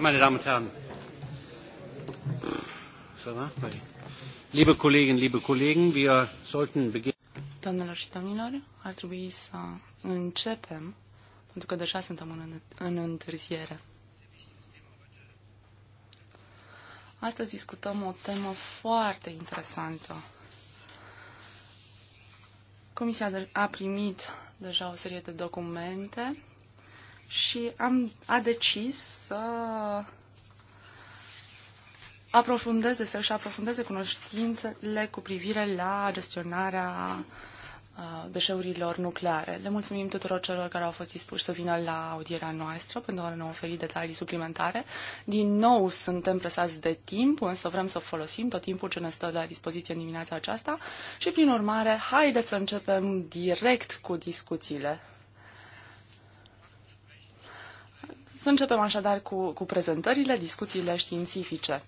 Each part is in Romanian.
meine Damen und Herren, liebe Kolleginnen, liebe Kollegen, wir sollten beginnen. Doamnelor și domnilor, ar trebui să începem, pentru că deja suntem în, în întârziere. Astăzi discutăm o temă foarte interesantă. Comisia a primit deja o serie de documente și am, a decis să aprofundeze, să-și aprofundeze cunoștințele cu privire la gestionarea deșeurilor nucleare. Le mulțumim tuturor celor care au fost dispuși să vină la audierea noastră pentru a ne oferi detalii suplimentare. Din nou suntem presați de timp, însă vrem să folosim tot timpul ce ne stă la dispoziție în dimineața aceasta și, prin urmare, haideți să începem direct cu discuțiile. Să începem așadar cu, cu prezentările, discuțiile științifice.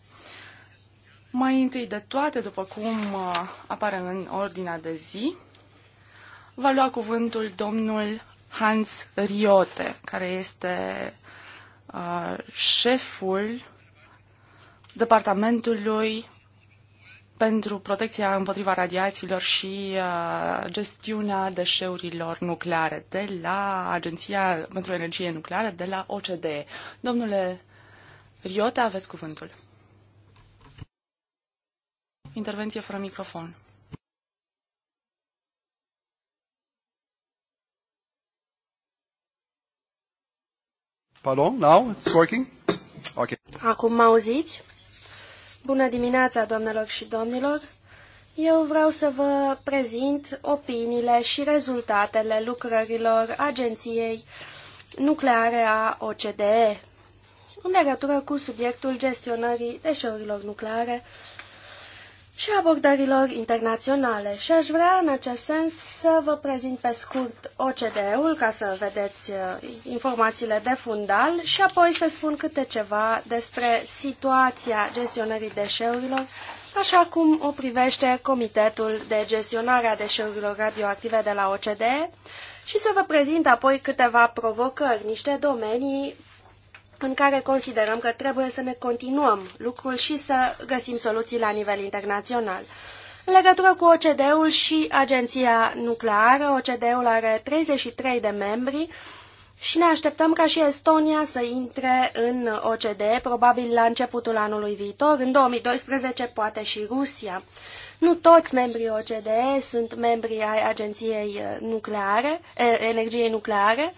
Mai întâi de toate, după cum uh, apare în ordinea de zi, va lua cuvântul domnul Hans Riote, care este uh, șeful departamentului pentru protecția împotriva radiațiilor și uh, gestiunea deșeurilor nucleare de la Agenția pentru Energie Nucleară de la OCDE. Domnule Riote, aveți cuvântul. Intervenție fără microfon. Pardon, now it's working? Okay. Acum mă auziți? Bună dimineața, doamnelor și domnilor! Eu vreau să vă prezint opiniile și rezultatele lucrărilor Agenției Nucleare a OCDE în legătură cu subiectul gestionării deșeurilor nucleare și abordărilor internaționale. Și aș vrea în acest sens să vă prezint pe scurt OCDE-ul ca să vedeți uh, informațiile de fundal și apoi să spun câte ceva despre situația gestionării deșeurilor, așa cum o privește Comitetul de Gestionare a Deșeurilor Radioactive de la OCDE și să vă prezint apoi câteva provocări, niște domenii în care considerăm că trebuie să ne continuăm lucrul și să găsim soluții la nivel internațional. În legătură cu OCD-ul și Agenția Nucleară, OCD-ul are 33 de membri și ne așteptăm ca și Estonia să intre în OCD, probabil la începutul anului viitor, în 2012 poate și Rusia. Nu toți membrii OCD sunt membri ai Agenției eh, nucleare, eh, Energiei Nucleare,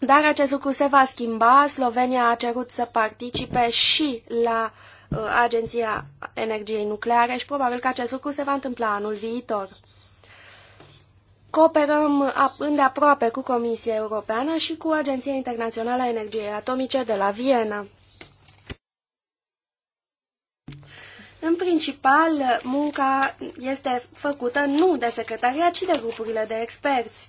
dar acest lucru se va schimba. Slovenia a cerut să participe și la uh, Agenția Energiei Nucleare și probabil că acest lucru se va întâmpla anul viitor. Cooperăm îndeaproape cu Comisia Europeană și cu Agenția Internațională a Energiei Atomice de la Viena. În principal, munca este făcută nu de secretariat, ci de grupurile de experți.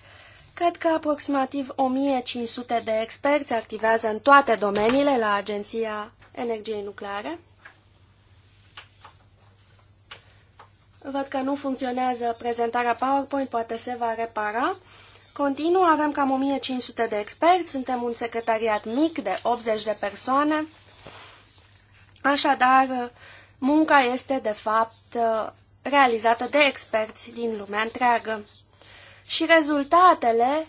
Cred că aproximativ 1500 de experți activează în toate domeniile la Agenția Energiei Nucleare. Văd că nu funcționează prezentarea PowerPoint, poate se va repara. Continu, avem cam 1500 de experți, suntem un secretariat mic de 80 de persoane. Așadar, munca este de fapt realizată de experți din lumea întreagă și rezultatele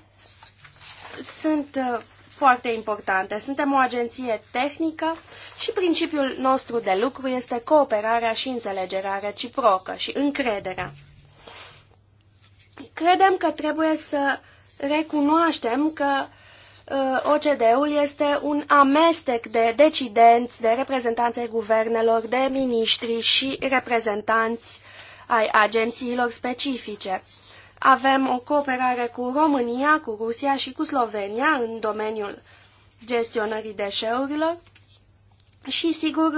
sunt uh, foarte importante. Suntem o agenție tehnică și principiul nostru de lucru este cooperarea și înțelegerea reciprocă și încrederea. Credem că trebuie să recunoaștem că uh, OCD-ul este un amestec de decidenți, de reprezentanți guvernelor, de miniștri și reprezentanți ai agențiilor specifice. Avem o cooperare cu România, cu Rusia și cu Slovenia în domeniul gestionării deșeurilor și, sigur,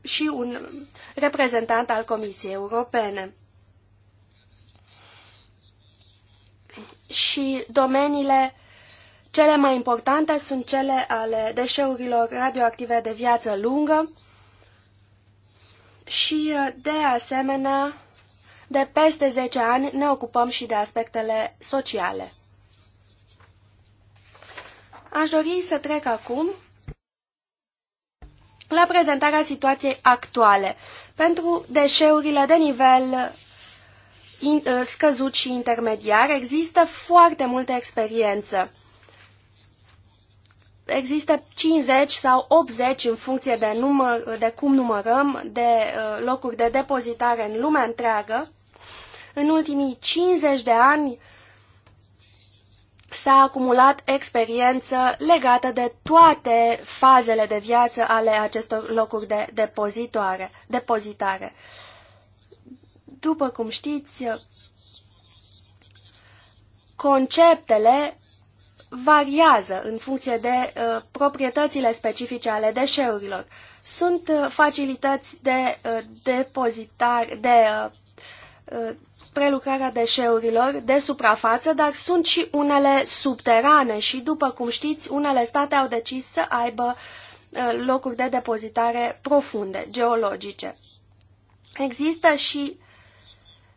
și un reprezentant al Comisiei Europene. Și domeniile cele mai importante sunt cele ale deșeurilor radioactive de viață lungă și, de asemenea, de peste 10 ani ne ocupăm și de aspectele sociale. Aș dori să trec acum la prezentarea situației actuale pentru deșeurile de nivel uh, scăzut și intermediar. Există foarte multă experiență. Există 50 sau 80 în funcție de, număr, de cum numărăm de uh, locuri de depozitare în lumea întreagă în ultimii 50 de ani s-a acumulat experiență legată de toate fazele de viață ale acestor locuri de depozitoare, depozitare. După cum știți, conceptele variază în funcție de uh, proprietățile specifice ale deșeurilor. Sunt uh, facilități de uh, depozitare, de uh, uh prelucrarea deșeurilor de suprafață, dar sunt și unele subterane și, după cum știți, unele state au decis să aibă uh, locuri de depozitare profunde, geologice. Există și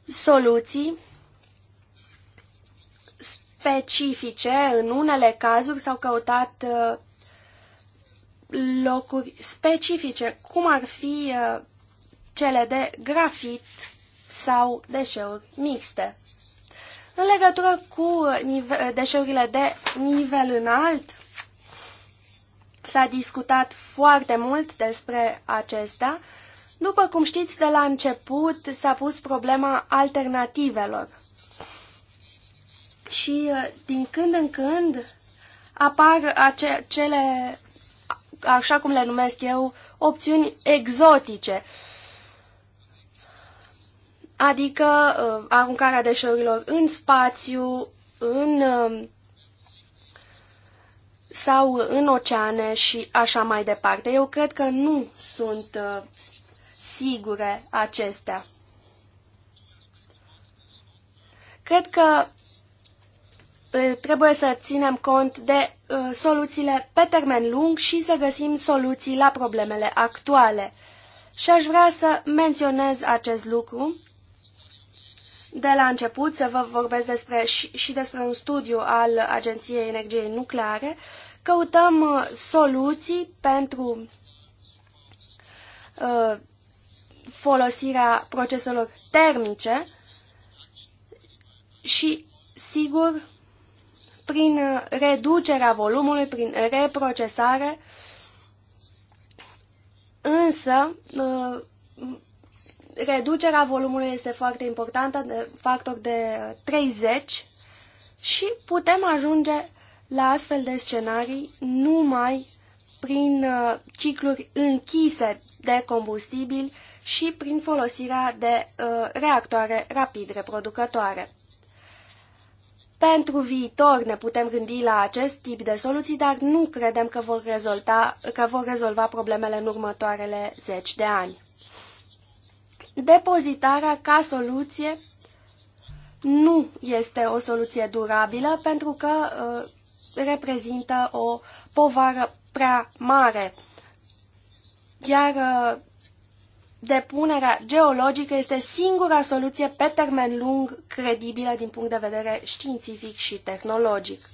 soluții specifice. În unele cazuri s-au căutat uh, locuri specifice, cum ar fi uh, cele de grafit sau deșeuri mixte. În legătură cu deșeurile de nivel înalt, s-a discutat foarte mult despre acestea. După cum știți, de la început s-a pus problema alternativelor. Și uh, din când în când apar acele cele, așa cum le numesc eu, opțiuni exotice adică uh, aruncarea deșeurilor în spațiu, în uh, sau în oceane și așa mai departe. Eu cred că nu sunt uh, sigure acestea. Cred că uh, trebuie să ținem cont de uh, soluțiile pe termen lung și să găsim soluții la problemele actuale. Și aș vrea să menționez acest lucru de la început să vă vorbesc despre, și, și despre un studiu al Agenției Energiei Nucleare. Căutăm uh, soluții pentru uh, folosirea proceselor termice și, sigur, prin uh, reducerea volumului, prin reprocesare, însă uh, reducerea volumului este foarte importantă, de factor de 30 și putem ajunge la astfel de scenarii numai prin uh, cicluri închise de combustibil și prin folosirea de uh, reactoare rapid reproducătoare. Pentru viitor ne putem gândi la acest tip de soluții, dar nu credem că vor, rezolta, că vor rezolva problemele în următoarele zeci de ani. Depozitarea ca soluție nu este o soluție durabilă pentru că uh, reprezintă o povară prea mare. Iar uh, depunerea geologică este singura soluție pe termen lung credibilă din punct de vedere științific și tehnologic.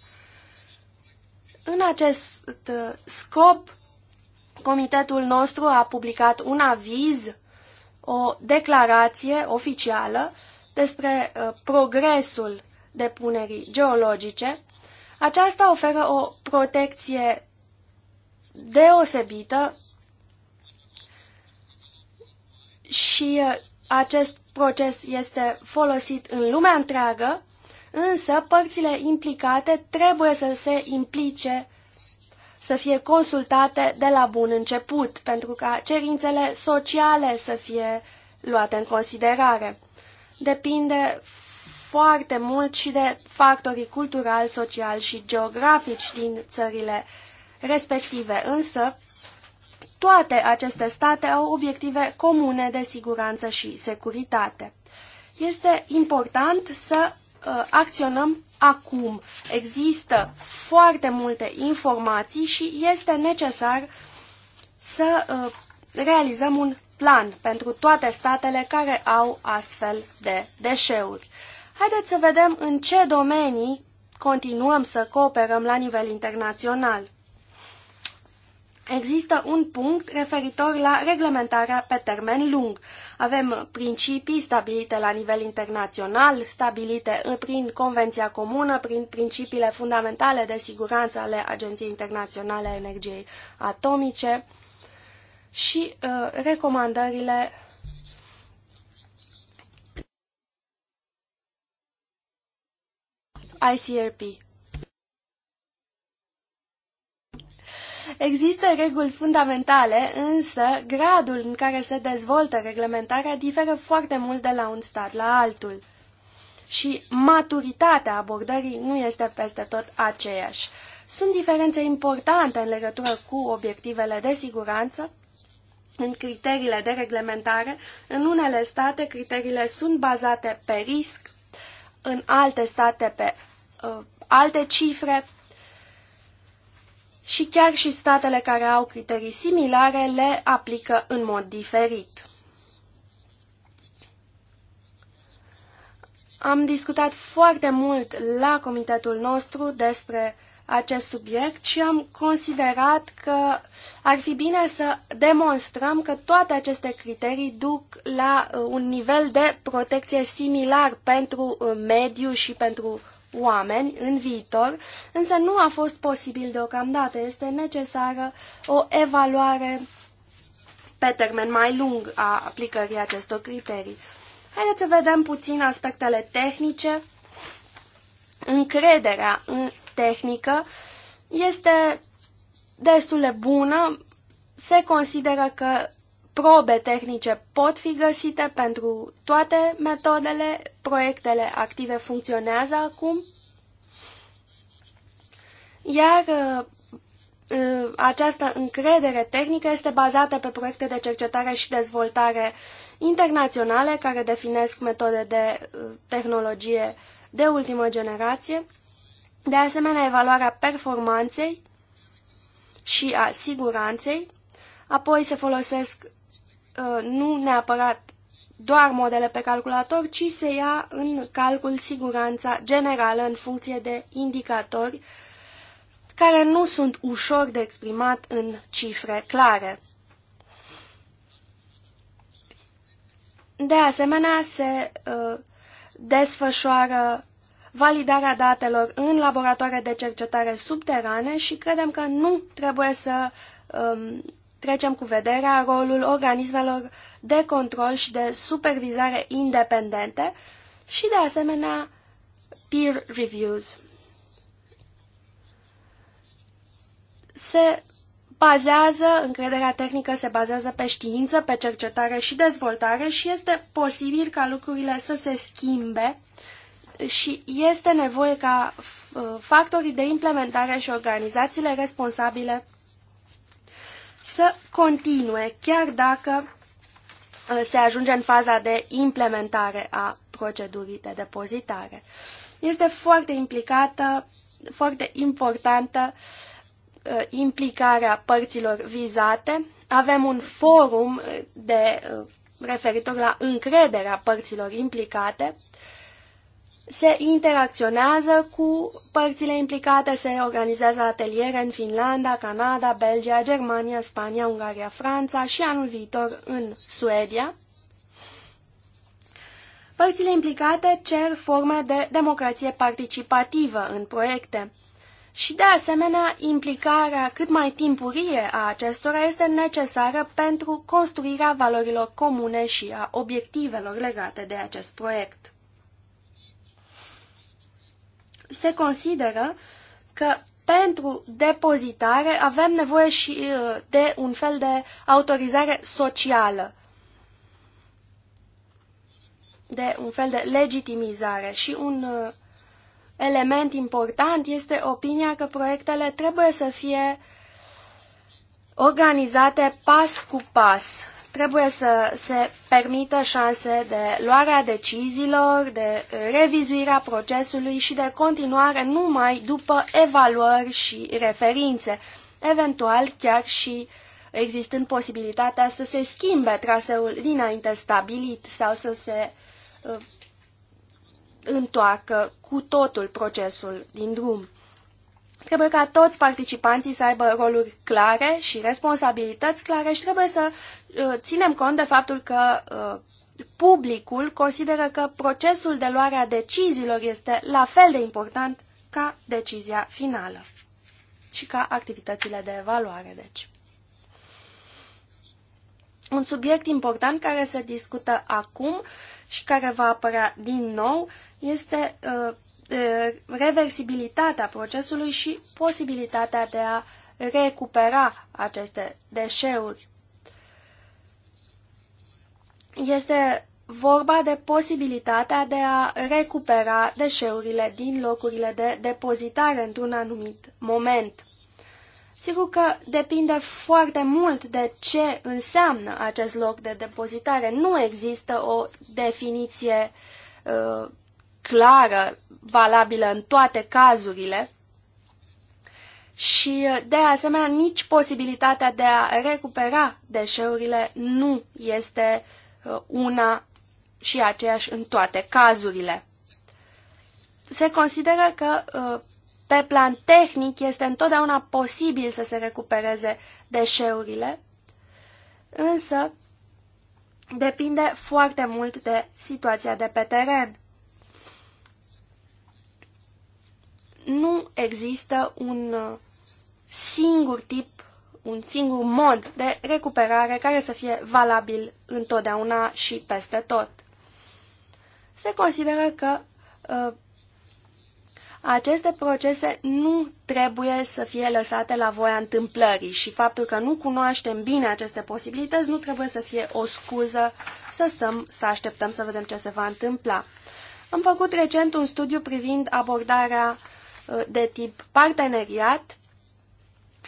În acest uh, scop, comitetul nostru a publicat un aviz o declarație oficială despre uh, progresul depunerii geologice. Aceasta oferă o protecție deosebită și uh, acest proces este folosit în lumea întreagă, însă părțile implicate trebuie să se implice să fie consultate de la bun început, pentru ca cerințele sociale să fie luate în considerare. Depinde foarte mult și de factorii culturali, sociali și geografici din țările respective, însă toate aceste state au obiective comune de siguranță și securitate. Este important să uh, acționăm acum. Există foarte multe informații și este necesar să uh, realizăm un plan pentru toate statele care au astfel de deșeuri. Haideți să vedem în ce domenii continuăm să cooperăm la nivel internațional. Există un punct referitor la reglementarea pe termen lung. Avem principii stabilite la nivel internațional, stabilite prin Convenția Comună, prin principiile fundamentale de siguranță ale Agenției Internaționale a Energiei Atomice și uh, recomandările ICRP. Există reguli fundamentale, însă gradul în care se dezvoltă reglementarea diferă foarte mult de la un stat la altul. Și maturitatea abordării nu este peste tot aceeași. Sunt diferențe importante în legătură cu obiectivele de siguranță, în criteriile de reglementare. În unele state, criteriile sunt bazate pe risc, în alte state pe uh, alte cifre, și chiar și statele care au criterii similare le aplică în mod diferit. Am discutat foarte mult la comitetul nostru despre acest subiect și am considerat că ar fi bine să demonstrăm că toate aceste criterii duc la uh, un nivel de protecție similar pentru uh, mediu și pentru oameni în viitor, însă nu a fost posibil deocamdată. Este necesară o evaluare pe termen mai lung a aplicării acestor criterii. Haideți să vedem puțin aspectele tehnice. Încrederea în tehnică este destul de bună. Se consideră că probe tehnice pot fi găsite pentru toate metodele, proiectele active funcționează acum, iar uh, uh, această încredere tehnică este bazată pe proiecte de cercetare și dezvoltare internaționale care definesc metode de uh, tehnologie de ultimă generație, de asemenea evaluarea performanței și a siguranței, apoi se folosesc Uh, nu neapărat doar modele pe calculator, ci se ia în calcul siguranța generală în funcție de indicatori care nu sunt ușor de exprimat în cifre clare. De asemenea, se uh, desfășoară validarea datelor în laboratoare de cercetare subterane și credem că nu trebuie să um, trecem cu vederea rolul organismelor de control și de supervizare independente și, de asemenea, peer reviews. Se bazează, încrederea tehnică se bazează pe știință, pe cercetare și dezvoltare și este posibil ca lucrurile să se schimbe și este nevoie ca uh, factorii de implementare și organizațiile responsabile să continue, chiar dacă uh, se ajunge în faza de implementare a procedurii de depozitare. Este foarte implicată, foarte importantă uh, implicarea părților vizate. Avem un forum de uh, referitor la încrederea părților implicate se interacționează cu părțile implicate, se organizează ateliere în Finlanda, Canada, Belgia, Germania, Spania, Ungaria, Franța și anul viitor în Suedia. Părțile implicate cer forme de democrație participativă în proiecte. Și de asemenea, implicarea cât mai timpurie a acestora este necesară pentru construirea valorilor comune și a obiectivelor legate de acest proiect se consideră că pentru depozitare avem nevoie și uh, de un fel de autorizare socială, de un fel de legitimizare și un uh, element important este opinia că proiectele trebuie să fie organizate pas cu pas Trebuie să se permită șanse de luarea deciziilor, de revizuirea procesului și de continuare numai după evaluări și referințe, eventual chiar și existând posibilitatea să se schimbe traseul dinainte stabilit sau să se uh, întoarcă cu totul procesul din drum. Trebuie ca toți participanții să aibă roluri clare și responsabilități clare și trebuie să uh, ținem cont de faptul că uh, publicul consideră că procesul de luare a deciziilor este la fel de important ca decizia finală și ca activitățile de evaluare. Deci. Un subiect important care se discută acum și care va apărea din nou este uh, reversibilitatea procesului și posibilitatea de a recupera aceste deșeuri. Este vorba de posibilitatea de a recupera deșeurile din locurile de depozitare într-un anumit moment. Sigur că depinde foarte mult de ce înseamnă acest loc de depozitare. Nu există o definiție uh, clară, valabilă în toate cazurile și, de asemenea, nici posibilitatea de a recupera deșeurile nu este uh, una și aceeași în toate cazurile. Se consideră că uh, pe plan tehnic este întotdeauna posibil să se recupereze deșeurile, însă depinde foarte mult de situația de pe teren. nu există un uh, singur tip, un singur mod de recuperare care să fie valabil întotdeauna și peste tot. Se consideră că uh, aceste procese nu trebuie să fie lăsate la voia întâmplării și faptul că nu cunoaștem bine aceste posibilități nu trebuie să fie o scuză să stăm, să așteptăm să vedem ce se va întâmpla. Am făcut recent un studiu privind abordarea uh, de tip parteneriat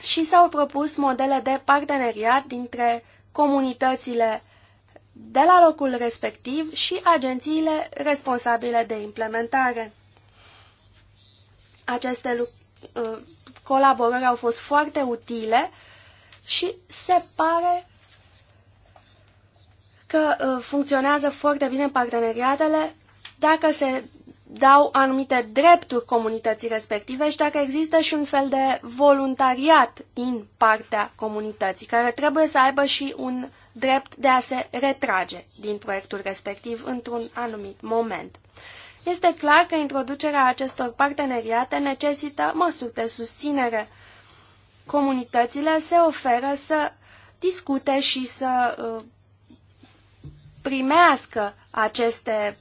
și s-au propus modele de parteneriat dintre comunitățile de la locul respectiv și agențiile responsabile de implementare. Aceste uh, colaborări au fost foarte utile și se pare că uh, funcționează foarte bine parteneriatele dacă se dau anumite drepturi comunității respective și dacă există și un fel de voluntariat din partea comunității, care trebuie să aibă și un drept de a se retrage din proiectul respectiv într-un anumit moment. Este clar că introducerea acestor parteneriate necesită măsuri de susținere. Comunitățile se oferă să discute și să uh, primească aceste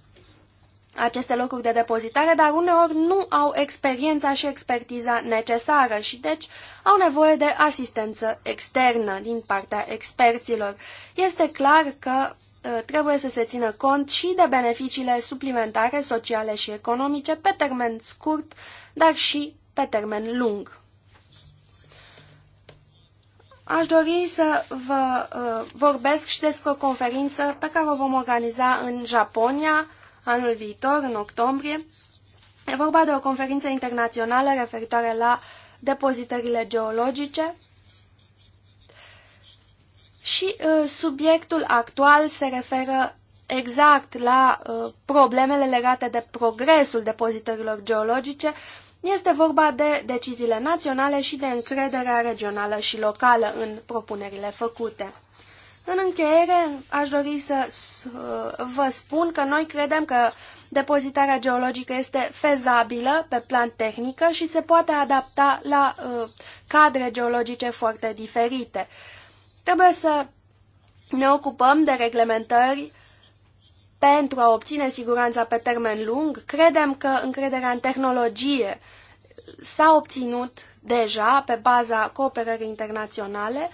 aceste locuri de depozitare, dar uneori nu au experiența și expertiza necesară și deci au nevoie de asistență externă din partea experților. Este clar că ă, trebuie să se țină cont și de beneficiile suplimentare sociale și economice pe termen scurt, dar și pe termen lung. Aș dori să vă ă, vorbesc și despre o conferință pe care o vom organiza în Japonia, anul viitor, în octombrie. E vorba de o conferință internațională referitoare la depozitările geologice și uh, subiectul actual se referă exact la uh, problemele legate de progresul depozitărilor geologice, este vorba de deciziile naționale și de încrederea regională și locală în propunerile făcute. În încheiere, aș dori să vă spun că noi credem că depozitarea geologică este fezabilă pe plan tehnică și se poate adapta la uh, cadre geologice foarte diferite. Trebuie să ne ocupăm de reglementări pentru a obține siguranța pe termen lung. Credem că încrederea în tehnologie s-a obținut deja pe baza cooperării internaționale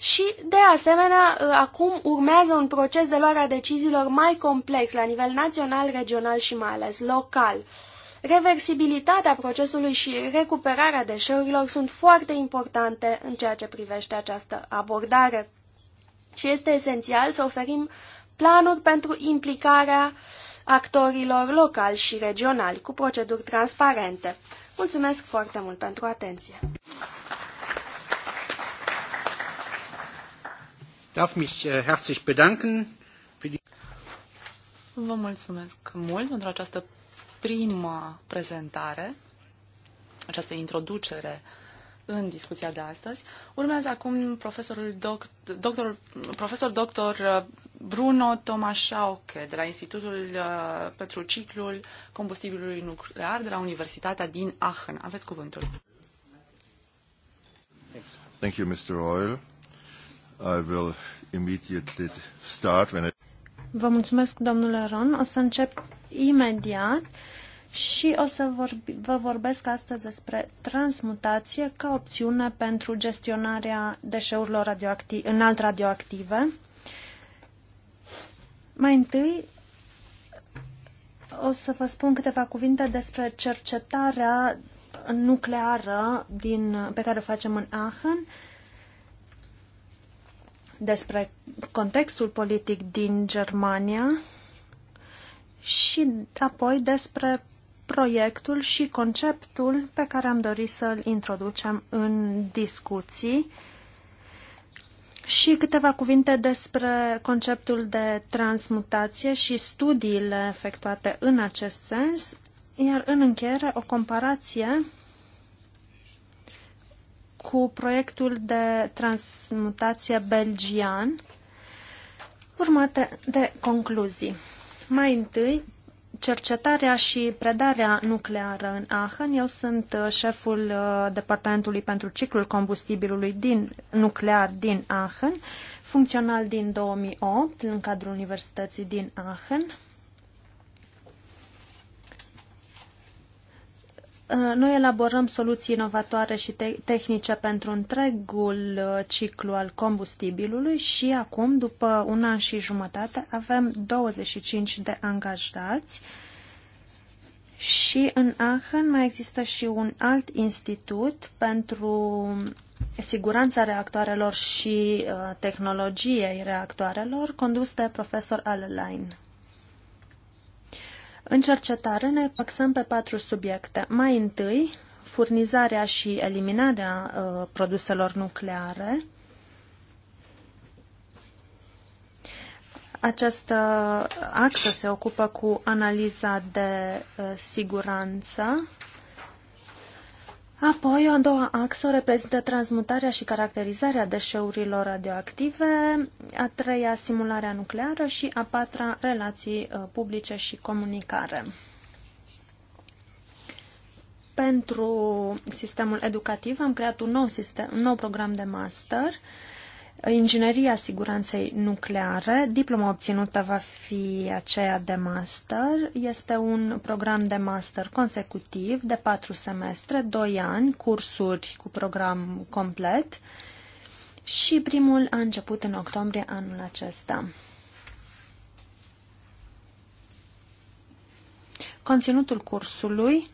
și, de asemenea, ă, acum urmează un proces de luare a deciziilor mai complex la nivel național, regional și mai ales local. Reversibilitatea procesului și recuperarea deșeurilor sunt foarte importante în ceea ce privește această abordare. Și este esențial să oferim planuri pentru implicarea actorilor locali și regionali cu proceduri transparente. Mulțumesc foarte mult pentru atenție! darf mich äh, herzlich bedanken für die Vă mulțumesc mult pentru această prima prezentare, această introducere în discuția de astăzi. Urmează acum profesorul doctor, profesor doctor uh, Bruno Tomașauche de la Institutul uh, pentru Ciclul Combustibilului Nuclear de la Universitatea din Aachen. Aveți cuvântul. Thank you, Mr. Oil. I will immediately start when I... Vă mulțumesc, domnule Ron. O să încep imediat și o să vorbi, vă vorbesc astăzi despre transmutație ca opțiune pentru gestionarea deșeurilor radioactive, înalt radioactive. Mai întâi o să vă spun câteva cuvinte despre cercetarea nucleară din, pe care o facem în Aachen despre contextul politic din Germania și apoi despre proiectul și conceptul pe care am dorit să-l introducem în discuții și câteva cuvinte despre conceptul de transmutație și studiile efectuate în acest sens, iar în încheiere o comparație cu proiectul de transmutație belgian, urmate de concluzii. Mai întâi, cercetarea și predarea nucleară în Aachen. Eu sunt uh, șeful uh, Departamentului pentru ciclul combustibilului din, nuclear din Aachen, funcțional din 2008 în cadrul Universității din Aachen. Uh, noi elaborăm soluții inovatoare și te- tehnice pentru întregul uh, ciclu al combustibilului și acum, după un an și jumătate, avem 25 de angajați și în Aachen mai există și un alt institut pentru siguranța reactoarelor și uh, tehnologiei reactoarelor, condus de profesor Alelain. În cercetare ne axăm pe patru subiecte. Mai întâi, furnizarea și eliminarea uh, produselor nucleare. Această axă se ocupă cu analiza de uh, siguranță Apoi, o a doua axă reprezintă transmutarea și caracterizarea deșeurilor radioactive, a treia simularea nucleară și a patra relații uh, publice și comunicare. Pentru sistemul educativ am creat un nou, sistem, un nou program de master uh, Ingineria siguranței nucleare, diploma obținută va fi aceea de master. Este un program de master consecutiv de patru semestre, doi ani, cursuri cu program complet și primul a început în octombrie anul acesta. Conținutul cursului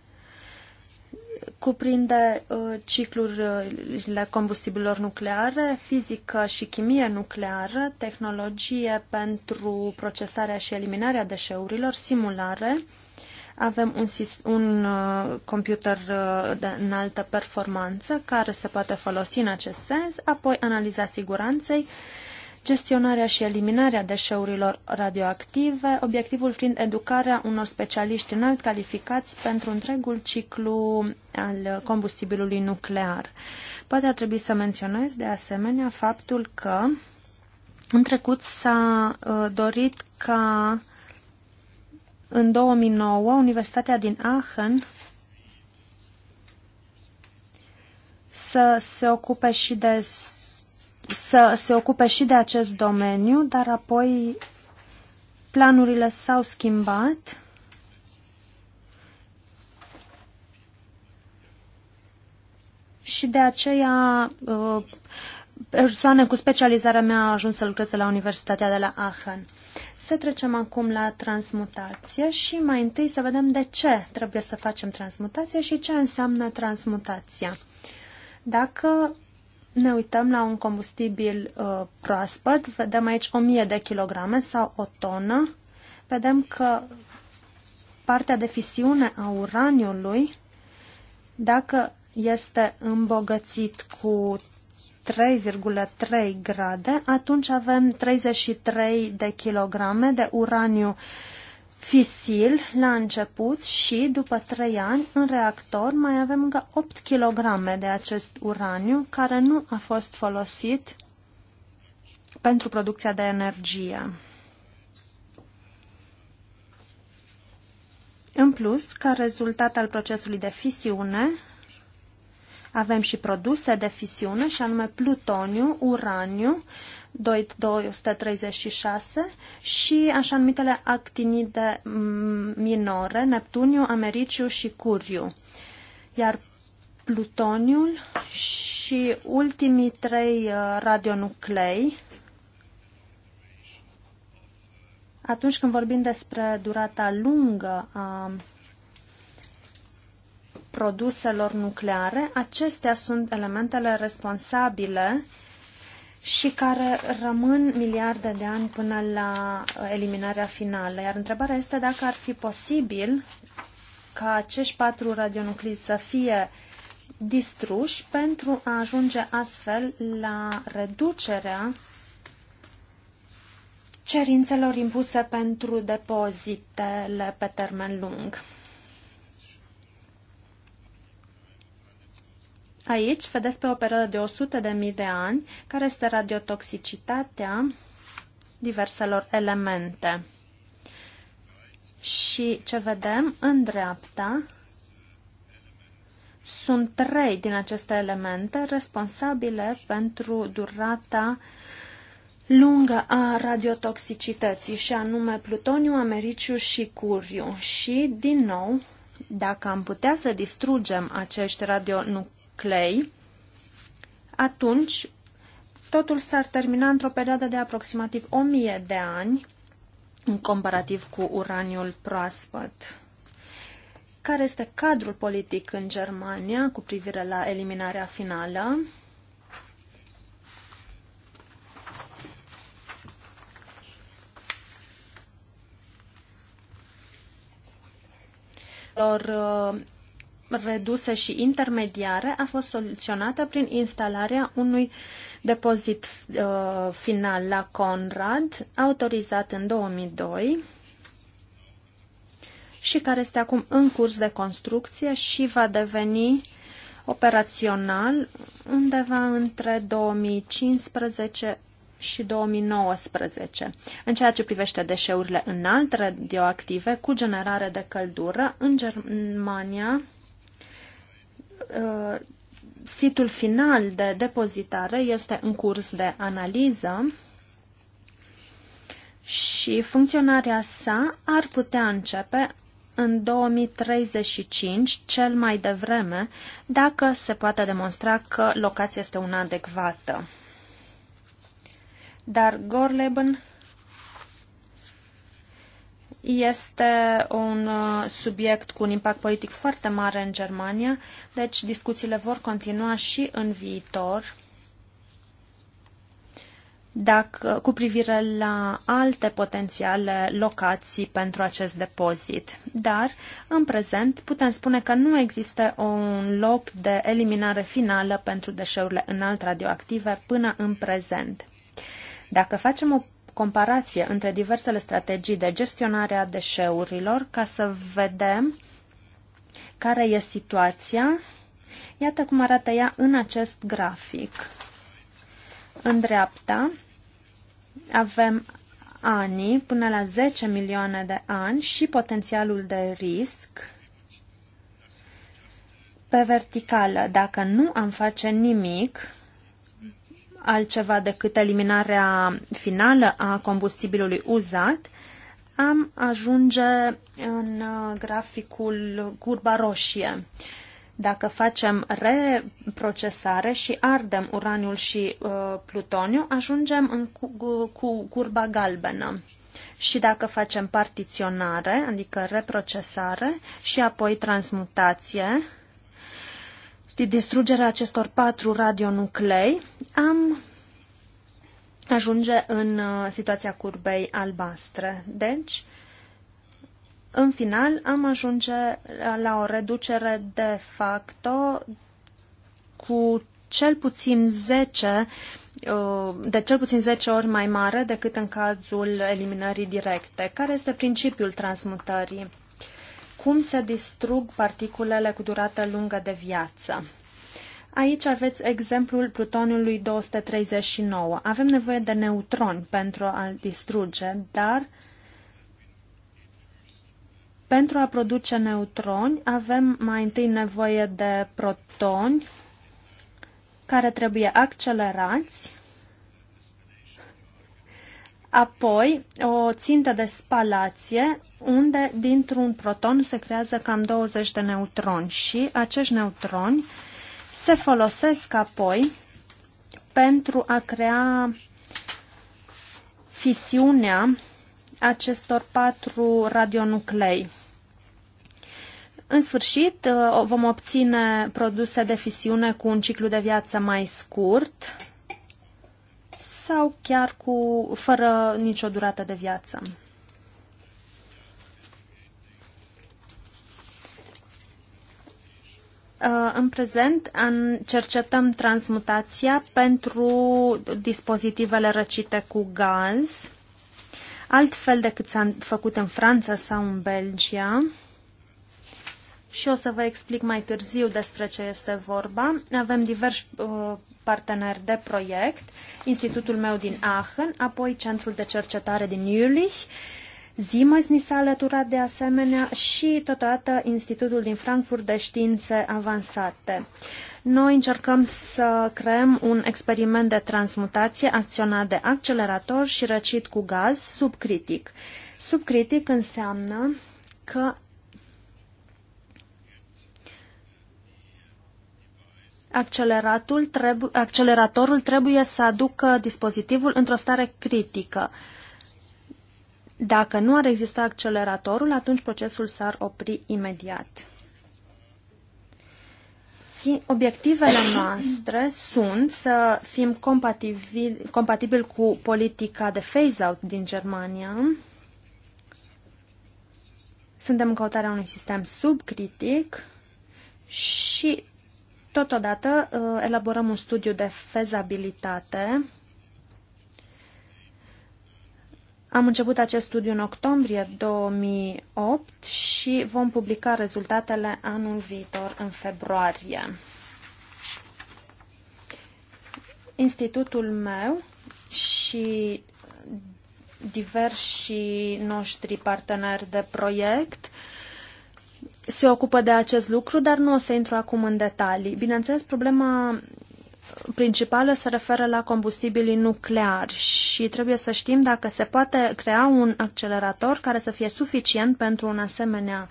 cuprinde uh, ciclurile combustibilor nucleare, fizică și chimie nucleară, tehnologie pentru procesarea și eliminarea deșeurilor, simulare. Avem un, un uh, computer uh, de înaltă performanță care se poate folosi în acest sens, apoi analiza siguranței, gestionarea și eliminarea deșeurilor radioactive, obiectivul fiind educarea unor specialiști înalt calificați pentru întregul ciclu al combustibilului nuclear. Poate ar trebui să menționez de asemenea faptul că în trecut s-a uh, dorit ca în 2009 Universitatea din Aachen să se ocupe și de să se ocupe și de acest domeniu, dar apoi planurile s-au schimbat. Și de aceea uh, persoane cu specializarea mea a ajuns să lucreze la Universitatea de la Aachen. Să trecem acum la transmutație și mai întâi să vedem de ce trebuie să facem transmutație și ce înseamnă transmutația. Dacă ne uităm la un combustibil uh, proaspăt, vedem aici 1000 de kilograme sau o tonă, vedem că partea de fisiune a uraniului, dacă este îmbogățit cu 3,3 grade, atunci avem 33 de kilograme de uraniu uh, fisil la început și, după 3 ani, în reactor mai avem încă 8 kg de acest uraniu care nu a fost folosit pentru producția de energie. În plus, ca rezultat al procesului de fisiune, avem și produse de fisiune, și anume plutoniu, uraniu, 236 și așa numitele actinide mm, minore, Neptuniu, Americiu și Curiu. Iar plutoniul și ultimii trei uh, radionuclei, atunci când vorbim despre durata lungă a produselor nucleare, acestea sunt elementele responsabile și care rămân miliarde de ani până la uh, eliminarea finală. Iar întrebarea este dacă ar fi posibil ca acești patru radionuclizi să fie distruși pentru a ajunge astfel la reducerea cerințelor impuse pentru depozitele pe termen lung. Aici vedeți pe o perioadă de 100 de mii de ani care este radiotoxicitatea diverselor elemente. Și ce vedem în dreapta sunt trei din aceste elemente responsabile pentru durata lungă a radiotoxicității, și anume plutoniu, americiu și curiu. Și, din nou, dacă am putea să distrugem acești radionuclei, Clay, atunci totul s-ar termina într-o perioadă de aproximativ 1000 de ani, în comparativ cu uraniul proaspăt. Care este cadrul politic în Germania cu privire la eliminarea finală? lor uh, reduse și intermediare a fost soluționată prin instalarea unui depozit uh, final la Conrad, autorizat în 2002 și care este acum în curs de construcție și va deveni operațional undeva între 2015 și 2019. În ceea ce privește deșeurile înalt radioactive cu generare de căldură, în Germania uh, situl final de depozitare este în curs de analiză și funcționarea sa ar putea începe în 2035, cel mai devreme, dacă se poate demonstra că locația este una adecvată. Dar Gorleben este un uh, subiect cu un impact politic foarte mare în Germania, deci discuțiile vor continua și în viitor dacă, cu privire la alte potențiale locații pentru acest depozit. Dar, în prezent, putem spune că nu există un loc de eliminare finală pentru deșeurile înalt radioactive până în prezent. Dacă facem o comparație între diversele strategii de gestionare a deșeurilor ca să vedem care e situația. Iată cum arată ea în acest grafic. În dreapta avem anii până la 10 milioane de ani și potențialul de risc pe verticală. Dacă nu am face nimic, altceva decât eliminarea finală a combustibilului uzat, am ajunge în uh, graficul curba roșie. Dacă facem reprocesare și ardem uraniul și uh, plutoniu, ajungem în cu, cu, cu curba galbenă. Și dacă facem partiționare, adică reprocesare și apoi transmutație, de distrugerea acestor patru radionuclei, am ajunge în uh, situația curbei albastre. Deci, în final, am ajunge la o reducere de facto cu cel puțin 10 uh, de cel puțin 10 ori mai mare decât în cazul eliminării directe. Care este principiul transmutării? cum se distrug particulele cu durată lungă de viață. Aici aveți exemplul plutonului 239. Avem nevoie de neutroni pentru a-l distruge, dar pentru a produce neutroni avem mai întâi nevoie de protoni care trebuie accelerați, apoi o țintă de spalație unde dintr-un proton se creează cam 20 de neutroni și acești neutroni se folosesc apoi pentru a crea fisiunea acestor patru radionuclei. În sfârșit, uh, vom obține produse de fisiune cu un ciclu de viață mai scurt sau chiar cu, fără nicio durată de viață. Uh, în prezent cercetăm transmutația pentru dispozitivele răcite cu gaz, altfel decât s-a făcut în Franța sau în Belgia. Și o să vă explic mai târziu despre ce este vorba. Avem diversi uh, parteneri de proiect, institutul meu din Aachen, apoi centrul de cercetare din Jülich, Zimăs ni s-a alăturat de asemenea și totodată Institutul din Frankfurt de Științe Avansate. Noi încercăm să creăm un experiment de transmutație acționat de accelerator și răcit cu gaz subcritic. Subcritic înseamnă că acceleratorul trebuie să aducă dispozitivul într-o stare critică. Dacă nu ar exista acceleratorul, atunci procesul s-ar opri imediat. Obiectivele noastre sunt să fim compatibili, compatibil cu politica de phase-out din Germania. Suntem în căutarea unui sistem subcritic și totodată uh, elaborăm un studiu de fezabilitate Am început acest studiu în octombrie 2008 și vom publica rezultatele anul viitor, în februarie. Institutul meu și diversi noștri parteneri de proiect se ocupă de acest lucru, dar nu o să intru acum în detalii. Bineînțeles, problema principală se referă la combustibilii nucleari și trebuie să știm dacă se poate crea un accelerator care să fie suficient pentru un asemenea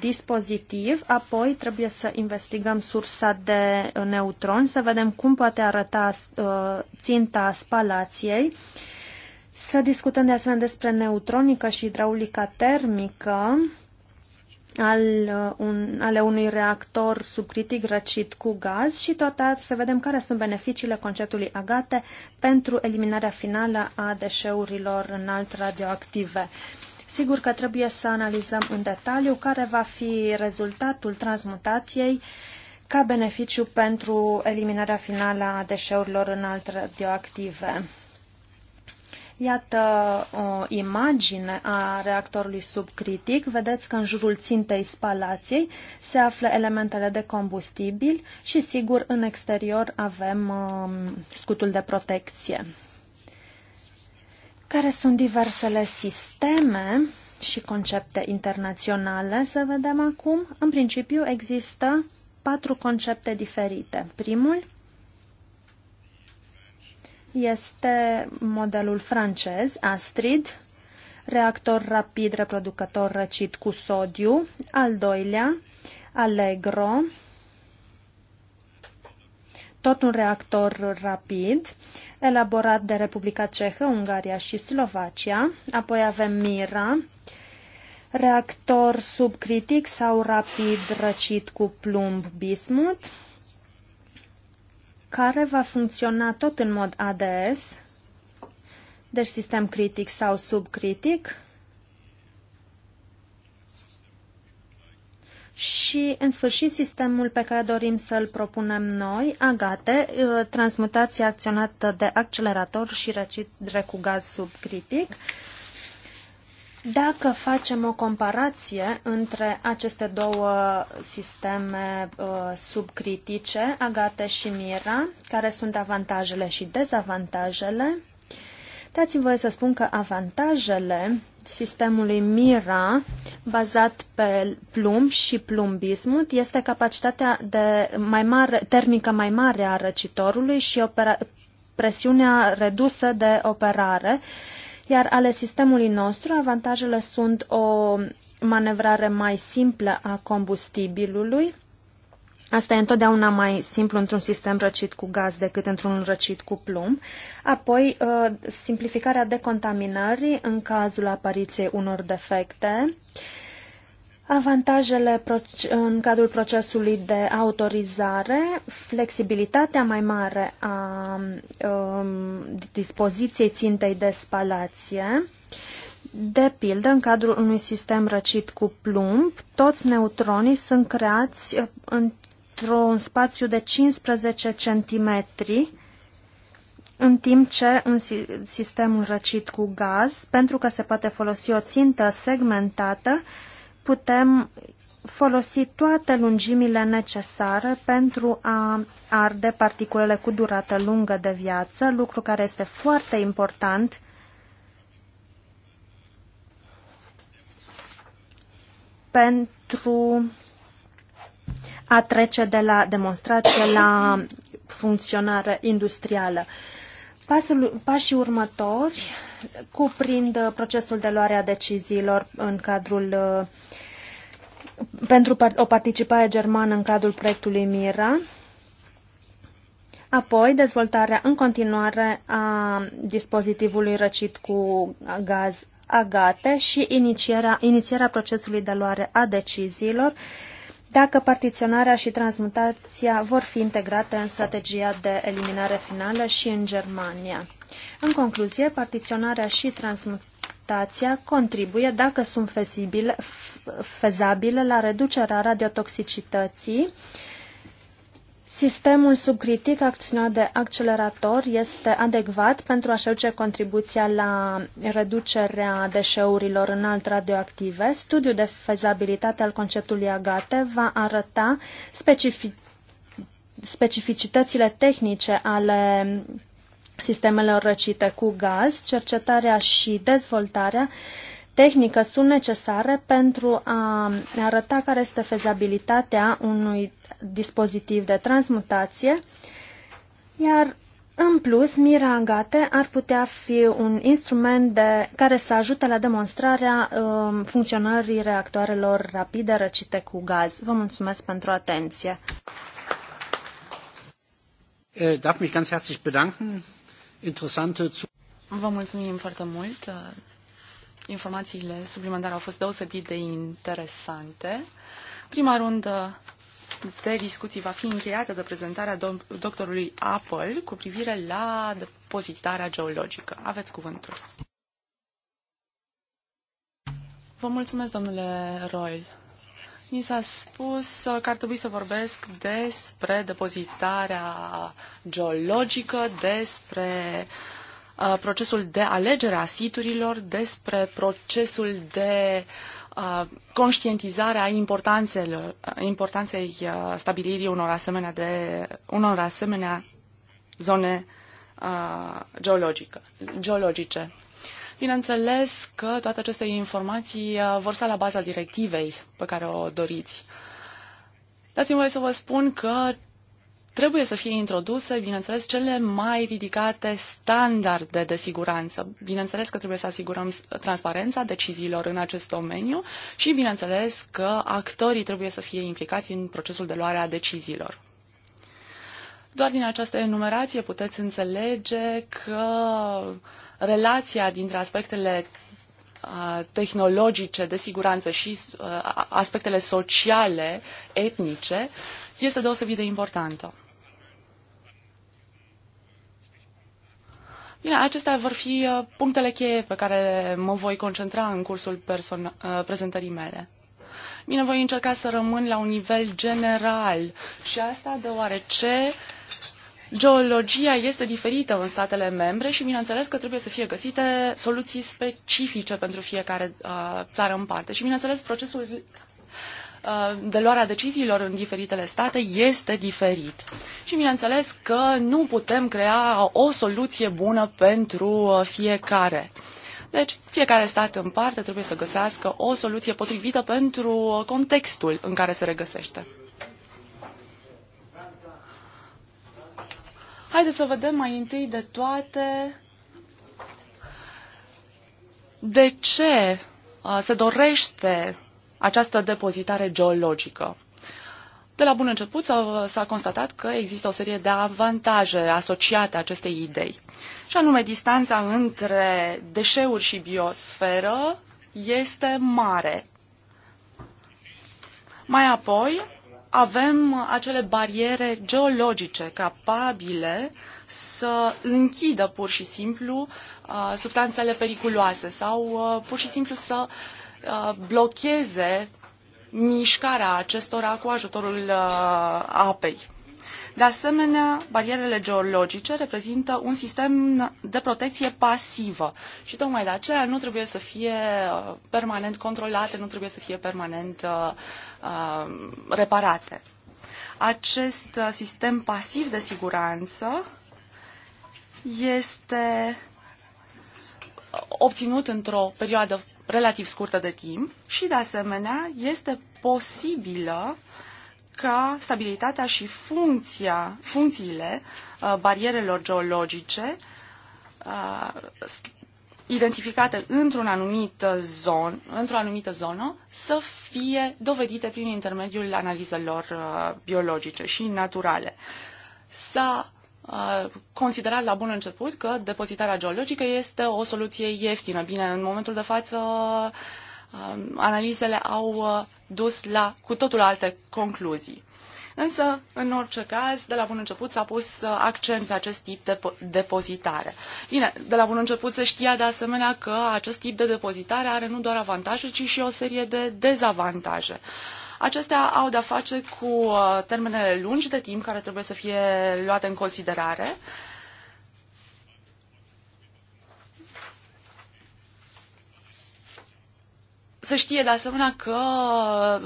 dispozitiv, apoi trebuie să investigăm sursa de neutroni, să vedem cum poate arăta uh, ținta spalației, să discutăm de asemenea despre neutronică și hidraulica termică, al, uh, un, ale unui reactor subcritic răcit cu gaz și toată să vedem care sunt beneficiile conceptului agate pentru eliminarea finală a deșeurilor înalt radioactive. Sigur că trebuie să analizăm în detaliu care va fi rezultatul transmutației ca beneficiu pentru eliminarea finală a deșeurilor înalt radioactive. Iată o imagine a reactorului subcritic. Vedeți că în jurul țintei spalației se află elementele de combustibil și, sigur, în exterior avem um, scutul de protecție. Care sunt diversele sisteme și concepte internaționale, să vedem acum. În principiu există patru concepte diferite. Primul este modelul francez, Astrid, reactor rapid reproducător răcit cu sodiu, al doilea, Allegro, tot un reactor rapid, elaborat de Republica Cehă, Ungaria și Slovacia. Apoi avem Mira, reactor subcritic sau rapid răcit cu plumb bismut care va funcționa tot în mod ADS, deci sistem critic sau subcritic, Și, în sfârșit, sistemul pe care dorim să-l propunem noi, agate, ă, transmutație acționată de accelerator și răcit cu gaz subcritic. Dacă facem o comparație între aceste două sisteme uh, subcritice, Agate și Mira, care sunt avantajele și dezavantajele, dați-mi voie să spun că avantajele sistemului Mira, bazat pe plumb și plumbismut, este capacitatea de mai mare, termică mai mare a răcitorului și opera, presiunea redusă de operare, uh, iar ale sistemului nostru, avantajele sunt o manevrare mai simplă a combustibilului, Asta e întotdeauna mai simplu într-un sistem răcit cu gaz decât într-un răcit cu plumb. Apoi, uh, simplificarea decontaminării în cazul apariției unor defecte avantajele în cadrul procesului de autorizare, flexibilitatea mai mare a um, dispoziției țintei de spalație, de pildă, în cadrul unui sistem răcit cu plumb, toți neutronii sunt creați uh, într-un spațiu de 15 cm, în timp ce în sistemul răcit cu gaz, pentru că se poate folosi o țintă segmentată, putem folosi toate lungimile necesare pentru a arde particulele cu durată lungă de viață, lucru care este foarte important pentru a trece de la demonstrație la funcționare industrială. Pasul, pașii următori cuprind uh, procesul de luare a deciziilor în cadrul uh, pentru o participare germană în cadrul proiectului MIRA, apoi dezvoltarea în continuare a dispozitivului răcit cu gaz agate și inițierea, inițierea procesului de luare a deciziilor, dacă partiționarea și transmutația vor fi integrate în strategia de eliminare finală și în Germania. În concluzie, partiționarea și transmutația contribuie, dacă sunt fezibile, fezabile, la reducerea radiotoxicității. Sistemul subcritic acționat de accelerator este adecvat pentru a-și aduce contribuția la reducerea deșeurilor înalt radioactive. Studiul de fezabilitate al conceptului Agate va arăta specific specificitățile tehnice ale sistemelor răcite cu gaz, cercetarea și dezvoltarea tehnică sunt necesare pentru a arăta care este fezabilitatea unui dispozitiv de transmutație, iar în plus, mira agate ar putea fi un instrument de, care să ajute la demonstrarea um, funcționării reactoarelor rapide răcite cu gaz. Vă mulțumesc pentru atenție. Äh, darf mich ganz herzlich bedanken interesante... Vă mulțumim foarte mult. Informațiile suplimentare au fost deosebit de interesante. Prima rundă de discuții va fi încheiată de prezentarea doctorului Apple cu privire la depozitarea geologică. Aveți cuvântul. Vă mulțumesc, domnule Roy mi s-a spus uh, că ar trebui să vorbesc despre depozitarea geologică, despre uh, procesul de alegere a siturilor, despre procesul de uh, conștientizare a importanței stabilirii unor asemenea, de, unor asemenea zone geologică, geologice. Bineînțeles că toate aceste informații uh, vor sta la baza directivei pe care o doriți. Dați-mi voie să vă spun că trebuie să fie introduse, bineînțeles, cele mai ridicate standarde de siguranță. Bineînțeles că trebuie să asigurăm transparența deciziilor în acest domeniu și, bineînțeles, că actorii trebuie să fie implicați în procesul de luare a deciziilor. Doar din această enumerație puteți înțelege că uh, relația dintre aspectele tehnologice de siguranță și aspectele sociale, etnice, este deosebit de importantă. Bine, acestea vor fi punctele cheie pe care mă voi concentra în cursul prezentării mele. Bine, voi încerca să rămân la un nivel general și asta deoarece uh, Geologia este diferită în statele membre și bineînțeles că trebuie să fie găsite soluții specifice pentru fiecare uh, țară în parte. Și bineînțeles procesul uh, de luarea deciziilor în diferitele state este diferit. Și bineînțeles că nu putem crea o soluție bună pentru uh, fiecare. Deci, fiecare stat în parte trebuie să găsească o soluție potrivită pentru uh, contextul în care se regăsește. Haideți să vedem mai întâi de toate de ce uh, se dorește această depozitare geologică. De la bun început s-a constatat că există o serie de avantaje asociate acestei idei, și anume distanța între deșeuri și biosferă este mare. Mai apoi, avem acele bariere geologice capabile să închidă pur și simplu uh, substanțele periculoase sau uh, pur și simplu să uh, blocheze mișcarea acestora cu ajutorul apei. De asemenea, barierele geologice reprezintă un sistem de protecție pasivă și tocmai de aceea nu trebuie să fie uh, permanent controlate, nu trebuie să fie permanent uh, uh, reparate. Acest uh, sistem pasiv de siguranță este uh, obținut într-o perioadă relativ scurtă de timp și, de asemenea, este posibilă uh, ca stabilitatea și funcția, funcțiile uh, barierelor geologice uh, identificate într-un anumit zon, într-o anumită zonă să fie dovedite prin intermediul analizelor uh, biologice și naturale. S-a considerat la bun început că depozitarea geologică este o soluție ieftină. Bine, în momentul de față Um, analizele au uh, dus la cu totul alte concluzii. Însă, în orice caz, de la bun început s-a pus uh, accent pe acest tip de depozitare. Bine, de la bun început se știa de asemenea că acest tip de depozitare are nu doar avantaje, ci și o serie de dezavantaje. Acestea au de-a face cu uh, termenele lungi de timp care trebuie să fie luate în considerare, Să știe de asemenea că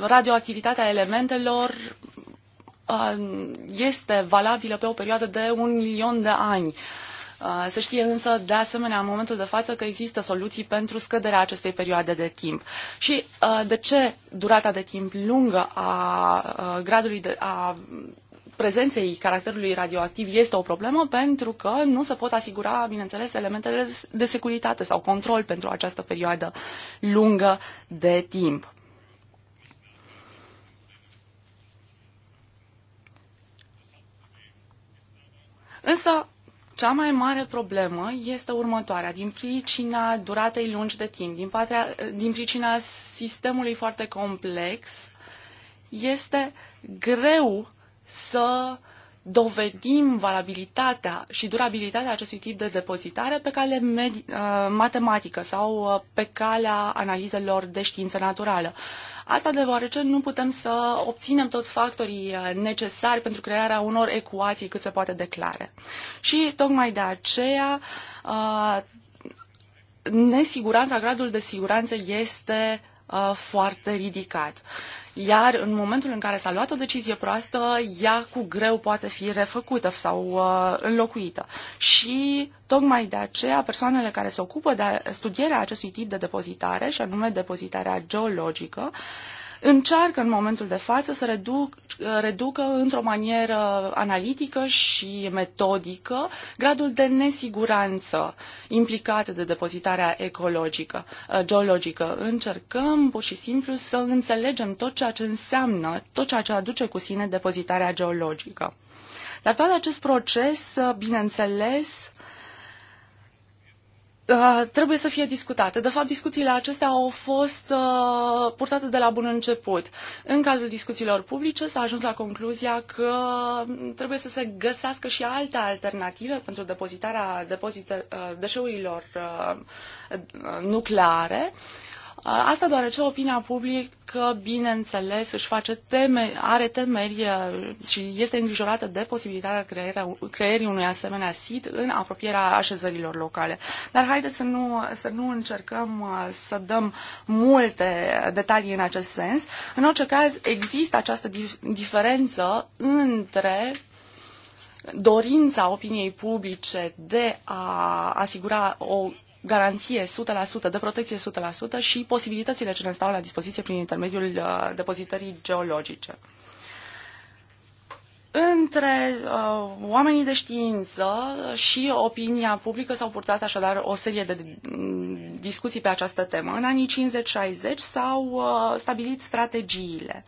radioactivitatea elementelor uh, este valabilă pe o perioadă de un milion de ani. Uh, să știe însă, de asemenea, în momentul de față că există soluții pentru scăderea acestei perioade de timp. Și uh, de ce durata de timp lungă a gradului de, a prezenței caracterului radioactiv este o problemă pentru că nu se pot asigura, bineînțeles, elementele de securitate sau control pentru această perioadă lungă de timp. Însă, cea mai mare problemă este următoarea. Din pricina duratei lungi de timp, din, patria, din pricina sistemului foarte complex, este greu să dovedim valabilitatea și durabilitatea acestui tip de depozitare pe cale uh, matematică sau uh, pe calea analizelor de știință naturală. Asta deoarece nu putem să obținem toți factorii uh, necesari pentru crearea unor ecuații cât se poate declare. Și tocmai de aceea nesiguranța, gradul de siguranță este foarte ridicat iar în momentul în care s-a luat o decizie proastă, ea cu greu poate fi refăcută sau uh, înlocuită. Și tocmai de aceea persoanele care se ocupă de studierea acestui tip de depozitare, și anume depozitarea geologică, uh, încearcă în momentul de față să reduc, uh, reducă într-o manieră analitică și metodică gradul de nesiguranță implicat de depozitarea ecologică, uh, geologică. Încercăm pur și simplu să înțelegem tot ceea ce înseamnă, tot ceea ce aduce cu sine depozitarea geologică. Dar toate acest proces, uh, bineînțeles, Uh, trebuie să fie discutate. De fapt, discuțiile acestea au fost uh, purtate de la bun început. În cadrul discuțiilor publice s-a ajuns la concluzia că trebuie să se găsească și alte alternative pentru depozitarea depozite, uh, deșeurilor uh, uh nucleare uh, Asta deoarece opinia publică, bineînțeles, își face teme, are temeri și este îngrijorată de posibilitatea creierea, creierii unui asemenea sit în apropierea așezărilor locale. Dar haideți să nu, să nu încercăm să dăm multe detalii în acest sens. În orice caz, există această dif- diferență între dorința opiniei publice de a asigura o garanție 100%, de protecție 100% și posibilitățile ce ne stau la dispoziție prin intermediul uh, depozitării geologice. Între uh, oamenii de știință și opinia publică s-au purtat așadar o serie de mm, discuții pe această temă. În anii 50-60 s-au uh, stabilit strategiile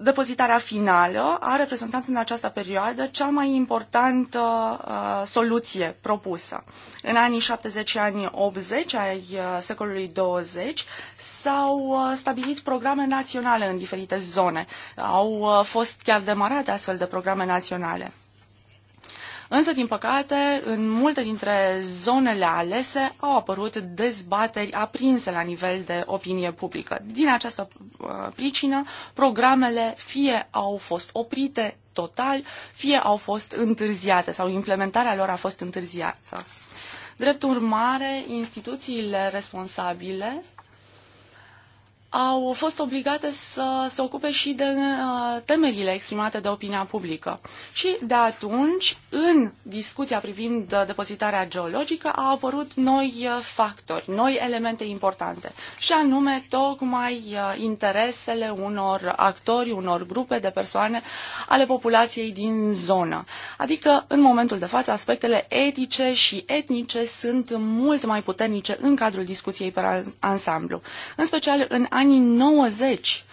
depozitarea finală a reprezentat în această perioadă cea mai importantă uh, soluție propusă. În anii 70 și anii 80 ai uh, secolului 20 s-au uh, stabilit programe naționale în diferite zone. Au uh, fost chiar demarate astfel de programe naționale. Însă, din păcate, în multe dintre zonele alese au apărut dezbateri aprinse la nivel de opinie publică. Din această uh, pricină, programele fie au fost oprite total, fie au fost întârziate sau implementarea lor a fost întârziată. Drept urmare, instituțiile responsabile au fost obligate să se ocupe și de uh, temerile exprimate de opinia publică. Și de atunci, în discuția privind uh, depozitarea geologică, au apărut noi uh, factori, noi elemente importante, și anume tocmai interesele unor actori, unor grupe de persoane ale populației din zonă. Adică, în momentul de față, aspectele etice și etnice sunt mult mai puternice în cadrul discuției pe ansamblu, în special în anii 90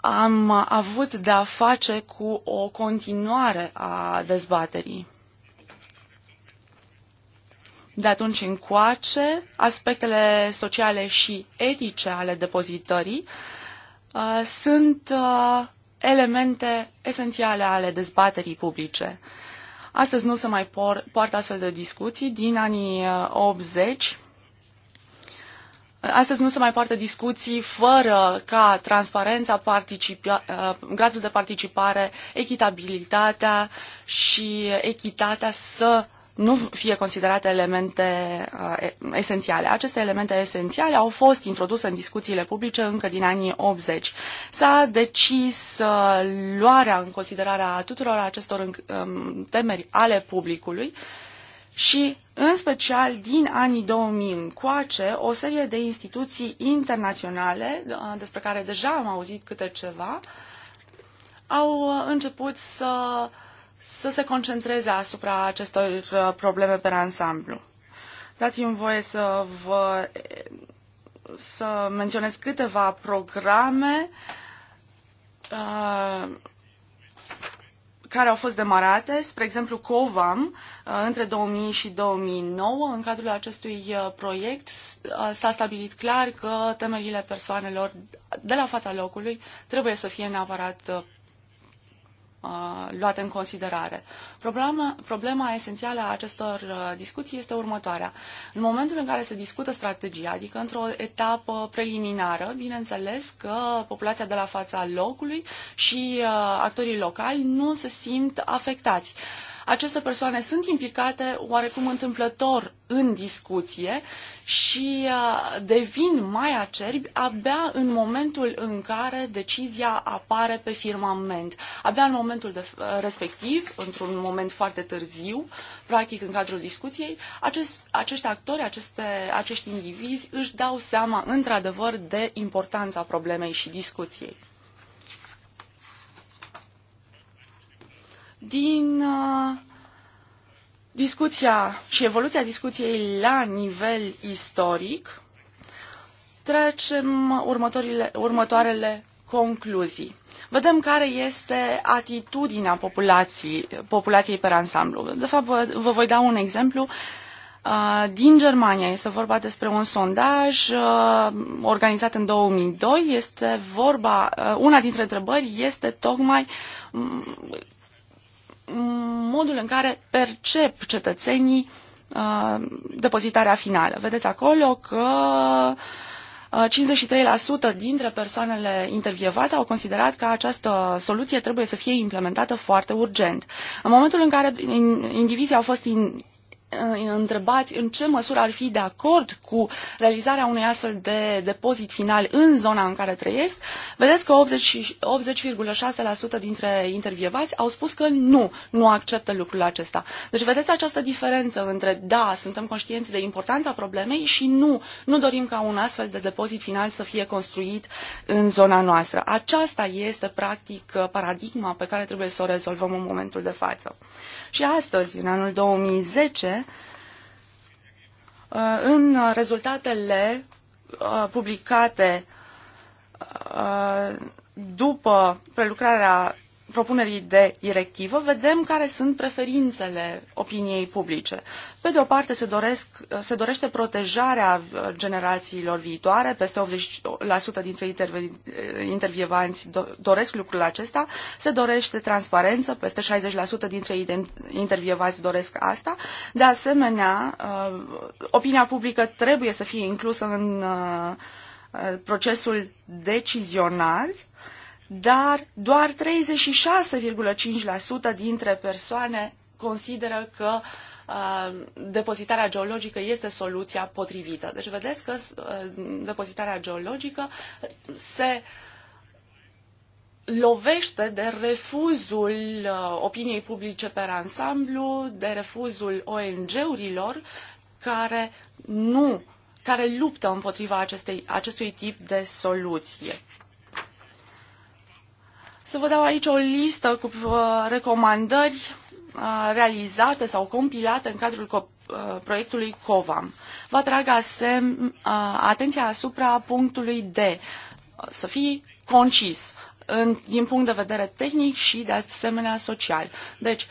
am avut de-a face cu o continuare a dezbaterii. De atunci încoace, aspectele sociale și etice ale depozitării uh, sunt uh, elemente esențiale ale dezbaterii publice. Astăzi nu se mai por- poartă astfel de discuții. Din anii 80, uh, Astăzi nu se mai poartă discuții fără ca transparența, uh, gradul de participare, echitabilitatea și echitatea să nu fie considerate elemente uh, esențiale. Aceste elemente esențiale au fost introduse în discuțiile publice încă din anii 80. S-a decis uh, luarea în considerare a tuturor acestor um, temeri ale publicului și în special din anii 2000 încoace, o serie de instituții internaționale, despre care deja am auzit câte ceva, au început să, să se concentreze asupra acestor probleme pe ansamblu. Dați-mi voie să vă să menționez câteva programe uh, care au fost demarate, spre exemplu COVAM, uh, între 2000 și 2009. În cadrul acestui uh, proiect uh, s-a stabilit clar că temerile persoanelor de la fața locului trebuie să fie neapărat Uh, luate în considerare. Problema, problema esențială a acestor uh, discuții este următoarea. În momentul în care se discută strategia, adică într-o etapă preliminară, bineînțeles că populația de la fața locului și uh, actorii locali nu se simt afectați aceste persoane sunt implicate oarecum întâmplător în discuție și uh, devin mai acerbi abia în momentul în care decizia apare pe firmament. Abia în momentul de, uh, respectiv, într-un moment foarte târziu, practic în cadrul discuției, acest, acești actori, aceste, acești indivizi își dau seama într-adevăr de importanța problemei și discuției. Din uh, discuția și evoluția discuției la nivel istoric, trecem următorile, următoarele concluzii. Vedem care este atitudinea populației, populației per ansamblu. De fapt, vă, vă voi da un exemplu uh, din Germania. Este vorba despre un sondaj uh, organizat în 2002. Este vorba, una dintre întrebări este tocmai mm, modul în care percep cetățenii uh, depozitarea finală. Vedeți acolo că 53% uh, dintre persoanele intervievate au considerat că această soluție trebuie să fie implementată foarte urgent. În momentul în care indivizii au fost Uh, întrebați în ce măsură ar fi de acord cu realizarea unui astfel de depozit final în zona în care trăiesc, vedeți că 80,6% 80, dintre intervievați au spus că nu, nu acceptă lucrul acesta. Deci vedeți această diferență între da, suntem conștienți de importanța problemei și nu, nu dorim ca un astfel de depozit final să fie construit în zona noastră. Aceasta este practic paradigma pe care trebuie să o rezolvăm în momentul de față. Și astăzi, în anul 2010, Uh, în rezultatele uh, publicate uh, după prelucrarea propunerii de directivă, vedem care sunt preferințele opiniei publice. Pe de o parte, se, doresc, se dorește protejarea uh, generațiilor viitoare, peste 80% dintre intervi, uh, intervievanți doresc lucrul acesta, se dorește transparență, peste 60% dintre intervievanți doresc asta. De asemenea, uh, opinia publică trebuie să fie inclusă în procesul decizional, uh, dar doar 36,5% dintre persoane consideră că uh, depozitarea geologică este soluția potrivită. Deci vedeți că uh, depozitarea geologică se lovește de refuzul uh, opiniei publice pe ansamblu, de refuzul ONG-urilor care nu care luptă împotriva acestei, acestui tip de soluție să vă dau aici o listă cu uh, recomandări uh, realizate sau compilate în cadrul uh, proiectului COVAM. Vă atrag asem, atenția asupra punctului D. Să fii concis în, din punct de vedere tehnic și de asemenea social. Deci,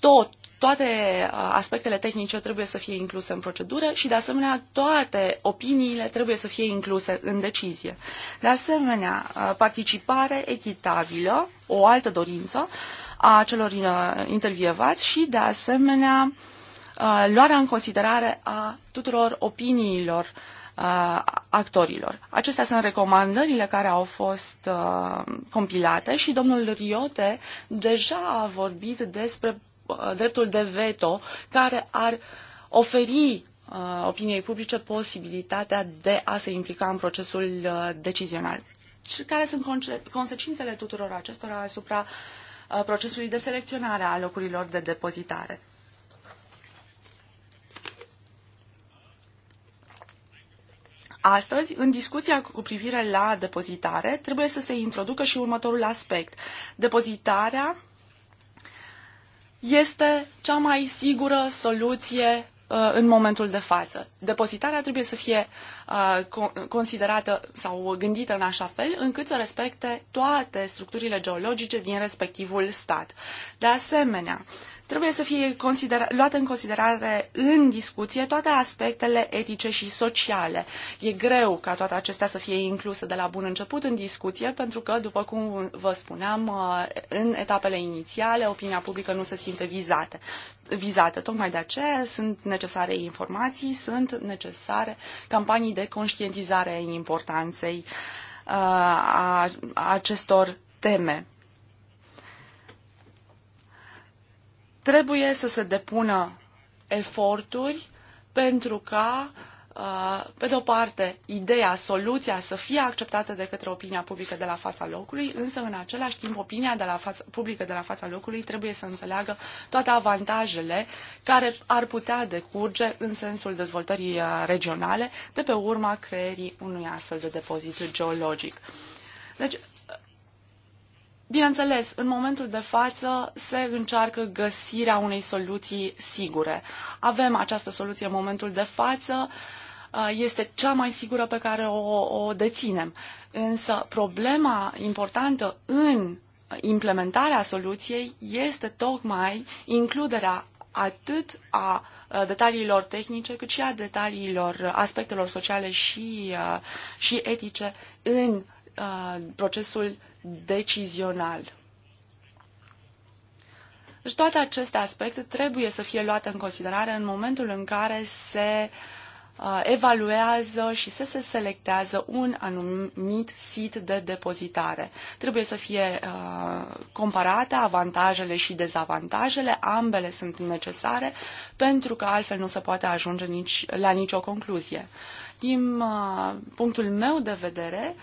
tot toate uh, aspectele tehnice trebuie să fie incluse în procedură și, de asemenea, toate opiniile trebuie să fie incluse în decizie. De asemenea, uh, participare echitabilă, o altă dorință a celor uh, intervievați și, de asemenea, luarea în considerare a tuturor opiniilor actorilor. Acestea sunt recomandările care au fost uh, compilate și domnul Riote deja a vorbit despre Uh, dreptul de veto care ar oferi uh, opiniei publice posibilitatea de a se implica în procesul uh, decizional. Care sunt consecințele tuturor acestora asupra procesului de selecționare a locurilor de depozitare? Astăzi, în discuția cu privire la depozitare, trebuie să se introducă și următorul aspect. Depozitarea este cea mai sigură soluție uh, în momentul de față. Depozitarea trebuie să fie uh, considerată sau gândită în așa fel încât să respecte toate structurile geologice din respectivul stat. De asemenea, Trebuie să fie luată în considerare în discuție toate aspectele etice și sociale. E greu ca toate acestea să fie incluse de la bun început în discuție, pentru că, după cum vă spuneam, uh, în etapele inițiale, opinia publică nu se simte vizată. vizată. Tocmai de aceea sunt necesare informații, sunt necesare campanii de conștientizare a importanței uh, a acestor teme. Trebuie să se depună eforturi pentru ca, pe de o parte, ideea, soluția să fie acceptată de către opinia publică de la fața locului, însă, în același timp, opinia de la fața, publică de la fața locului trebuie să înțeleagă toate avantajele care ar putea decurge în sensul dezvoltării regionale de pe urma creierii unui astfel de depozit geologic. Deci, Bineînțeles, în momentul de față se încearcă găsirea unei soluții sigure. Avem această soluție în momentul de față, uh, este cea mai sigură pe care o, o deținem. Însă problema importantă în implementarea soluției este tocmai includerea atât a uh, detaliilor tehnice, cât și a detaliilor uh, aspectelor sociale și, și etice în procesul decizional. Deci toate aceste aspecte trebuie să fie luate în considerare în momentul în care se uh, evaluează și se, se selectează un anumit sit de depozitare. Trebuie să fie uh, comparate avantajele și dezavantajele, ambele sunt necesare, pentru că altfel nu se poate ajunge nici, la nicio concluzie. Din uh, punctul meu de vedere, uh,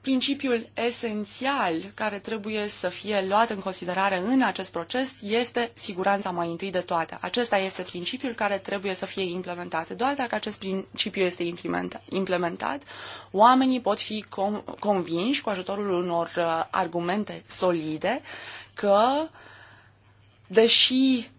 Principiul esențial care trebuie să fie luat în considerare în acest proces este siguranța mai întâi de toate. Acesta este principiul care trebuie să fie implementat. Doar dacă acest principiu este implementat, oamenii pot fi convinși cu ajutorul unor uh, argumente solide că, deși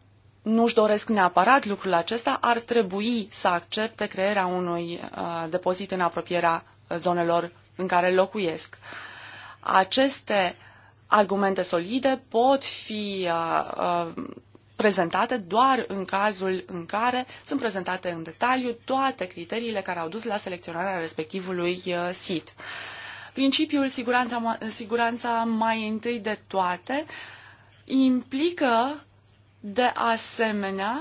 nu-și doresc neapărat lucrul acesta, ar trebui să accepte crearea unui uh, depozit în apropierea zonelor în care locuiesc. Aceste argumente solide pot fi uh, uh, prezentate doar în cazul în care sunt prezentate în detaliu toate criteriile care au dus la selecționarea respectivului uh, sit. Principiul siguranța, siguranța mai întâi de toate implică de asemenea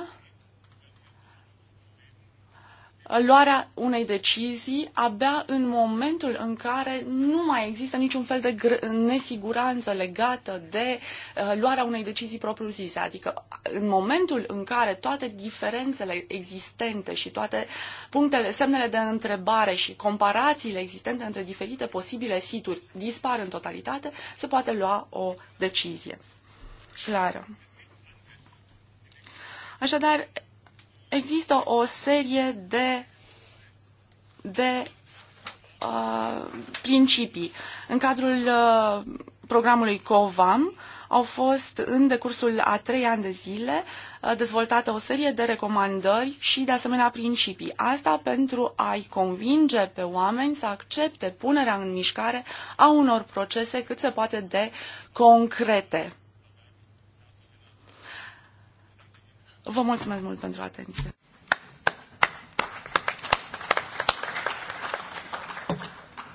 luarea unei decizii abia în momentul în care nu mai există niciun fel de nesiguranță legată de uh, luarea unei decizii propriu-zise. Adică în momentul în care toate diferențele existente și toate punctele, semnele de întrebare și comparațiile existente între diferite posibile situri dispar în totalitate, se poate lua o decizie. Clară. Așadar, există o serie de, de uh, principii. În cadrul uh, programului COVAM au fost în decursul a trei ani de zile uh, dezvoltate o serie de recomandări și de asemenea principii. Asta pentru a-i convinge pe oameni să accepte punerea în mișcare a unor procese cât se poate de concrete. Vă mulțumesc mult pentru atenție.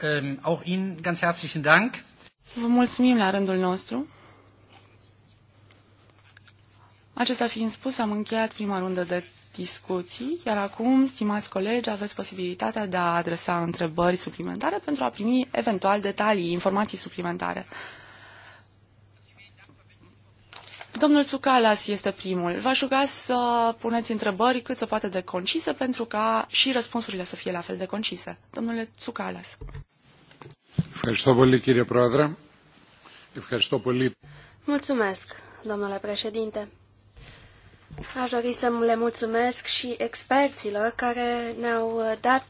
Ähm, auch Ihnen ganz herzlichen Dank. Vă mulțumim la rândul nostru. Acesta fiind spus, am încheiat prima rundă de discuții, iar acum, stimați colegi, aveți posibilitatea de a adresa întrebări suplimentare pentru a primi eventual detalii, informații suplimentare. Domnul Tsukalas este primul. V-aș ruga să puneți întrebări cât se poate de concise pentru ca și răspunsurile să fie la fel de concise. Domnule Tsukalas. Mulțumesc, domnule președinte. Aș dori să le mulțumesc și experților care ne-au dat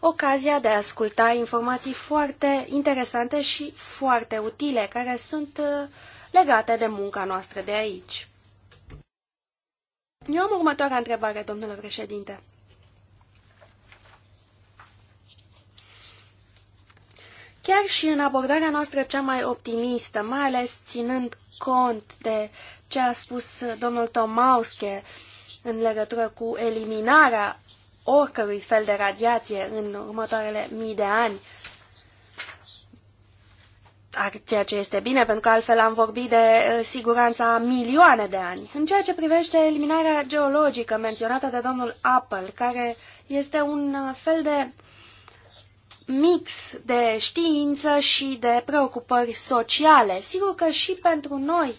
ocazia de a asculta informații foarte interesante și foarte utile, care sunt uh, legate de munca noastră de aici. Eu am următoarea întrebare, domnule președinte. Chiar și în abordarea noastră cea mai optimistă, mai ales ținând cont de ce a spus domnul Tomauske în legătură cu eliminarea oricărui fel de radiație în următoarele mii de ani, ceea ce este bine, pentru că altfel am vorbit de siguranța milioane de ani. În ceea ce privește eliminarea geologică menționată de domnul Apple, care este un fel de mix de știință și de preocupări sociale. Sigur că și pentru noi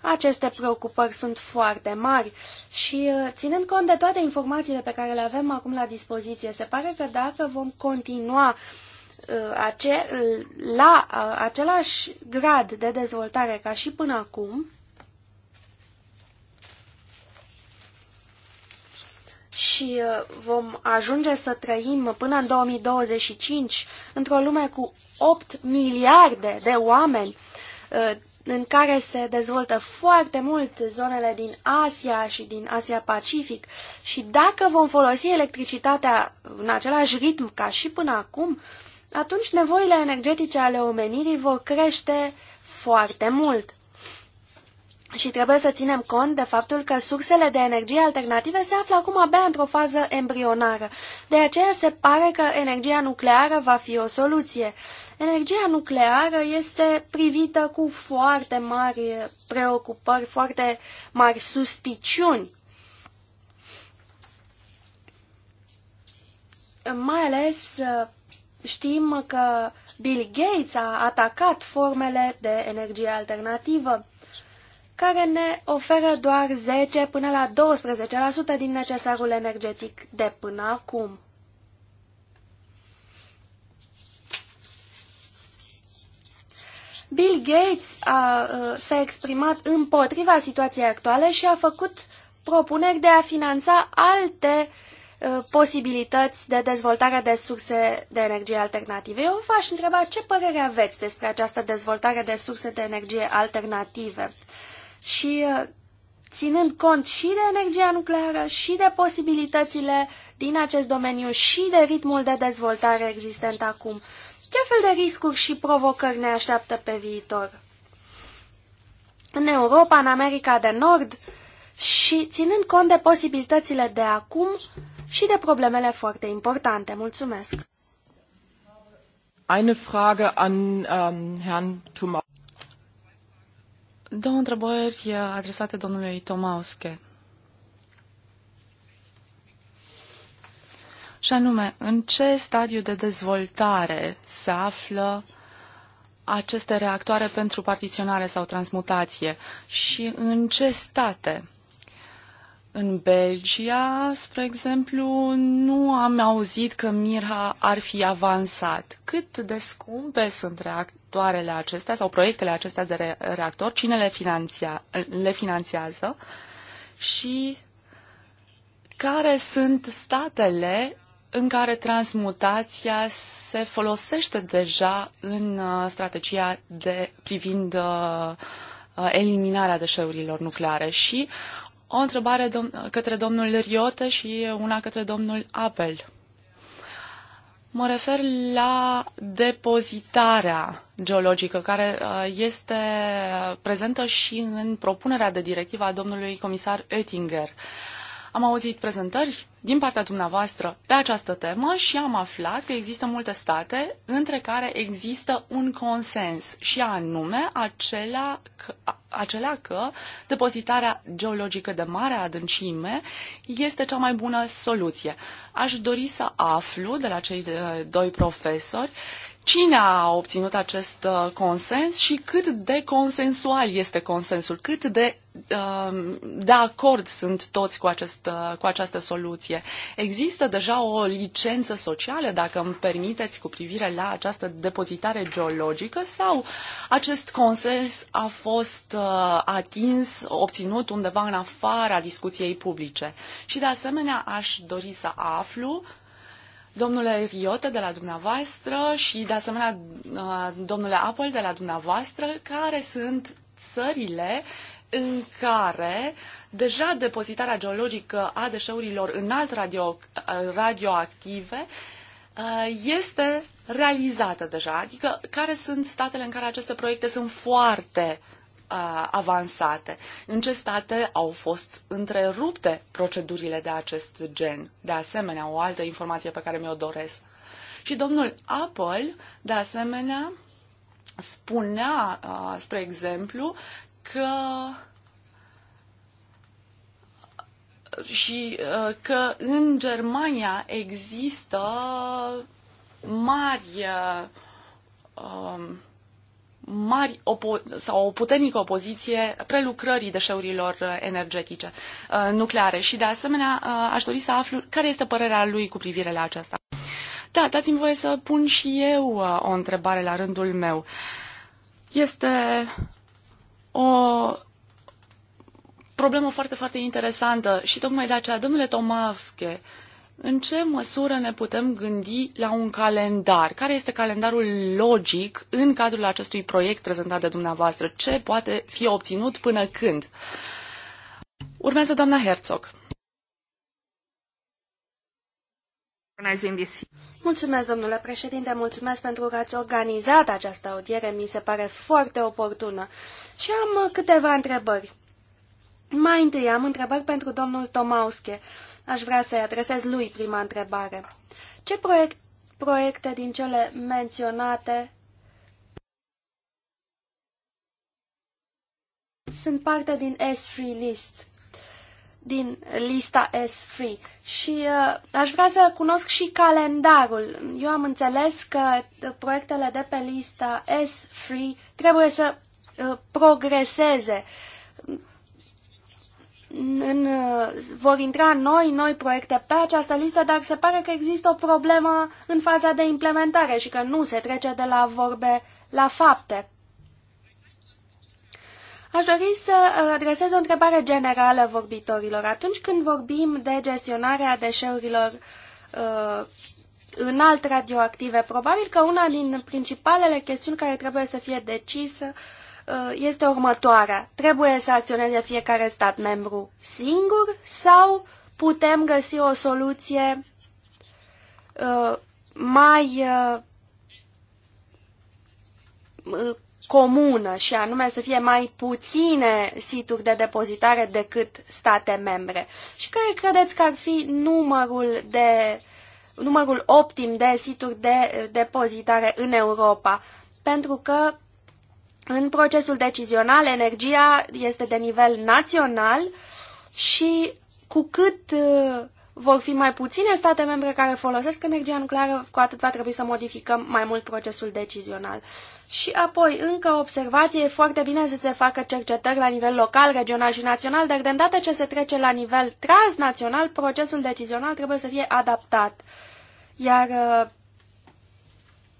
aceste preocupări sunt foarte mari și ținând cont de toate informațiile pe care le avem acum la dispoziție, se pare că dacă vom continua uh, Uh, ace la uh, același grad de dezvoltare ca și până acum și uh, vom ajunge să trăim până în 2025 într-o lume cu 8 miliarde de oameni în care se dezvoltă foarte mult zonele din Asia și din Asia-Pacific și dacă vom folosi electricitatea în același ritm ca și până acum, uh, atunci nevoile energetice ale omenirii vor crește foarte mult. Și trebuie să ținem cont de faptul că sursele de energie alternative se află acum abia într-o fază embrionară. De aceea se pare că energia nucleară va fi o soluție. Energia nucleară este privită cu foarte mari preocupări, foarte mari suspiciuni. Mai ales Știm că Bill Gates a atacat formele de energie alternativă, care ne oferă doar 10 până la 12% din necesarul energetic de până acum. Bill Gates s-a exprimat împotriva situației actuale și a făcut propuneri de a finanța alte uh, Uh, posibilități de dezvoltare de surse de energie alternative. Eu v-aș întreba ce părere aveți despre această dezvoltare de surse de energie alternative și uh, ținând cont și de energia nucleară și de posibilitățile din acest domeniu și de ritmul de dezvoltare existent acum. Ce fel de riscuri și provocări ne așteaptă pe viitor? În Europa, în America de Nord și ținând cont de posibilitățile de acum, și de problemele foarte importante. Mulțumesc! Eine Frage an um, Herrn Thomas. Două întrebări uh, adresate domnului Tomauske. Și anume, în ce stadiu de dezvoltare se află aceste reactoare pentru partiționare sau transmutație și în ce state? În Belgia, spre exemplu, nu am auzit că mirha ar fi avansat. Cât de scumpe sunt reactoarele acestea sau proiectele acestea de reactor? Cine le, finanția, le finanțează? Și care sunt statele în care transmutația se folosește deja în uh, strategia de privind uh, uh, eliminarea deșeurilor nucleare și o întrebare dom- către domnul Riote și una către domnul Apel. Mă refer la depozitarea geologică, care uh, este prezentă și în propunerea de directivă a domnului comisar Oettinger. Uh, am auzit prezentări din partea dumneavoastră pe această temă și am aflat că există multe state între care există un consens și anume acela că, acela că depozitarea geologică de mare adâncime este cea mai bună soluție. Aș dori să aflu de la cei doi profesori cine a obținut acest uh, consens și cât de consensual este consensul, cât de uh, de acord sunt toți cu, acest, uh, cu această soluție. Există deja o licență socială, dacă îmi permiteți, cu privire la această depozitare geologică sau acest consens a fost atins, obținut undeva în afara discuției publice. Și de asemenea aș dori să aflu Domnule Riotă de la dumneavoastră și de asemenea uh, domnule Apple de la dumneavoastră, care sunt țările în care deja depozitarea geologică a deșeurilor înalt radio, uh, radioactive uh, este realizată deja, adică care sunt statele în care aceste proiecte sunt foarte Uh, avansate, în ce state au fost întrerupte procedurile de acest gen. De asemenea, o altă informație pe care mi-o doresc. Și domnul Apple, de asemenea, spunea, uh, spre exemplu, că și uh, că în Germania există mari uh, um, mari opo- sau o puternică opoziție prelucrării deșeurilor uh, energetice uh, nucleare și de asemenea uh, aș dori să aflu care este părerea lui cu privire la aceasta. Da, dați-mi voie să pun și eu o întrebare la rândul meu. Este o problemă foarte, foarte interesantă și tocmai de aceea, domnule Tomasche, uh, în ce măsură ne putem gândi la un calendar? Care este calendarul logic în cadrul acestui proiect prezentat de dumneavoastră? Ce poate fi obținut până când? Urmează doamna Herzog. Mulțumesc, domnule președinte, mulțumesc pentru că ați organizat această audiere, mi se pare foarte oportună. Și am câteva întrebări. Mai întâi am întrebări pentru domnul Tomauske. Uh, Aș vrea să-i adresez lui prima întrebare. Ce proiect, proiecte din cele menționate sunt parte din S-Free List, din lista S-Free. Și uh, aș vrea să cunosc și calendarul. Eu am înțeles că uh, proiectele de pe lista S-Free trebuie să uh, progreseze. Uh, în, vor intra noi, noi proiecte pe această listă, dar se pare că există o problemă în faza de implementare și că nu se trece de la vorbe la fapte. Aș dori să adresez o întrebare generală vorbitorilor. Atunci când vorbim de gestionarea deșeurilor uh, înalt radioactive, probabil că una din principalele chestiuni care trebuie să fie decisă uh, Uh, este următoarea. Trebuie să acționeze fiecare stat membru singur sau putem găsi o soluție uh, mai uh, comună și anume să fie mai puține situri de depozitare decât state membre. Și care credeți că ar fi numărul de numărul optim de situri de depozitare în Europa? Pentru că în procesul decizional, energia este de nivel național și cu cât uh, vor fi mai puține state membre care folosesc energia nucleară, cu atât va trebui să modificăm mai mult procesul decizional. Și apoi, încă o observație, e foarte bine să se facă cercetări la nivel local, regional și național, dar de îndată ce se trece la nivel transnațional, procesul decizional trebuie să fie adaptat. Iar uh,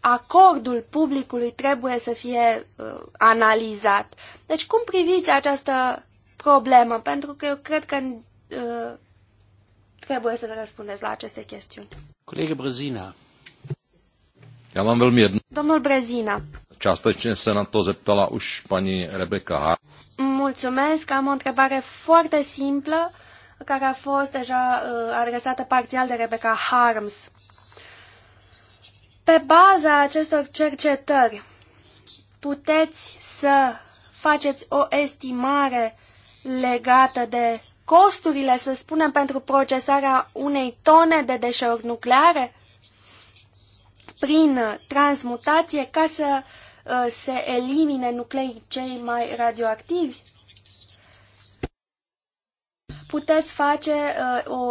acordul publicului trebuie să fie uh, analizat. Deci cum priviți această problemă? Pentru că eu cred că uh, trebuie să răspundeți la aceste chestiuni. Colegă Brezina. Já mám velmi Domnul Brezina. Částečně se na to zeptala už paní Rebecca Hart. Mulțumesc, am o întrebare foarte simplă care a fost deja uh, adresată parțial de Rebecca Harms. Pe baza acestor cercetări, puteți să faceți o estimare legată de costurile, să spunem, pentru procesarea unei tone de deșeuri nucleare prin transmutație ca să uh, se elimine nucleii cei mai radioactivi? puteți face uh, o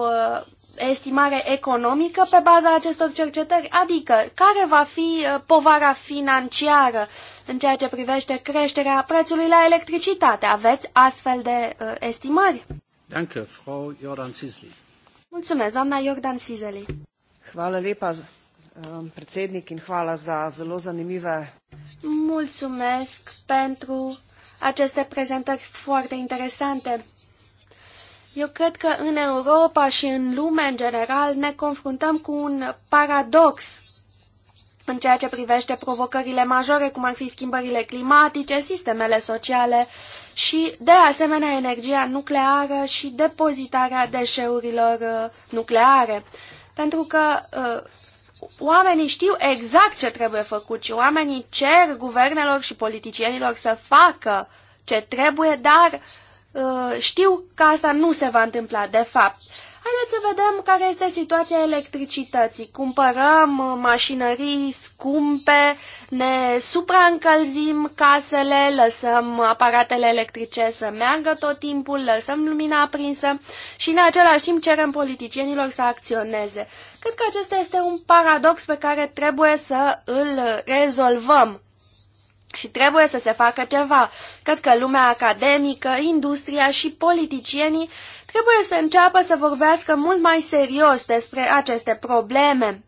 estimare economică pe baza acestor cercetări, adică care va fi uh, povara financiară în ceea ce privește creșterea prețului la electricitate. Aveți astfel de uh, estimări? Danke, Frau Jordan Sizli. Mulțumesc, doamna Jordan Sizeli. Hvala lepa, um, predsednik, in hvala za zelo zanimive. Mulțumesc pentru aceste prezentări foarte interesante. Eu cred că în Europa și în lume în general ne confruntăm cu un paradox în ceea ce privește provocările majore, cum ar fi schimbările climatice, sistemele sociale și, de asemenea, energia nucleară și depozitarea deșeurilor uh, nucleare. Pentru că uh, oamenii știu exact ce trebuie făcut și oamenii cer guvernelor și politicienilor să facă ce trebuie, dar uh, Uh, știu că asta nu se va întâmpla de fapt. Haideți să vedem care este situația electricității. Cumpărăm uh, mașinării scumpe, ne supraîncălzim casele, lăsăm aparatele electrice să meargă tot timpul, lăsăm lumina aprinsă și în același timp cerem politicienilor să acționeze. Cred că acesta este un paradox pe care trebuie să îl rezolvăm și trebuie să se facă ceva. Cred că lumea academică, industria și politicienii trebuie să înceapă să vorbească mult mai serios despre aceste probleme.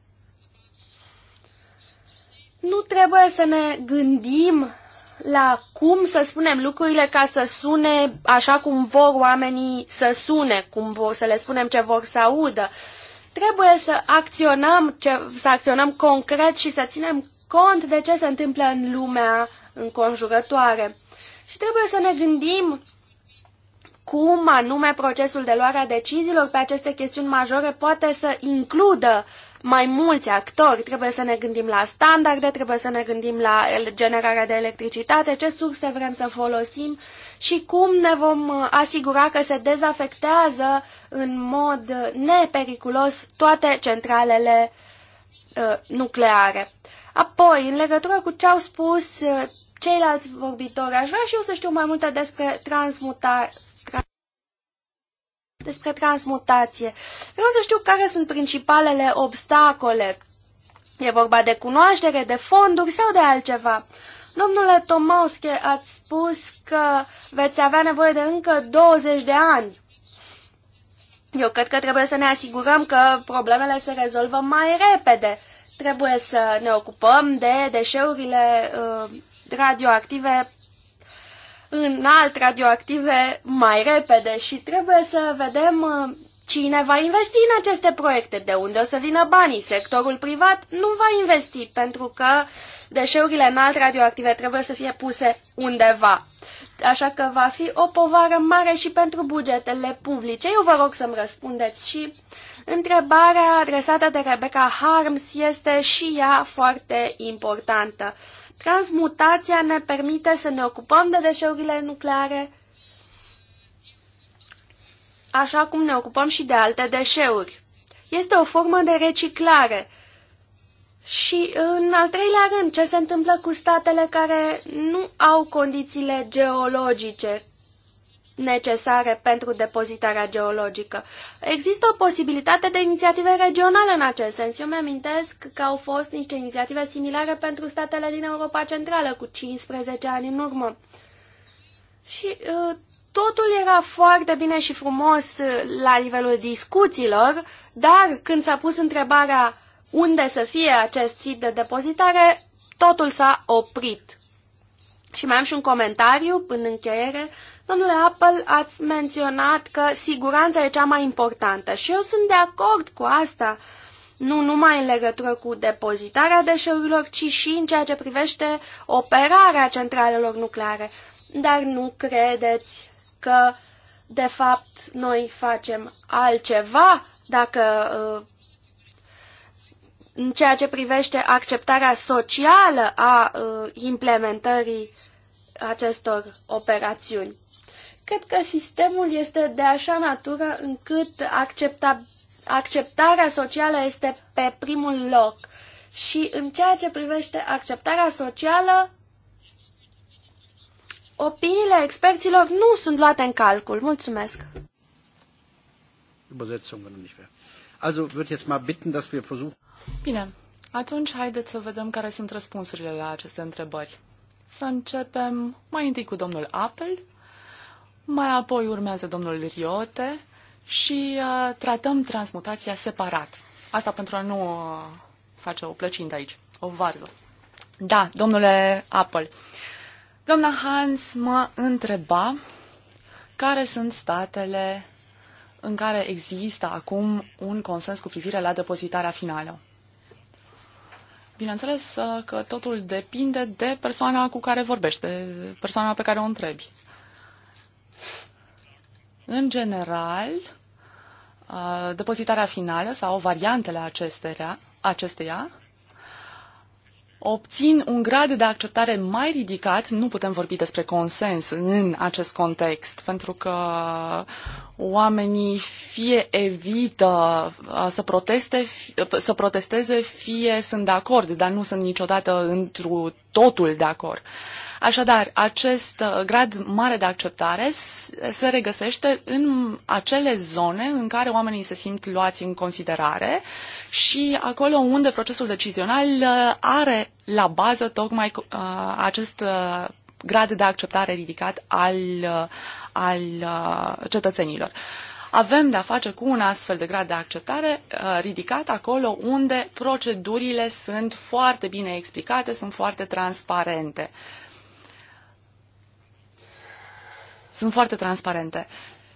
Nu trebuie să ne gândim la cum să spunem lucrurile ca să sune așa cum vor oamenii să sune, cum vor, să le spunem ce vor să audă. Trebuie să acționăm, ce, să acționăm concret și să ținem cont de ce se întâmplă în lumea înconjurătoare. Și trebuie să ne gândim cum anume procesul de luare a deciziilor pe aceste chestiuni majore poate să includă mai mulți actori. Trebuie să ne gândim la standarde, trebuie să ne gândim la generarea de electricitate, ce surse vrem să folosim și cum ne vom uh, asigura că se dezafectează în mod nepericulos toate centralele uh, nucleare. Apoi, în legătură cu ce au spus uh, ceilalți vorbitori, aș vrea și eu să știu mai multe despre transmutare despre transmutație. Vreau să știu care sunt principalele obstacole. E vorba de cunoaștere, de fonduri sau de altceva. Domnule Tomausche, ați spus că veți avea nevoie de încă 20 de ani. Eu cred că trebuie să ne asigurăm că problemele se rezolvă mai repede. Trebuie să ne ocupăm de deșeurile uh, radioactive alt radioactive mai repede și trebuie să vedem uh, Cine va investi în aceste proiecte? De unde o să vină banii? Sectorul privat nu va investi pentru că deșeurile înalt radioactive trebuie să fie puse undeva. Așa că va fi o povară mare și pentru bugetele publice. Eu vă rog să-mi răspundeți și întrebarea adresată de Rebecca Harms este și ea foarte importantă. Transmutația ne permite să ne ocupăm de deșeurile nucleare, așa cum ne ocupăm și de alte deșeuri. Este o formă de reciclare. Și în al treilea rând, ce se întâmplă cu statele care nu au condițiile geologice necesare pentru depozitarea geologică. Există o posibilitate de inițiative regionale în acest sens. Eu mi-amintesc că au fost niște inițiative similare pentru statele din Europa Centrală cu 15 ani în urmă. Și uh, totul era foarte bine și frumos uh, la nivelul discuțiilor, dar când s-a pus întrebarea unde să fie acest sit de depozitare, totul s-a oprit. Și mai am și un comentariu în încheiere. Domnule Apple, ați menționat că siguranța e cea mai importantă și eu sunt de acord cu asta, nu numai în legătură cu depozitarea deșeurilor, ci și în ceea ce privește operarea centralelor nucleare. Dar nu credeți că, de fapt, noi facem altceva dacă uh, în ceea ce privește acceptarea socială a uh, implementării acestor operațiuni. Cred că sistemul este de așa natură încât accepta, acceptarea socială este pe primul loc. Și în ceea ce privește acceptarea socială, Opiniile experților nu sunt luate în calcul. Mulțumesc. Also würde jetzt mal bitten, dass wir versuchen. Bine. Atunci haideți să vedem care sunt răspunsurile la aceste întrebări. Să începem mai întâi cu domnul Apple, mai apoi urmează domnul Riote și uh, tratăm transmutația separat. Asta pentru a nu uh, face o plăcintă aici, o varză. Da, domnule Apple. Uh, Doamna Hans mă întreba care sunt statele în care există acum un consens cu privire la depozitarea finală. Bineînțeles uh, că totul depinde de persoana cu care vorbești, de persoana pe care o întrebi. În general, uh, depozitarea finală sau variantele acesteia, acesteia obțin un grad de acceptare mai ridicat, nu putem vorbi despre consens în acest context, pentru că oamenii fie evită uh, să, proteste, să protesteze, fie sunt de acord, dar nu sunt niciodată întru totul de acord. Uh, Așadar, acest uh, grad mare de acceptare se regăsește în acele zone în care oamenii se simt luați în considerare și acolo unde procesul decizional uh, are la bază tocmai uh, acest grad de acceptare ridicat al, al cetățenilor avem de-a face cu un astfel de grad de acceptare ridicat acolo unde procedurile sunt foarte bine explicate, sunt foarte transparente. sunt foarte transparente.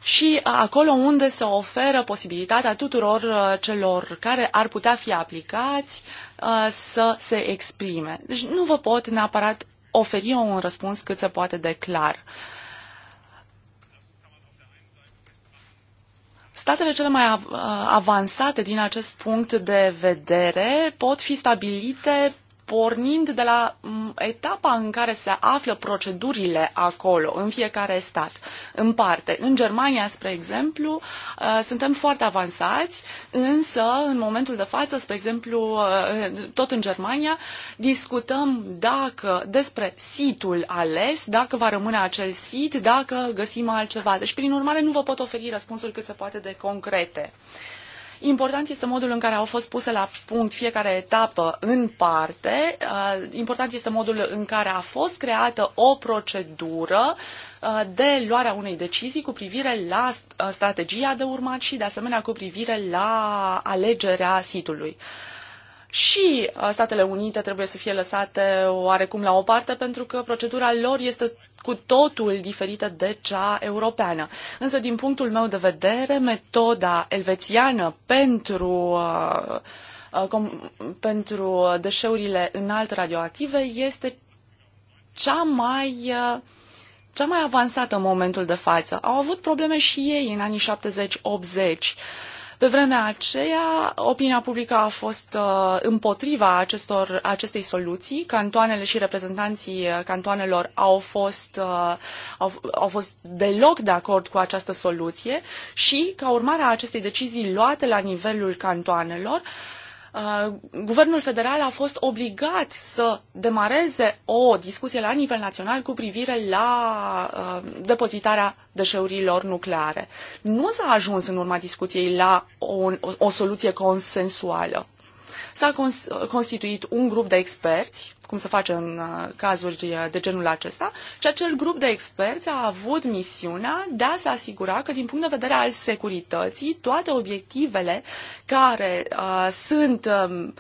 Și acolo unde se oferă posibilitatea tuturor uh, celor care ar putea fi aplicați uh, să se exprime. Deci nu vă pot neapărat oferi un răspuns cât se poate de clar. Statele cele mai uh, avansate din acest punct de vedere pot fi stabilite pornind de la etapa în care se află procedurile acolo, în fiecare stat, în parte. În Germania, spre exemplu, uh, suntem foarte avansați, însă, în momentul de față, spre exemplu, uh, tot în Germania, discutăm dacă despre situl ales, dacă va rămâne acel sit, dacă găsim altceva. Deci, prin urmare, nu vă pot oferi răspunsuri cât se poate de concrete. Uh, Important este modul în care au fost puse la punct fiecare etapă în parte. Uh, important este modul în care a fost creată o procedură uh, de luarea unei decizii cu privire la uh, strategia de urmat și, de asemenea, cu privire la alegerea sitului și Statele Unite trebuie să fie lăsate oarecum la o parte pentru că procedura lor este cu totul diferită de cea europeană. Însă, din punctul meu de vedere, metoda elvețiană pentru uh, uh, pentru deșeurile înalt radioactive este cea mai uh, cea mai avansată în momentul de față. Au avut probleme și ei în anii 70-80 pe vremea aceea, opinia publică a fost uh, împotriva acestor, acestei soluții. Cantoanele și reprezentanții uh, cantoanelor au fost, uh, au, au fost deloc de acord cu această soluție și, ca urmare a acestei decizii luate la nivelul cantoanelor, uh, Uh, guvernul federal a fost obligat să demareze o discuție la nivel național cu privire la uh, depozitarea deșeurilor nucleare. Nu s-a ajuns în urma discuției la o, o soluție consensuală. S-a cons- constituit un grup de experți cum se face în uh, cazuri uh, de genul acesta, și acel grup de experți a avut misiunea de a se asigura că, din punct de vedere al securității, toate obiectivele care uh, sunt uh,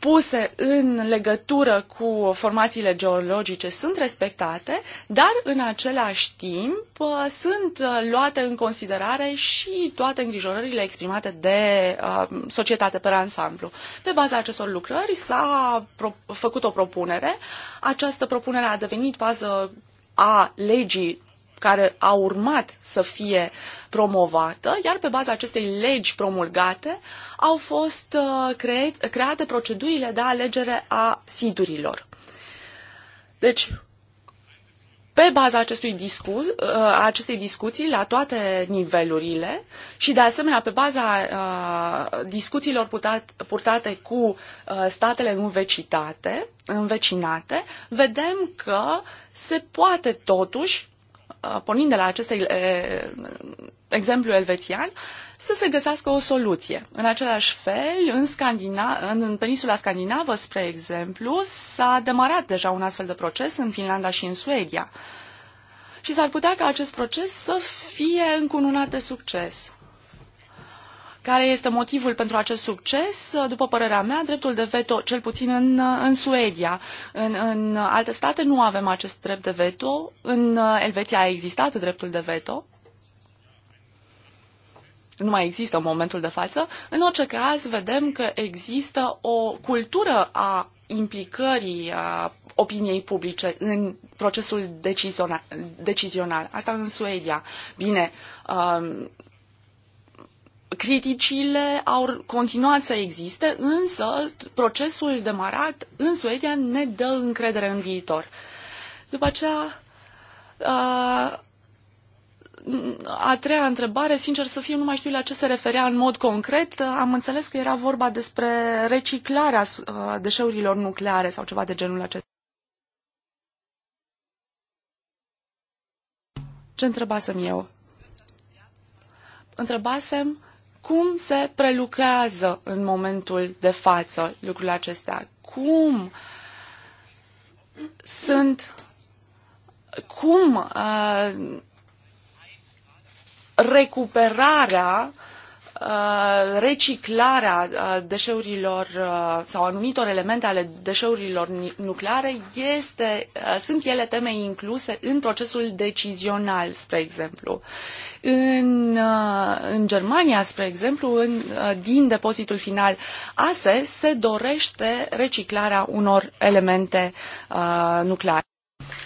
puse în legătură cu formațiile geologice sunt respectate, dar în același timp uh, sunt uh, luate în considerare și toate îngrijorările exprimate de uh, societate pe ansamblu. Pe baza acestor lucrări s-a făcut o propunere. Această propunere a devenit bază a legii care a urmat să fie promovată, iar pe baza acestei legi promulgate au fost uh, create procedurile de alegere a sidurilor. Deci, pe baza acestui discurs, uh, acestei discuții la toate nivelurile și de asemenea pe baza uh, discuțiilor putat, purtate cu statele învecitate, învecinate, vedem că se poate totuși Uh, pornind de la acest uh, exemplu elvețian, să se găsească o soluție. În același fel, în, Scandina- în peninsula Scandinavă, spre exemplu, s-a demarat deja un astfel de proces în Finlanda și în Suedia. Și s-ar putea ca acest proces să fie încununat de succes. Care este motivul pentru acest succes? După părerea mea, dreptul de veto, cel puțin în, în Suedia. În, în alte state nu avem acest drept de veto. În Elveția a existat dreptul de veto nu mai există în momentul de față. În orice caz, vedem că există o cultură a implicării a opiniei publice în procesul decizional. decizional. Asta în Suedia. Bine, um, Criticile au continuat să existe, însă procesul demarat în Suedia ne dă încredere în viitor. După aceea, a, a treia întrebare, sincer să fiu, nu mai știu la ce se referea în mod concret. Am înțeles că era vorba despre reciclarea deșeurilor nucleare sau ceva de genul acesta. Ce întrebasem eu? Întrebasem cum se prelucrează în momentul de față lucrurile acestea, cum sunt, cum uh, recuperarea uh, Uh, reciclarea uh, deșeurilor uh, sau anumitor elemente ale deșeurilor nucleare este, sunt ele teme incluse în procesul decizional, spre exemplu. În, în Germania, spre exemplu, în, din depozitul final ASE se dorește reciclarea unor elemente uh, nucleare.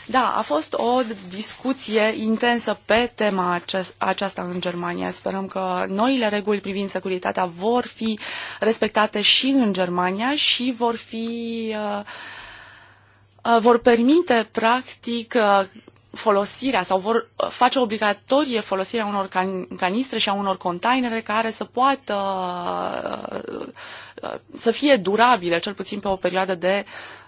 Da, a fost o discuție intensă pe tema aceasta în Germania. Sperăm că noile reguli privind securitatea vor fi respectate și în Germania și vor fi uh, uh, vor permite practic uh, folosirea sau vor face obligatorie folosirea unor can- canistre și a unor containere care să poată să fie durabile, cel puțin pe o perioadă de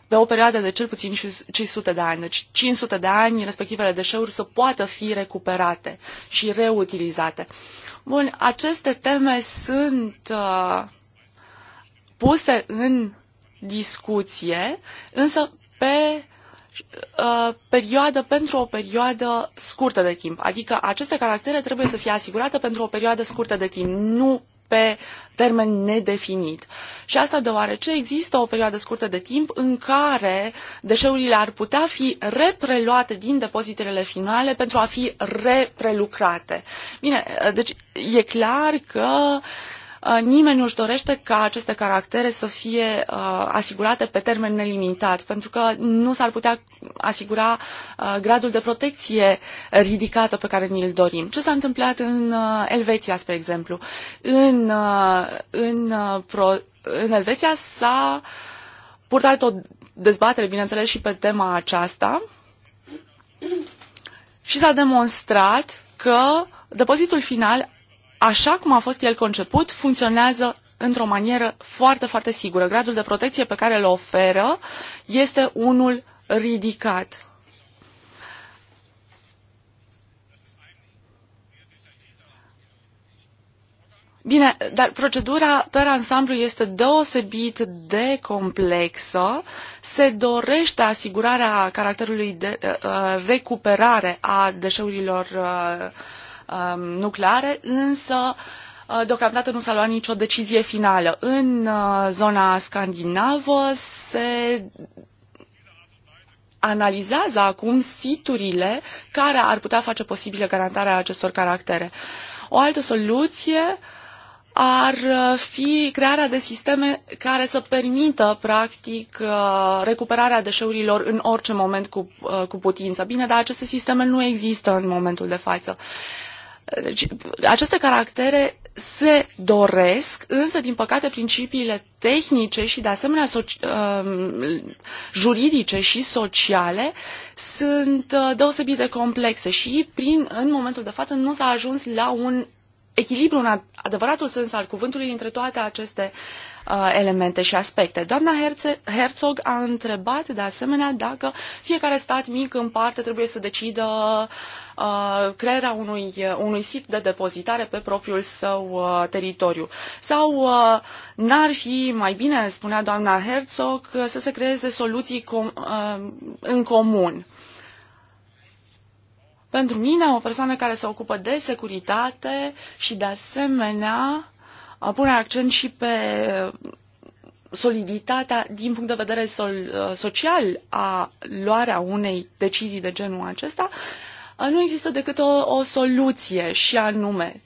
pe o perioadă de cel puțin 500 de ani. Deci 500 de ani respectivele deșeuri să poată fi recuperate și reutilizate. Bun, aceste teme sunt uh, puse în discuție, însă pe uh, perioadă pentru o perioadă scurtă de timp. Adică aceste caractere trebuie să fie asigurate pentru o perioadă scurtă de timp, nu pe termen nedefinit. Și asta deoarece există o perioadă scurtă de timp în care deșeurile ar putea fi repreluate din depozitele finale pentru a fi reprelucrate. Bine, deci e clar că uh, Uh, nimeni nu-și dorește ca aceste caractere să fie uh, asigurate pe termen nelimitat, pentru că nu s-ar putea asigura uh, gradul de protecție ridicată pe care ni-l dorim. Ce s-a întâmplat în Elveția, spre exemplu? În, în, pro, în Elveția s-a purtat o dezbatere, bineînțeles, și pe tema aceasta și s-a demonstrat că depozitul final așa cum a fost el conceput, funcționează într-o manieră foarte, foarte sigură. Gradul de protecție pe care îl oferă este unul ridicat. Bine, dar procedura per ansamblu este deosebit de complexă. Se dorește asigurarea caracterului de uh, uh recuperare a deșeurilor uh, Um, nucleare, însă uh, deocamdată nu s-a luat nicio decizie finală. În uh, zona scandinavă se analizează acum siturile care ar putea face posibilă garantarea acestor caractere. O altă soluție ar uh, fi crearea de sisteme care să permită, practic, recuperarea deșeurilor în orice moment cu, cu putință. Bine, dar aceste sisteme nu există în momentul de față. Uh, deci, aceste caractere se doresc, însă, din păcate, principiile tehnice și, de asemenea, so- um, juridice și sociale sunt uh, deosebit de complexe și, prin, în momentul de față, nu s-a ajuns la un echilibru în adevăratul sens al cuvântului între toate aceste uh, elemente și aspecte. Doamna Herze Herzog a întrebat de asemenea dacă fiecare stat mic în parte trebuie să decidă Uh, crearea unui, uh, unui sit de depozitare pe propriul său uh, teritoriu. Sau n-ar fi mai bine, spunea doamna Herzog, să se creeze soluții com- în comun. Pentru mine, o persoană care se ocupă de securitate și de asemenea pune accent și pe soliditatea din punct de vedere sol, social a luarea unei decizii de genul acesta, uh, nu există decât o, o soluție și anume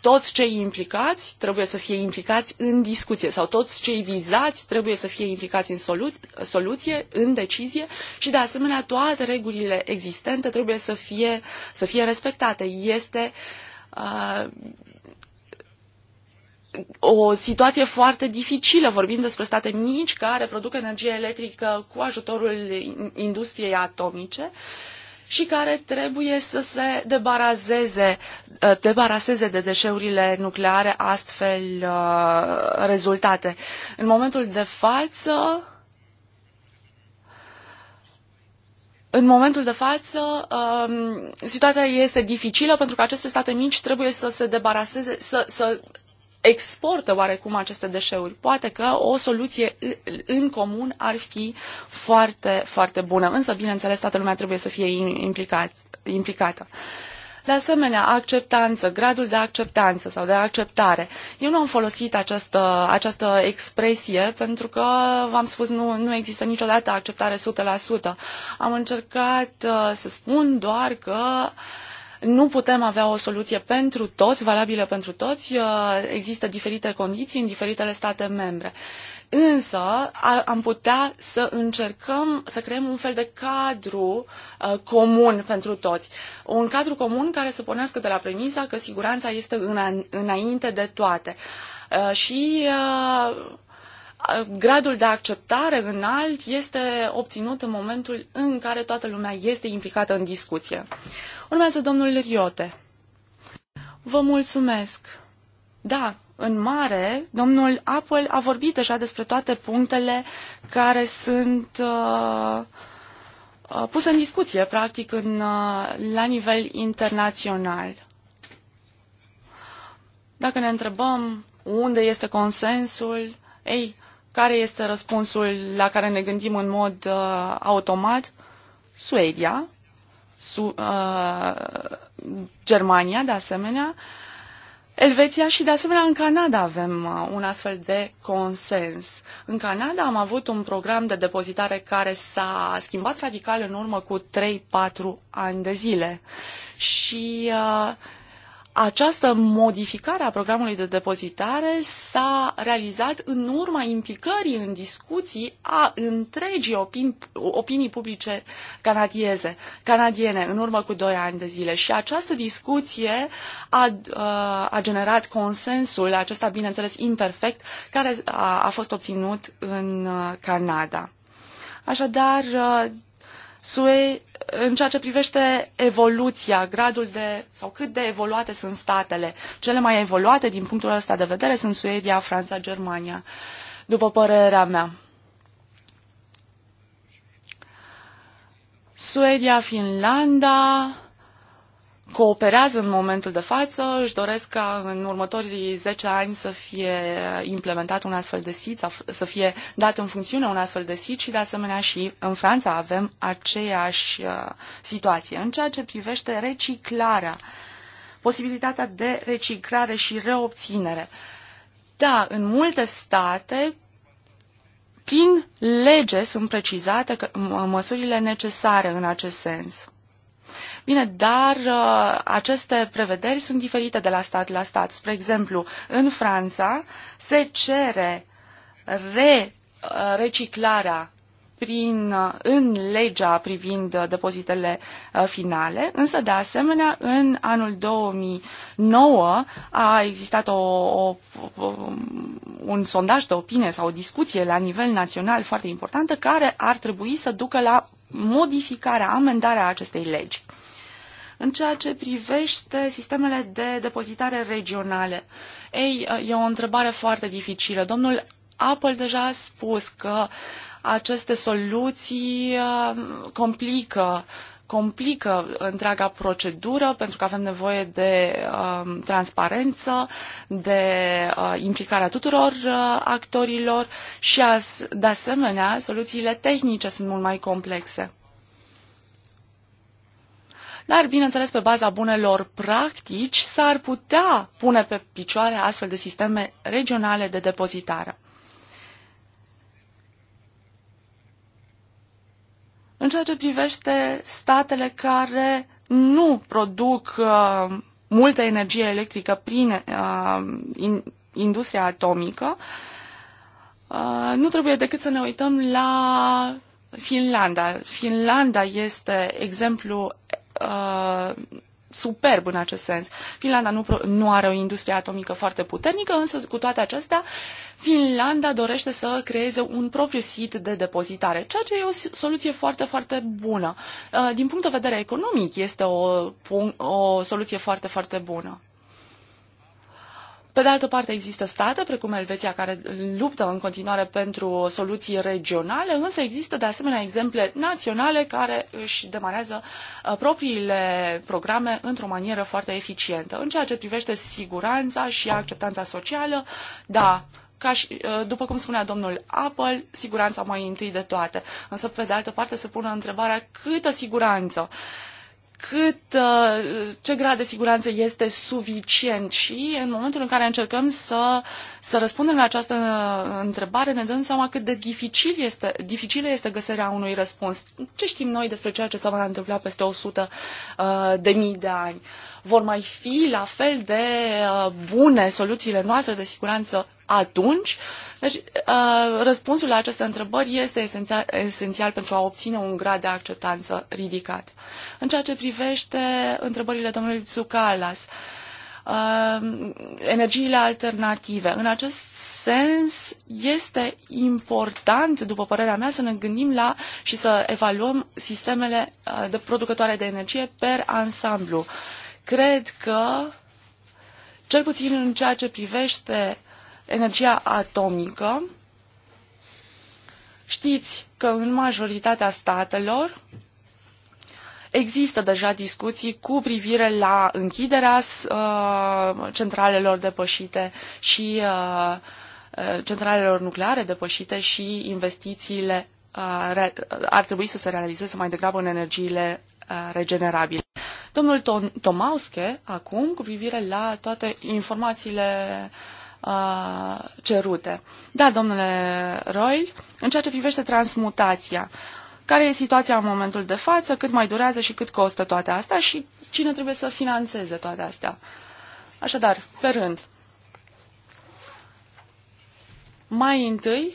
toți cei implicați trebuie să fie implicați în discuție sau toți cei vizați trebuie să fie implicați în solu- soluție, în decizie și de asemenea toate regulile existente trebuie să fie, să fie respectate. Este uh, o situație foarte dificilă. Vorbim despre state mici care produc energie electrică cu ajutorul industriei atomice. Uh, și care trebuie să se debaraseze, uh, debaraseze de deșeurile nucleare astfel uh, rezultate. În momentul de față, în momentul de față, um, situația este dificilă pentru că aceste state mici trebuie să se debaraseze, să, să exportă oarecum aceste deșeuri. Poate că o soluție în comun ar fi foarte, foarte bună, însă, bineînțeles, toată lumea trebuie să fie implicat, implicată. De asemenea, acceptanță, gradul de acceptanță sau de acceptare. Eu nu am folosit această, această expresie pentru că, v-am spus, nu, nu există niciodată acceptare 100%. Am încercat uh, să spun doar că uh, nu putem avea o soluție pentru toți, valabilă pentru toți. Uh, există diferite condiții în diferitele state membre. Însă am putea să încercăm să creăm un fel de cadru uh, comun pentru toți. Un cadru comun care să pornească de la premisa că siguranța este înainte de toate. Uh, și gradul de acceptare înalt este obținut în momentul în care toată lumea este implicată în discuție. Urmează domnul Riote. Vă mulțumesc. Da, în mare, domnul Apple a vorbit deja despre toate punctele care sunt uh, uh, puse în discuție, practic, în, uh, la nivel internațional. Dacă ne întrebăm unde este consensul, ei, care este răspunsul la care ne gândim în mod uh, automat? Suedia, Su, uh, Germania, de asemenea, Elveția și, de asemenea, în Canada avem uh, un astfel de consens. În Canada am avut un program de depozitare care s-a schimbat radical în urmă cu 3-4 ani de zile și uh, această modificare a programului de depozitare s-a realizat în urma implicării în discuții a întregii opini opinii publice canadieze, canadiene în urmă cu doi ani de zile și această discuție a, a generat consensul acesta, bineînțeles, imperfect, care a, a fost obținut în uh, Canada. Așadar, uh, SUE în ceea ce privește evoluția, gradul de, sau cât de evoluate sunt statele. Cele mai evoluate din punctul ăsta de vedere sunt Suedia, Franța, Germania, după părerea mea. Suedia, Finlanda, cooperează în momentul de față, își doresc ca în următorii 10 ani să fie implementat un astfel de sit, să fie dat în funcțiune un astfel de sit și de asemenea și în Franța avem aceeași uh, situație. În ceea ce privește reciclarea, posibilitatea de reciclare și reobținere. Da, în multe state prin lege sunt precizate măsurile necesare în acest sens. Bine, dar uh, aceste prevederi sunt diferite de la stat la stat. Spre exemplu, în Franța se cere re, uh, reciclarea prin, uh, în legea privind depozitele finale, însă de asemenea în anul 2009 a existat o, o, un sondaj de opinie sau o discuție la nivel național foarte importantă care ar trebui să ducă la modificarea, amendarea acestei legi. În ceea ce privește sistemele de depozitare regionale, ei, e o întrebare foarte dificilă. Domnul Apple deja a spus că aceste soluții uh, complică complică întreaga procedură pentru că avem nevoie de uh, transparență, de uh, implicarea tuturor uh, actorilor și, as, de asemenea, soluțiile tehnice sunt mult mai complexe dar, bineînțeles, pe baza bunelor practici s-ar putea pune pe picioare astfel de sisteme regionale de depozitare. În ceea ce privește statele care nu produc uh, multă energie electrică prin uh, in, industria atomică, uh, nu trebuie decât să ne uităm la Finlanda. Finlanda este exemplu uh, superb în acest sens. Finlanda nu, nu are o industrie atomică foarte puternică, însă cu toate acestea, Finlanda dorește să creeze un propriu sit de depozitare, ceea ce e o soluție foarte, foarte bună. Uh, din punct de vedere economic, este o, o soluție foarte, foarte bună. Pe de altă parte, există state, precum Elveția, care luptă în continuare pentru soluții regionale, însă există de asemenea exemple naționale care își demarează uh, propriile programe într-o manieră foarte eficientă. În ceea ce privește siguranța și acceptanța socială, da, ca și, uh, după cum spunea domnul Apple, siguranța mai întâi de toate. Însă, pe de altă parte, se pune întrebarea câtă siguranță cât, uh, ce grad de siguranță este suficient și în momentul în care încercăm să, să răspundem la această uh, întrebare, ne dăm seama cât de dificil este, dificilă este găsirea unui răspuns. Ce știm noi despre ceea ce s-a va întâmpla peste 100 uh, de mii de ani? Vor mai fi la fel de bune soluțiile noastre de siguranță atunci? Deci, uh, răspunsul la aceste întrebări este esențial, esențial pentru a obține un grad de acceptanță ridicat. În ceea ce privește întrebările domnului Tsukalas, uh, energiile alternative. În acest sens, este important, după părerea mea, să ne gândim la și să evaluăm sistemele uh, de producătoare de energie per ansamblu. Cred că, cel puțin în ceea ce privește energia atomică, știți că în majoritatea statelor există deja discuții cu privire la închiderea uh, centralelor depășite și uh, uh centralelor nucleare depășite și investițiile uh, uh, ar trebui să se realizeze mai degrabă în energiile uh, regenerabile. Domnul Tomauske, acum, cu privire la toate informațiile uh, Uh, cerute. Da, domnule Roy, în ceea ce privește transmutația, care e situația în momentul de față, cât mai durează și cât costă toate astea și cine trebuie să financeze toate astea. Așadar, pe rând, mai întâi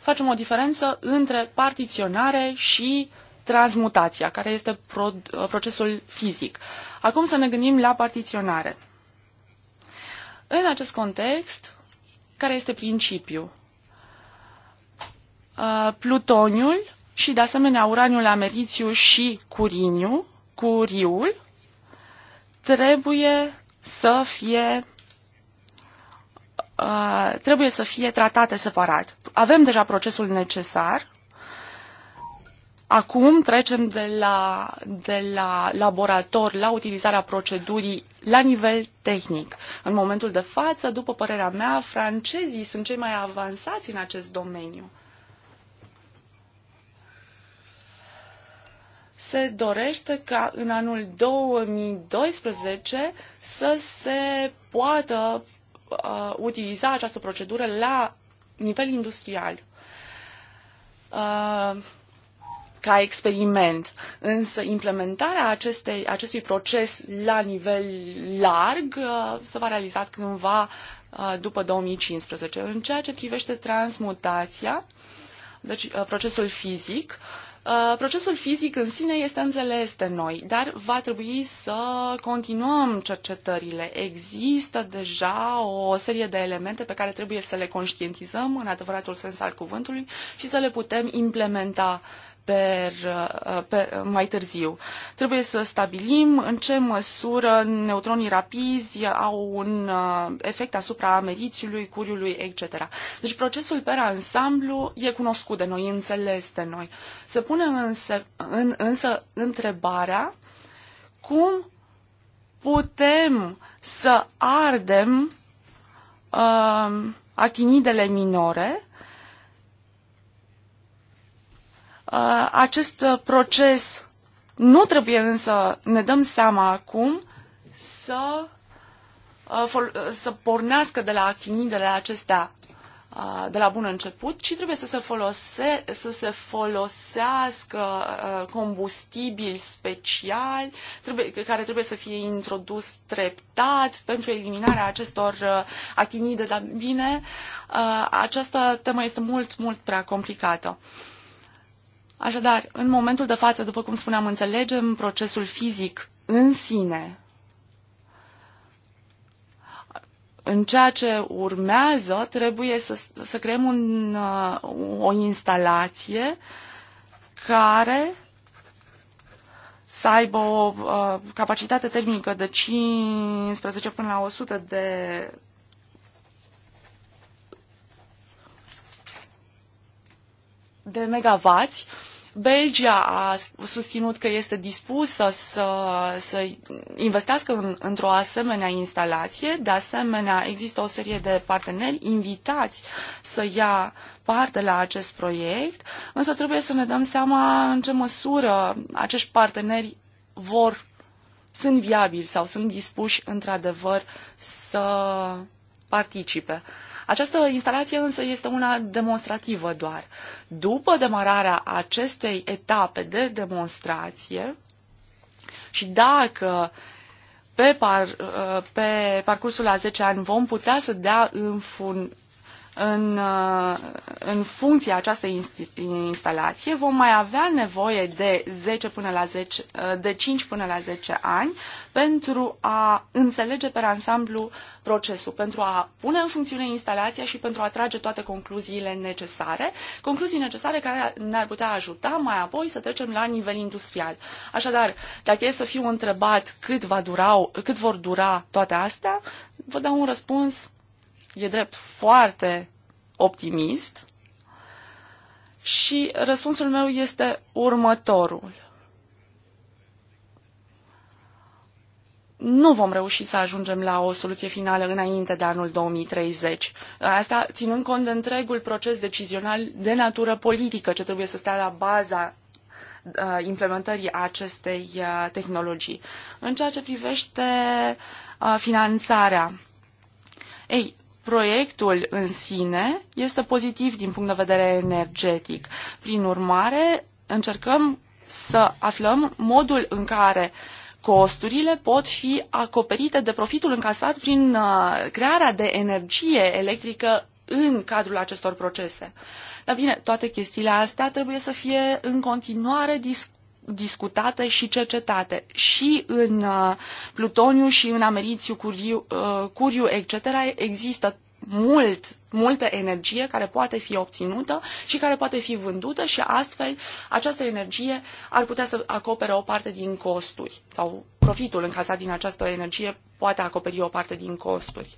facem o diferență între partiționare și transmutația, care este pro- uh, procesul fizic. Acum să ne gândim la partiționare. În acest context, care este principiul? Uh, plutoniul și, de asemenea, uraniul americiu și curiniu, curiul, trebuie să fie uh, trebuie să fie tratate separat. Avem deja procesul necesar Acum trecem de la, de la laborator la utilizarea procedurii la nivel tehnic. În momentul de față, după părerea mea, francezii sunt cei mai avansați în acest domeniu. se dorește ca în anul 2012 să se poată uh, utiliza această procedură la nivel industrial. Uh, ca experiment. Însă implementarea acestei, acestui proces la nivel larg uh, se va realiza cândva uh, după 2015. În ceea ce privește transmutația, deci uh, procesul fizic, procesul fizic în sine este înțeles de noi, dar va trebui să continuăm cercetările. Există deja o serie de elemente pe care trebuie să le conștientizăm în adevăratul sens al cuvântului și să le putem implementa per, uh, pe, uh, mai târziu. Trebuie să stabilim în ce măsură neutronii rapizi au un uh, efect asupra americiului, curiului, etc. Deci procesul per ansamblu e cunoscut de noi, înțeles de noi. Se pune însă, în, însă întrebarea cum putem să ardem uh, atinidele minore Uh, acest uh, proces nu trebuie însă, ne dăm seama acum, să, uh, să pornească de la achinidele acestea de la bun început, ci trebuie să se, folose, să se folosească combustibil special trebuie, care trebuie să fie introdus treptat pentru eliminarea acestor achinide. dar bine, această temă este mult, mult prea complicată. Așadar, în momentul de față, după cum spuneam, înțelegem procesul fizic în sine. În ceea ce urmează, trebuie să, să creăm un, uh, o instalație care să aibă o uh, capacitate termică de 15 până la 100 de de megavați. Belgia a susținut că este dispusă să, să investească în, într-o asemenea instalație. De asemenea, există o serie de parteneri invitați să ia parte la acest proiect, însă trebuie să ne dăm seama în ce măsură acești parteneri vor, sunt viabili sau sunt dispuși într-adevăr să participe. Uh, această instalație însă este una demonstrativă doar. După demararea acestei etape de demonstrație și dacă pe, par, pe parcursul a 10 ani vom putea să dea în fun, în, uh, în funcție această instalație vom mai avea nevoie de 10 până la 10, uh, de 5 până la 10 ani pentru a înțelege pe ansamblu procesul, pentru a pune în funcțiune instalația și pentru a trage toate concluziile necesare, concluzii necesare care ne-ar putea ajuta mai apoi să trecem la nivel industrial. Așadar, dacă e să fiu întrebat cât, va dura, cât vor dura toate astea, vă dau un răspuns e drept foarte optimist și răspunsul meu este următorul. Nu vom reuși să ajungem la o soluție finală înainte de anul 2030. Asta ținând cont de întregul proces decizional de natură politică ce trebuie să stea la baza uh, implementării acestei uh, tehnologii. În ceea ce privește uh, finanțarea, ei, proiectul în sine este pozitiv din punct de vedere energetic. Prin urmare, încercăm să aflăm modul în care costurile pot fi acoperite de profitul încasat prin uh, crearea de energie electrică în cadrul acestor procese. Dar bine, toate chestiile astea trebuie să fie în continuare discutate discutate și cercetate și în uh, plutoniu și în americiu, curiu, uh, curiu etc. există mult, multă energie care poate fi obținută și care poate fi vândută și astfel această energie ar putea să acopere o parte din costuri sau profitul încasat din această energie poate acoperi o parte din costuri.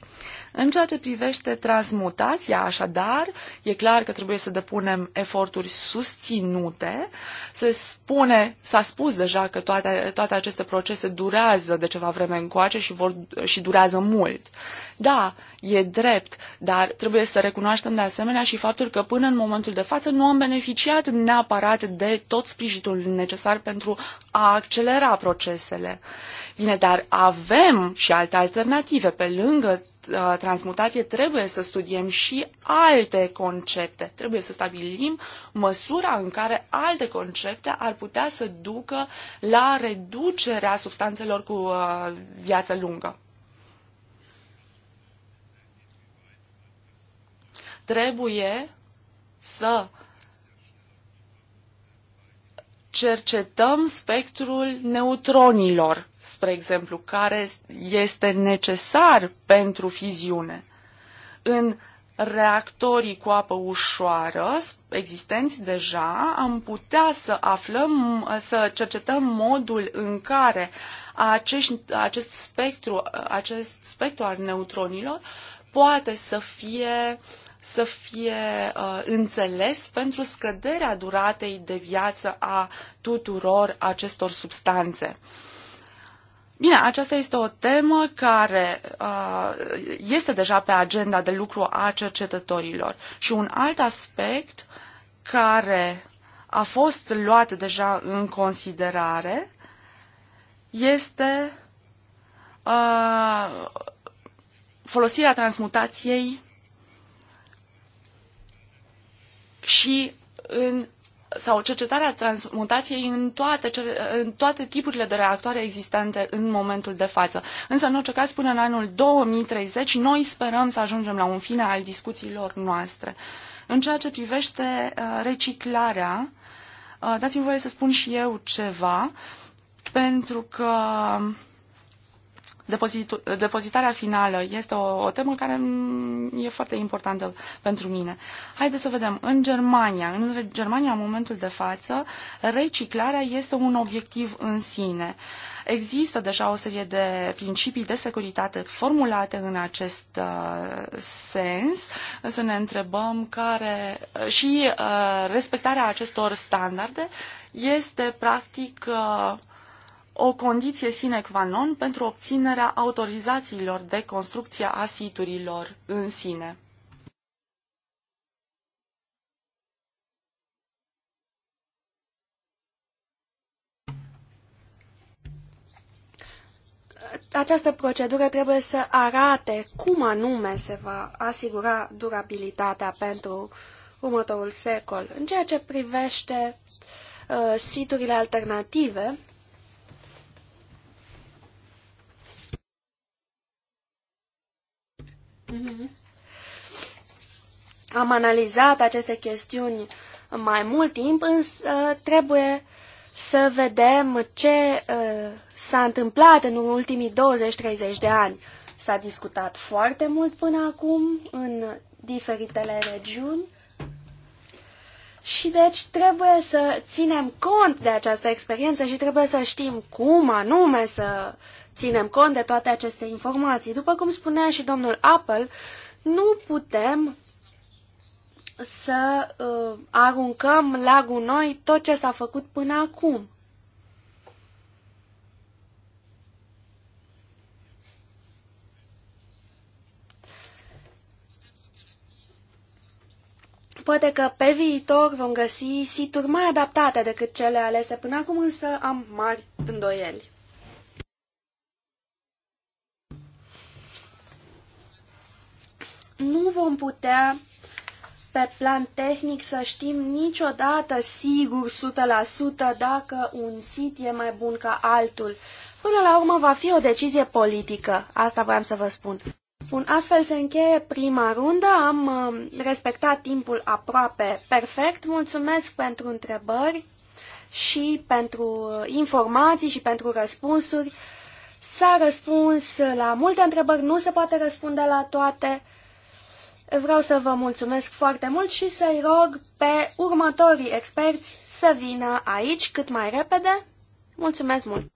În ceea ce privește transmutația, așadar, e clar că trebuie să depunem eforturi susținute. Se spune, s-a spus deja că toate, toate aceste procese durează de ceva vreme încoace și, vor, și durează mult. Da, e drept, dar trebuie să recunoaștem de asemenea și faptul că până în momentul de față nu am beneficiat neapărat de tot sprijinul necesar pentru a accelera procesele. Bine, dar avem și alte alternative. Pe lângă uh, transmutație trebuie să studiem și alte concepte. Trebuie să stabilim măsura în care alte concepte ar putea să ducă la reducerea substanțelor cu uh, viață lungă. Trebuie să cercetăm spectrul neutronilor, spre exemplu, care este necesar pentru fiziune. În reactorii cu apă ușoară existenți deja, am putea să aflăm, să cercetăm modul în care acești, acest, spectru, acest spectru al neutronilor poate să fie să fie uh, înțeles pentru scăderea duratei de viață a tuturor acestor substanțe. Bine, aceasta este o temă care uh, este deja pe agenda de lucru a cercetătorilor. Și un alt aspect care a fost luat deja în considerare este uh, folosirea transmutației și în sau cercetarea transmutației în toate, în toate tipurile de reactoare existente în momentul de față. Însă, în orice caz, până în anul 2030, noi sperăm să ajungem la un fine al discuțiilor noastre. În ceea ce privește uh, reciclarea, uh, dați-mi voie să spun și eu ceva, pentru că depozitarea finală este o, o temă care e foarte importantă pentru mine. Haideți să vedem. În Germania, în Germania, în momentul de față, reciclarea este un obiectiv în sine. Există deja o serie de principii de securitate formulate în acest uh, sens, să ne întrebăm care uh, și uh, respectarea acestor standarde este practic uh, o condiție sine qua non pentru obținerea autorizațiilor de construcție a siturilor în sine. Această procedură trebuie să arate cum anume se va asigura durabilitatea pentru următorul secol. În ceea ce privește uh, siturile alternative, Mm -hmm. Am analizat aceste chestiuni mai mult timp, însă trebuie să vedem ce uh, s-a întâmplat în ultimii 20-30 de ani. S-a discutat foarte mult până acum în diferitele regiuni și deci trebuie să ținem cont de această experiență și trebuie să știm cum anume să ținem cont de toate aceste informații. După cum spunea și domnul Apple, nu putem să uh, aruncăm la gunoi tot ce s-a făcut până acum. Poate că pe viitor vom găsi situri mai adaptate decât cele alese până acum, însă am mari îndoieli. nu vom putea pe plan tehnic să știm niciodată sigur 100% dacă un sit e mai bun ca altul. Până la urmă va fi o decizie politică, asta voiam să vă spun. Bun, astfel se încheie prima rundă, am uh, respectat timpul aproape perfect. Mulțumesc pentru întrebări și pentru uh, informații și pentru răspunsuri. S-a răspuns la multe întrebări, nu se poate răspunde la toate. Vreau să vă mulțumesc foarte mult și să-i rog pe următorii experți să vină aici cât mai repede. Mulțumesc mult!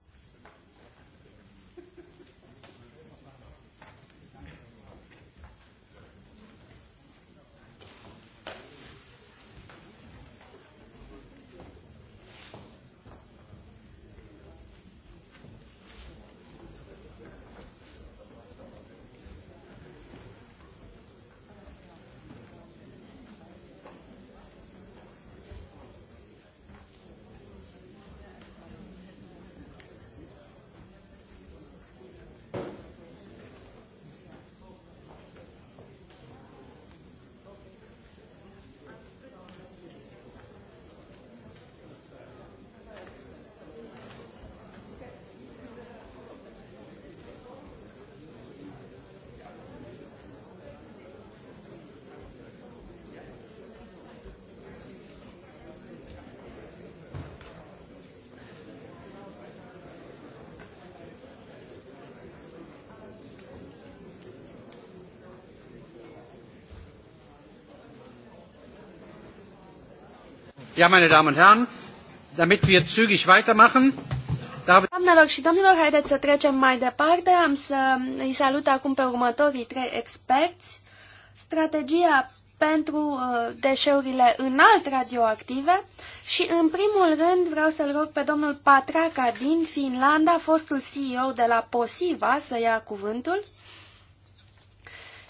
Ja, meine Damen und Herren, damit wir zügig weitermachen. Doamnelor și domnilor, haideți să trecem mai departe. Am să îi salut acum pe următorii trei experți. Strategia pentru uh, deșeurile înalt radioactive și, în primul rând, vreau să-l rog pe domnul Patraca din Finlanda, fostul CEO de la Posiva, să ia cuvântul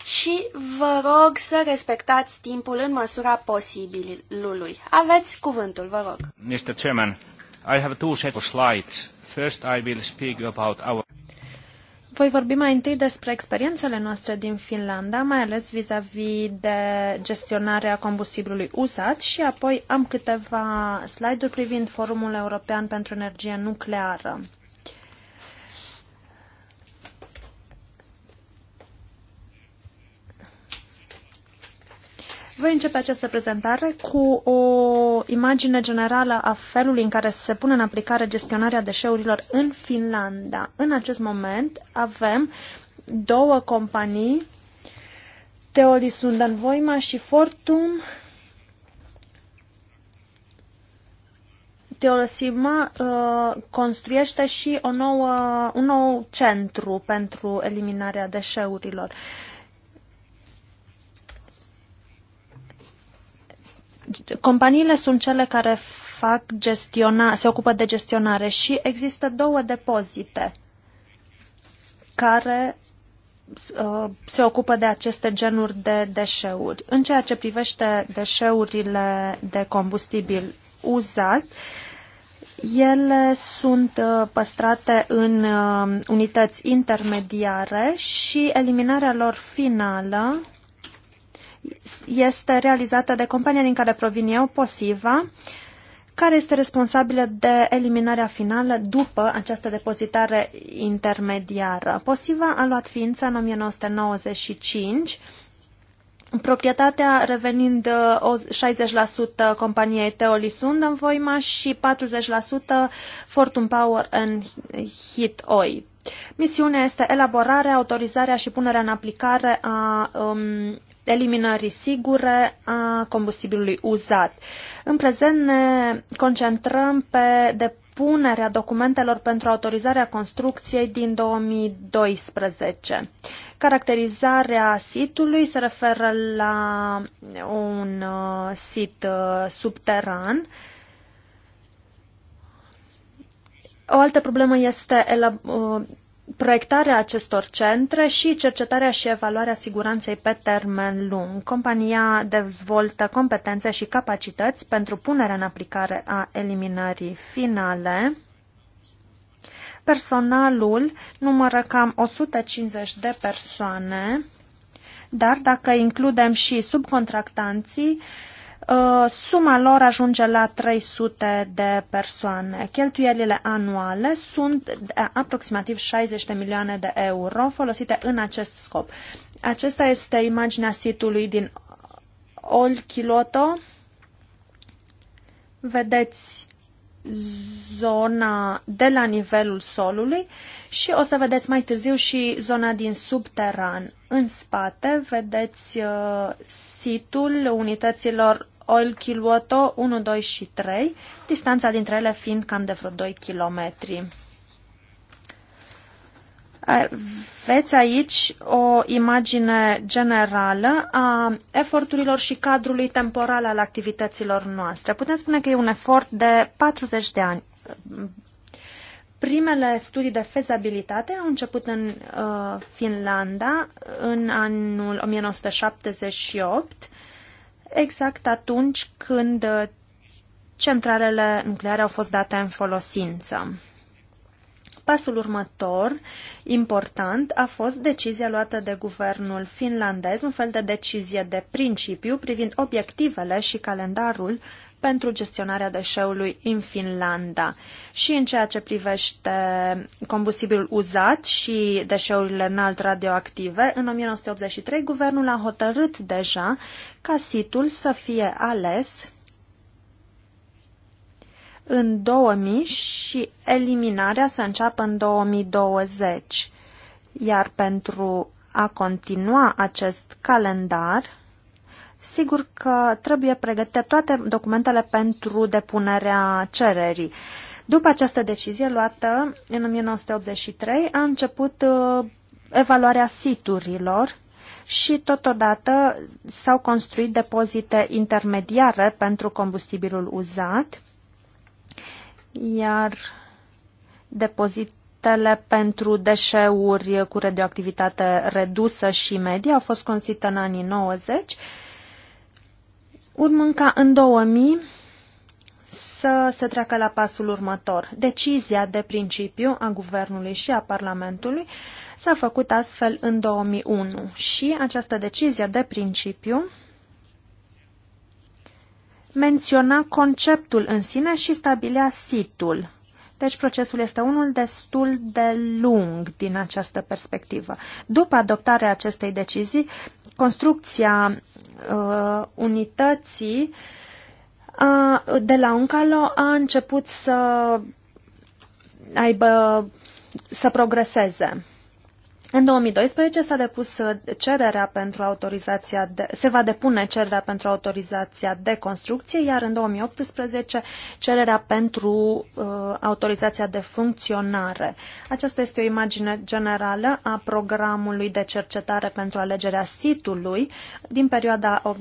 și vă rog să respectați timpul în măsura posibilului. Aveți cuvântul, vă rog. Mr. Chairman, I have two sets of slides. First, I will speak about our... Voi vorbi mai întâi despre experiențele noastre din Finlanda, mai ales vis-a-vis -vis de gestionarea combustibilului uzat și apoi am câteva slide-uri privind Forumul European pentru Energie Nucleară. Voi începe această prezentare cu o imagine generală a felului în care se pune în aplicare gestionarea deșeurilor în Finlanda. În acest moment avem două companii, Teoli Voima și Fortum, Teolosima uh, construiește și o nouă, un nou centru pentru eliminarea deșeurilor. Uh, companiile sunt cele care fac gestiona, se ocupă de gestionare și există două depozite care uh, se ocupă de aceste genuri de deșeuri. În ceea ce privește deșeurile de combustibil uzat, ele sunt uh, păstrate în uh, unități intermediare și eliminarea lor finală este realizată de compania din care provin eu, Posiva, care este responsabilă de eliminarea finală după această depozitare intermediară. Posiva a luat ființă în 1995 proprietatea revenind 60% uh, companiei Teolisund în Voima și 40% Fortune Power în Oi. Misiunea este elaborarea, autorizarea și punerea în aplicare a um, eliminării sigure a combustibilului uzat. În prezent ne concentrăm pe depunerea documentelor pentru autorizarea construcției din 2012. Caracterizarea sitului se referă la un uh, sit uh, subteran o altă problemă este uh, proiectarea acestor centre și cercetarea și evaluarea siguranței pe termen lung. Compania dezvoltă competențe și capacități pentru punerea în aplicare a eliminării finale. Personalul numără cam 150 de persoane, dar dacă includem și subcontractanții, Uh, suma lor ajunge la 300 de persoane. Cheltuielile anuale sunt aproximativ 60 de milioane de euro folosite în acest scop. Acesta este imaginea sitului din Olkiloto. Vedeți zona de la nivelul solului și o să vedeți mai târziu și zona din subteran. În spate vedeți uh, situl unităților Olkiluoto 1, 2 și 3, distanța dintre ele fiind cam de vreo 2 km. Veți aici o imagine generală a eforturilor și cadrului temporal al activităților noastre. Putem spune că e un efort de 40 de ani. Primele studii de fezabilitate au început în uh, Finlanda în anul 1978 exact atunci când uh, centralele nucleare au fost date în folosință. Pasul următor, important, a fost decizia luată de guvernul finlandez, un fel de decizie de principiu privind obiectivele și calendarul pentru gestionarea deșeului în Finlanda. Și în ceea ce privește combustibilul uzat și deșeurile înalt radioactive, în 1983 guvernul a hotărât deja ca situl să fie ales în 2000 și eliminarea să înceapă în 2020. Iar pentru a continua acest calendar, sigur că trebuie pregătite toate documentele pentru depunerea cererii. După această decizie luată în 1983, a început uh, evaluarea siturilor și totodată s-au construit depozite intermediare pentru combustibilul uzat, iar depozitele pentru deșeuri cu radioactivitate redusă și medie au fost construite în anii 90 urmând ca în 2000 să se treacă la pasul următor. Decizia de principiu a Guvernului și a Parlamentului s-a făcut astfel în 2001 și această decizie de principiu menționa conceptul în sine și stabilea situl. Deci procesul este unul destul de lung din această perspectivă. După adoptarea acestei decizii, construcția uh, unității a, uh, de la Uncalo a început să aibă să progreseze. În 2012 s-a depus uh, cererea pentru autorizația de, se va depune cererea pentru autorizația de construcție, iar în 2018 cererea pentru uh, autorizația de funcționare. Aceasta este o imagine generală a programului de cercetare pentru alegerea sitului din perioada 1983-2000.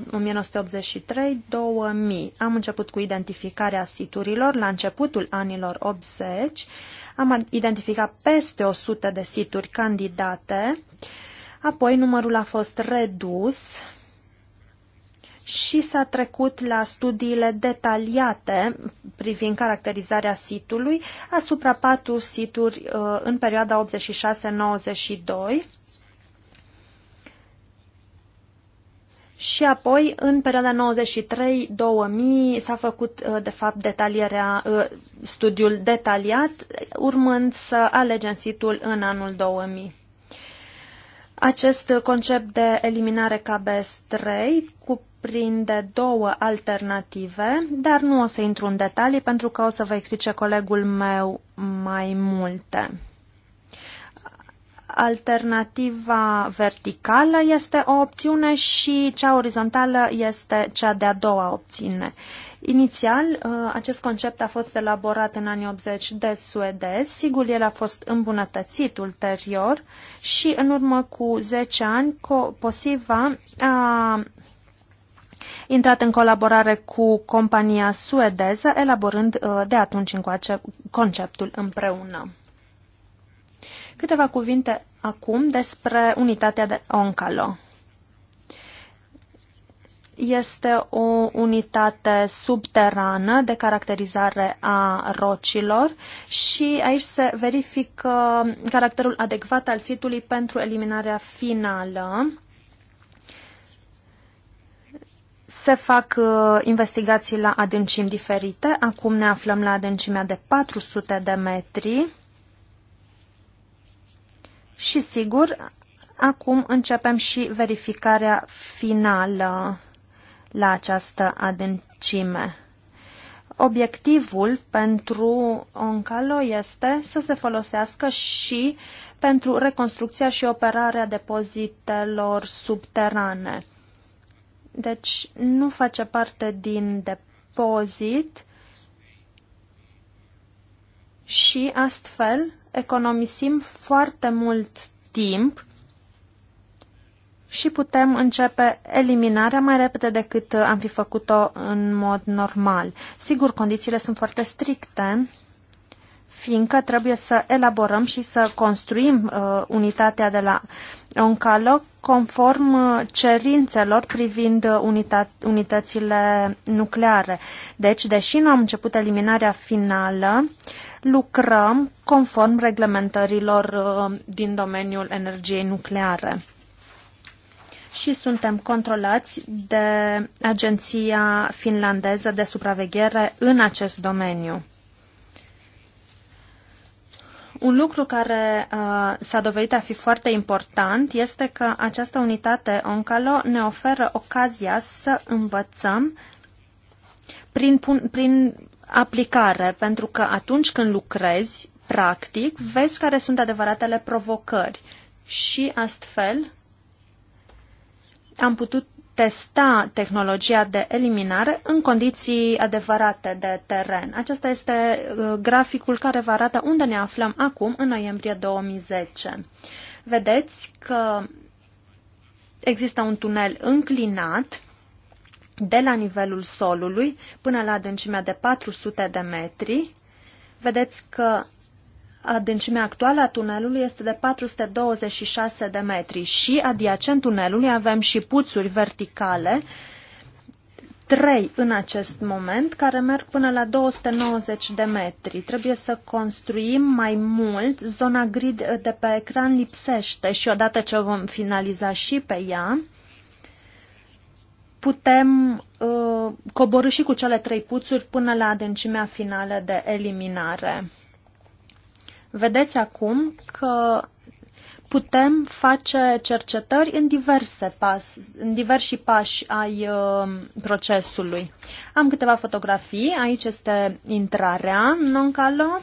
Am început cu identificarea siturilor la începutul anilor 80 am identificat peste 100 de situri candidate, apoi numărul a fost redus și s-a trecut la studiile detaliate privind caracterizarea sitului asupra patru situri uh, în perioada 86-92 Și apoi, în perioada 93-2000, s-a făcut, uh, de fapt, detalierea, uh, studiul detaliat, urmând să alegem situl în anul 2000. Acest concept de eliminare KBS-3 cuprinde două alternative, dar nu o să intru în detalii pentru că o să vă explice colegul meu mai multe. Alternativa verticală este o opțiune și cea orizontală este cea de-a doua opțiune. Inițial, uh, acest concept a fost elaborat în anii 80 de Suedez, sigur el a fost îmbunătățit ulterior și în urmă cu 10 ani, Posiva a intrat în colaborare cu compania suedeză, elaborând uh, de atunci încoace conceptul împreună. Câteva cuvinte acum despre unitatea de Oncalo. Este o unitate subterană de caracterizare a rocilor și aici se verifică caracterul adecvat al sitului pentru eliminarea finală. Se fac uh, investigații la adâncimi diferite. Acum ne aflăm la adâncimea de 400 de metri. Și sigur, acum începem și verificarea finală la această adâncime. Obiectivul pentru Oncalo este să se folosească și pentru reconstrucția și operarea depozitelor subterane. Deci nu face parte din depozit și astfel economisim foarte mult timp și putem începe eliminarea mai repede decât am fi făcut-o în mod normal. Sigur, condițiile sunt foarte stricte, fiindcă trebuie să elaborăm și să construim uh, unitatea de la Oncalo conform uh, cerințelor privind uh, unitat, unitățile nucleare. Deci, deși nu am început eliminarea finală, lucrăm conform reglementărilor uh, din domeniul energiei nucleare și suntem controlați de Agenția Finlandeză de Supraveghere în acest domeniu. Un lucru care uh, s-a dovedit a fi foarte important este că această unitate Oncalo ne oferă ocazia să învățăm prin, prin aplicare, pentru că atunci când lucrezi practic, vezi care sunt adevăratele provocări și astfel am putut testa tehnologia de eliminare în condiții adevărate de teren. Acesta este uh, graficul care vă arată unde ne aflăm acum, în noiembrie 2010. Vedeți că există un tunel înclinat de la nivelul solului până la adâncimea de 400 de metri. Vedeți că Adâncimea actuală a tunelului este de 426 de metri și adiacent tunelului avem și puțuri verticale, trei în acest moment, care merg până la 290 de metri. Trebuie să construim mai mult. Zona grid de pe ecran lipsește și odată ce o vom finaliza și pe ea, putem uh, coborâ și cu cele trei puțuri până la adâncimea finală de eliminare. Vedeți acum că putem face cercetări în, diverse pas, în diversi pași ai uh, procesului. Am câteva fotografii. Aici este intrarea Noncalo.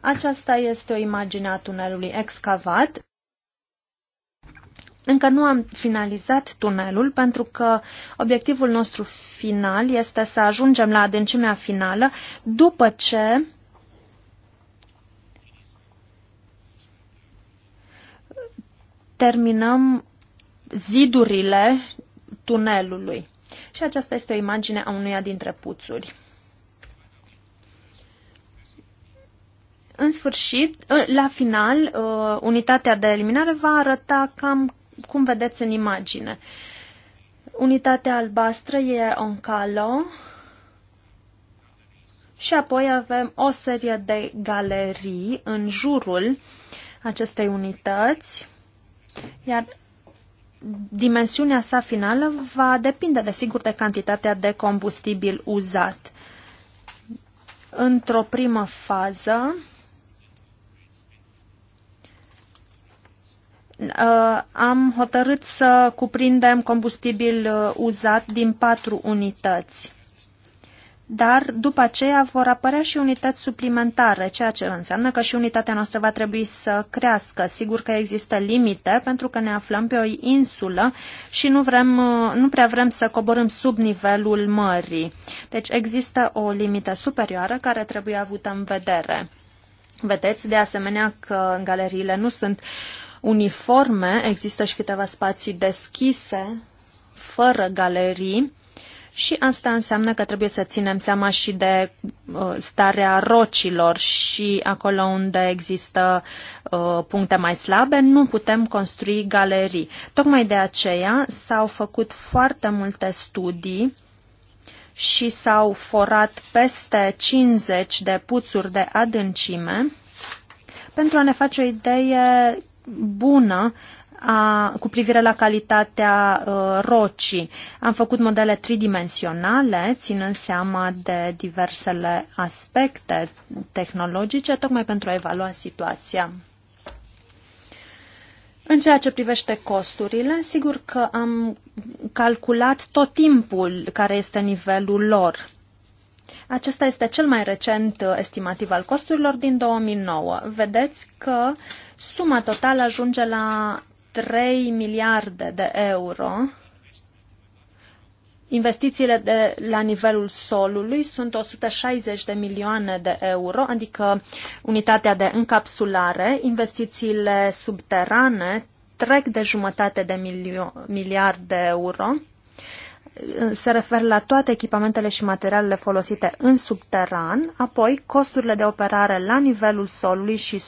Aceasta este o imagine a tunelului excavat. Încă nu am finalizat tunelul pentru că obiectivul nostru final este să ajungem la adâncimea finală după ce terminăm zidurile tunelului. Și aceasta este o imagine a unuia dintre puțuri. În sfârșit, la final, uh, unitatea de eliminare va arăta cam cum vedeți în imagine. Unitatea albastră e Oncalo și apoi avem o serie de galerii în jurul acestei unități iar dimensiunea sa finală va depinde, desigur, de cantitatea de combustibil uzat. Într-o primă fază, uh, am hotărât să cuprindem combustibil uh, uzat din patru unități dar după aceea vor apărea și unități suplimentare, ceea ce înseamnă că și unitatea noastră va trebui să crească. Sigur că există limite pentru că ne aflăm pe o insulă și nu, vrem, nu prea vrem să coborâm sub nivelul mării. Deci există o limită superioară care trebuie avută în vedere. Vedeți de asemenea că galeriile nu sunt uniforme, există și câteva spații deschise, fără galerii și asta înseamnă că trebuie să ținem seama și de uh, starea rocilor și acolo unde există uh, puncte mai slabe, nu putem construi galerii. Tocmai de aceea s-au făcut foarte multe studii și s-au forat peste 50 de puțuri de adâncime pentru a ne face o idee bună a, cu privire la calitatea uh, rocii. Am făcut modele tridimensionale, ținând seama de diversele aspecte tehnologice, tocmai pentru a evalua situația. În ceea ce privește costurile, sigur că am calculat tot timpul care este nivelul lor. Acesta este cel mai recent uh, estimativ al costurilor din 2009. Vedeți că suma totală ajunge la 3 miliarde de euro. Investițiile de la nivelul solului sunt 160 de milioane de euro, adică unitatea de încapsulare. Investițiile subterane trec de jumătate de miliard de euro. Se refer la toate echipamentele și materialele folosite în subteran, apoi costurile de operare la nivelul solului și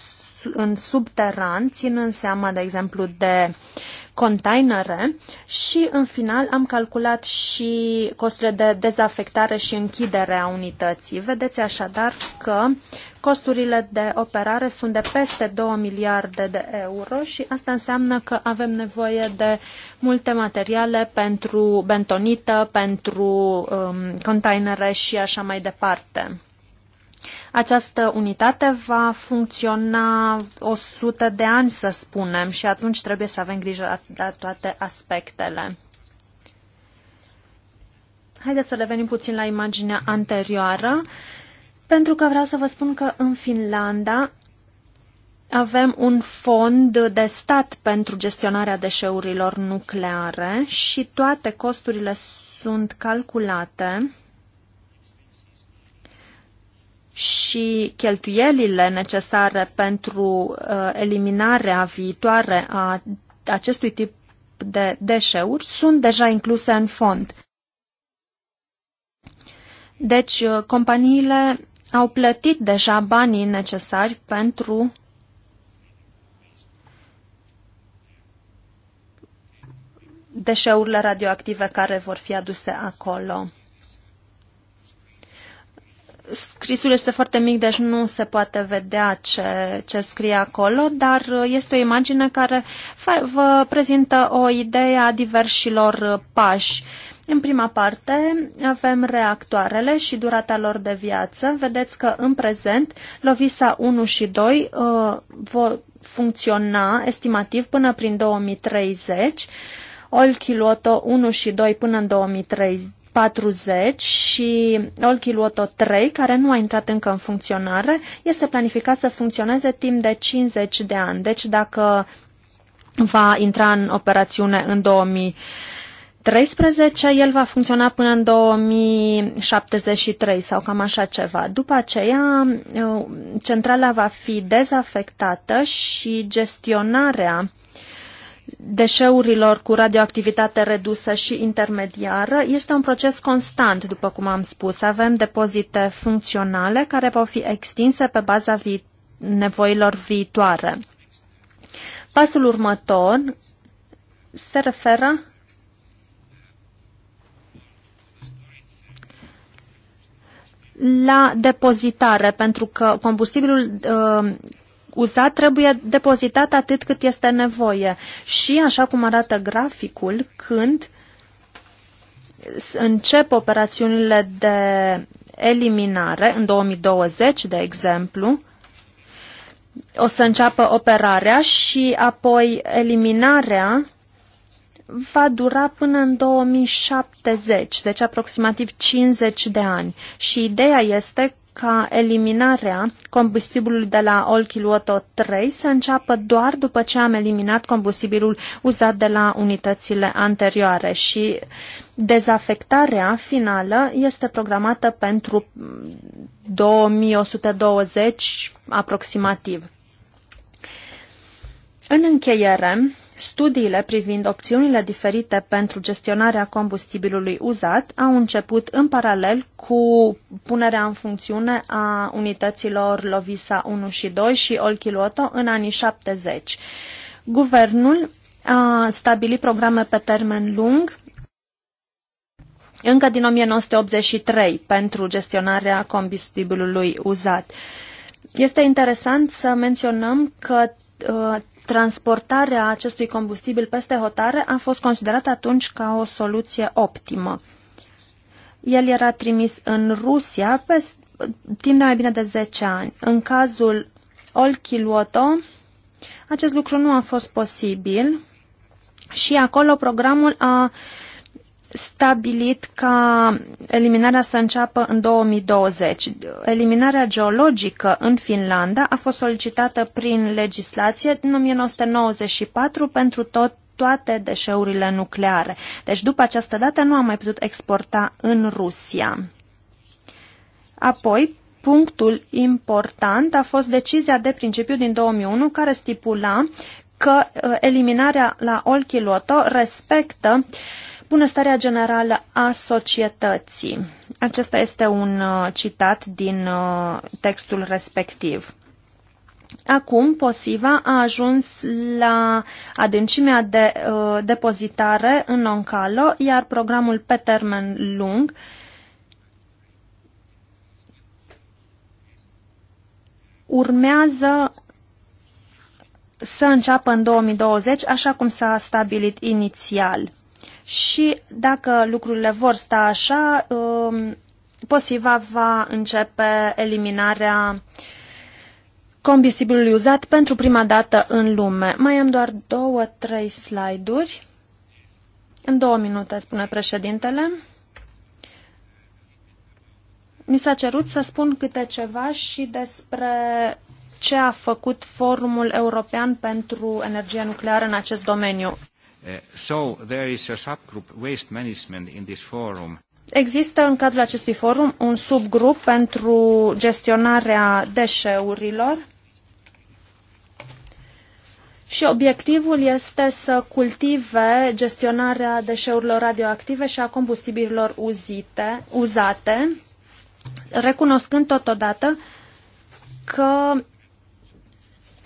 în subteran, ținând seama, de exemplu, de containere și, în final, am calculat și costurile de dezafectare și închidere a unității. Vedeți așadar că costurile de operare sunt de peste 2 miliarde de euro și asta înseamnă că avem nevoie de multe materiale pentru bentonită, pentru um, containere și așa mai departe. Această unitate va funcționa 100 de ani, să spunem, și atunci trebuie să avem grijă de toate aspectele. Haideți să revenim puțin la imaginea anterioară, pentru că vreau să vă spun că în Finlanda avem un fond de stat pentru gestionarea deșeurilor nucleare și toate costurile sunt calculate și cheltuielile necesare pentru uh, eliminarea viitoare a acestui tip de deșeuri sunt deja incluse în fond. Deci, uh, companiile au plătit deja banii necesari pentru deșeurile radioactive care vor fi aduse acolo scrisul este foarte mic, deci nu se poate vedea ce, ce scrie acolo, dar este o imagine care vă prezintă o idee a diversilor pași. În prima parte avem reactoarele și durata lor de viață. Vedeți că în prezent Lovisa 1 și 2 uh, vor funcționa estimativ până prin 2030, Olkiluoto 1 și 2 până în 2030, 40 și Olkiluoto 3, care nu a intrat încă în funcționare, este planificat să funcționeze timp de 50 de ani. Deci dacă va intra în operațiune în 2000 13, el va funcționa până în 2073 sau cam așa ceva. După aceea, uh, centrala va fi dezafectată și gestionarea deșeurilor cu radioactivitate redusă și intermediară este un proces constant, după cum am spus. Avem depozite funcționale care vor fi extinse pe baza vi- nevoilor viitoare. Pasul următor se referă la depozitare, pentru că combustibilul uh, uzat trebuie depozitat atât cât este nevoie. Și așa cum arată graficul, când încep operațiunile de eliminare, în 2020, de exemplu, o să înceapă operarea și apoi eliminarea va dura până în 2070, deci aproximativ 50 de ani. Și ideea este ca eliminarea combustibilului de la Olkiluoto 3 să înceapă doar după ce am eliminat combustibilul uzat de la unitățile anterioare și dezafectarea finală este programată pentru 2120 aproximativ. În încheiere, Studiile privind opțiunile diferite pentru gestionarea combustibilului uzat au început în paralel cu punerea în funcțiune a unităților Lovisa 1 și 2 și Olkiluoto în anii 70. Guvernul a stabilit programe pe termen lung încă din 1983 pentru gestionarea combustibilului uzat. Este interesant să menționăm că uh, transportarea acestui combustibil peste hotare a fost considerată atunci ca o soluție optimă. El era trimis în Rusia pe timp de mai bine de 10 ani. În cazul Olkiluoto, acest lucru nu a fost posibil și acolo programul a uh, stabilit ca eliminarea să înceapă în 2020. Eliminarea geologică în Finlanda a fost solicitată prin legislație în 1994 pentru tot toate deșeurile nucleare. Deci după această dată nu am mai putut exporta în Rusia. Apoi, punctul important a fost decizia de principiu din 2001 care stipula că uh, eliminarea la Olkiluoto respectă uh, Bunăstarea generală a societății. Acesta este un uh, citat din uh, textul respectiv. Acum, posiva a ajuns la adâncimea de uh, depozitare în Oncalo, iar programul pe termen lung urmează să înceapă în 2020, așa cum s-a stabilit inițial și dacă lucrurile vor sta așa, um, Posiva va începe eliminarea combustibilului uzat pentru prima dată în lume. Mai am doar două, trei slide-uri. În două minute, spune președintele. Mi s-a cerut să spun câte ceva și despre ce a făcut Forumul European pentru Energie Nucleară în acest domeniu. Eh, so there is a subgroup waste management in this forum. Există în cadrul acestui forum un subgrup pentru gestionarea deșeurilor și obiectivul este să cultive gestionarea deșeurilor radioactive și a combustibililor uzite, uzate, recunoscând totodată că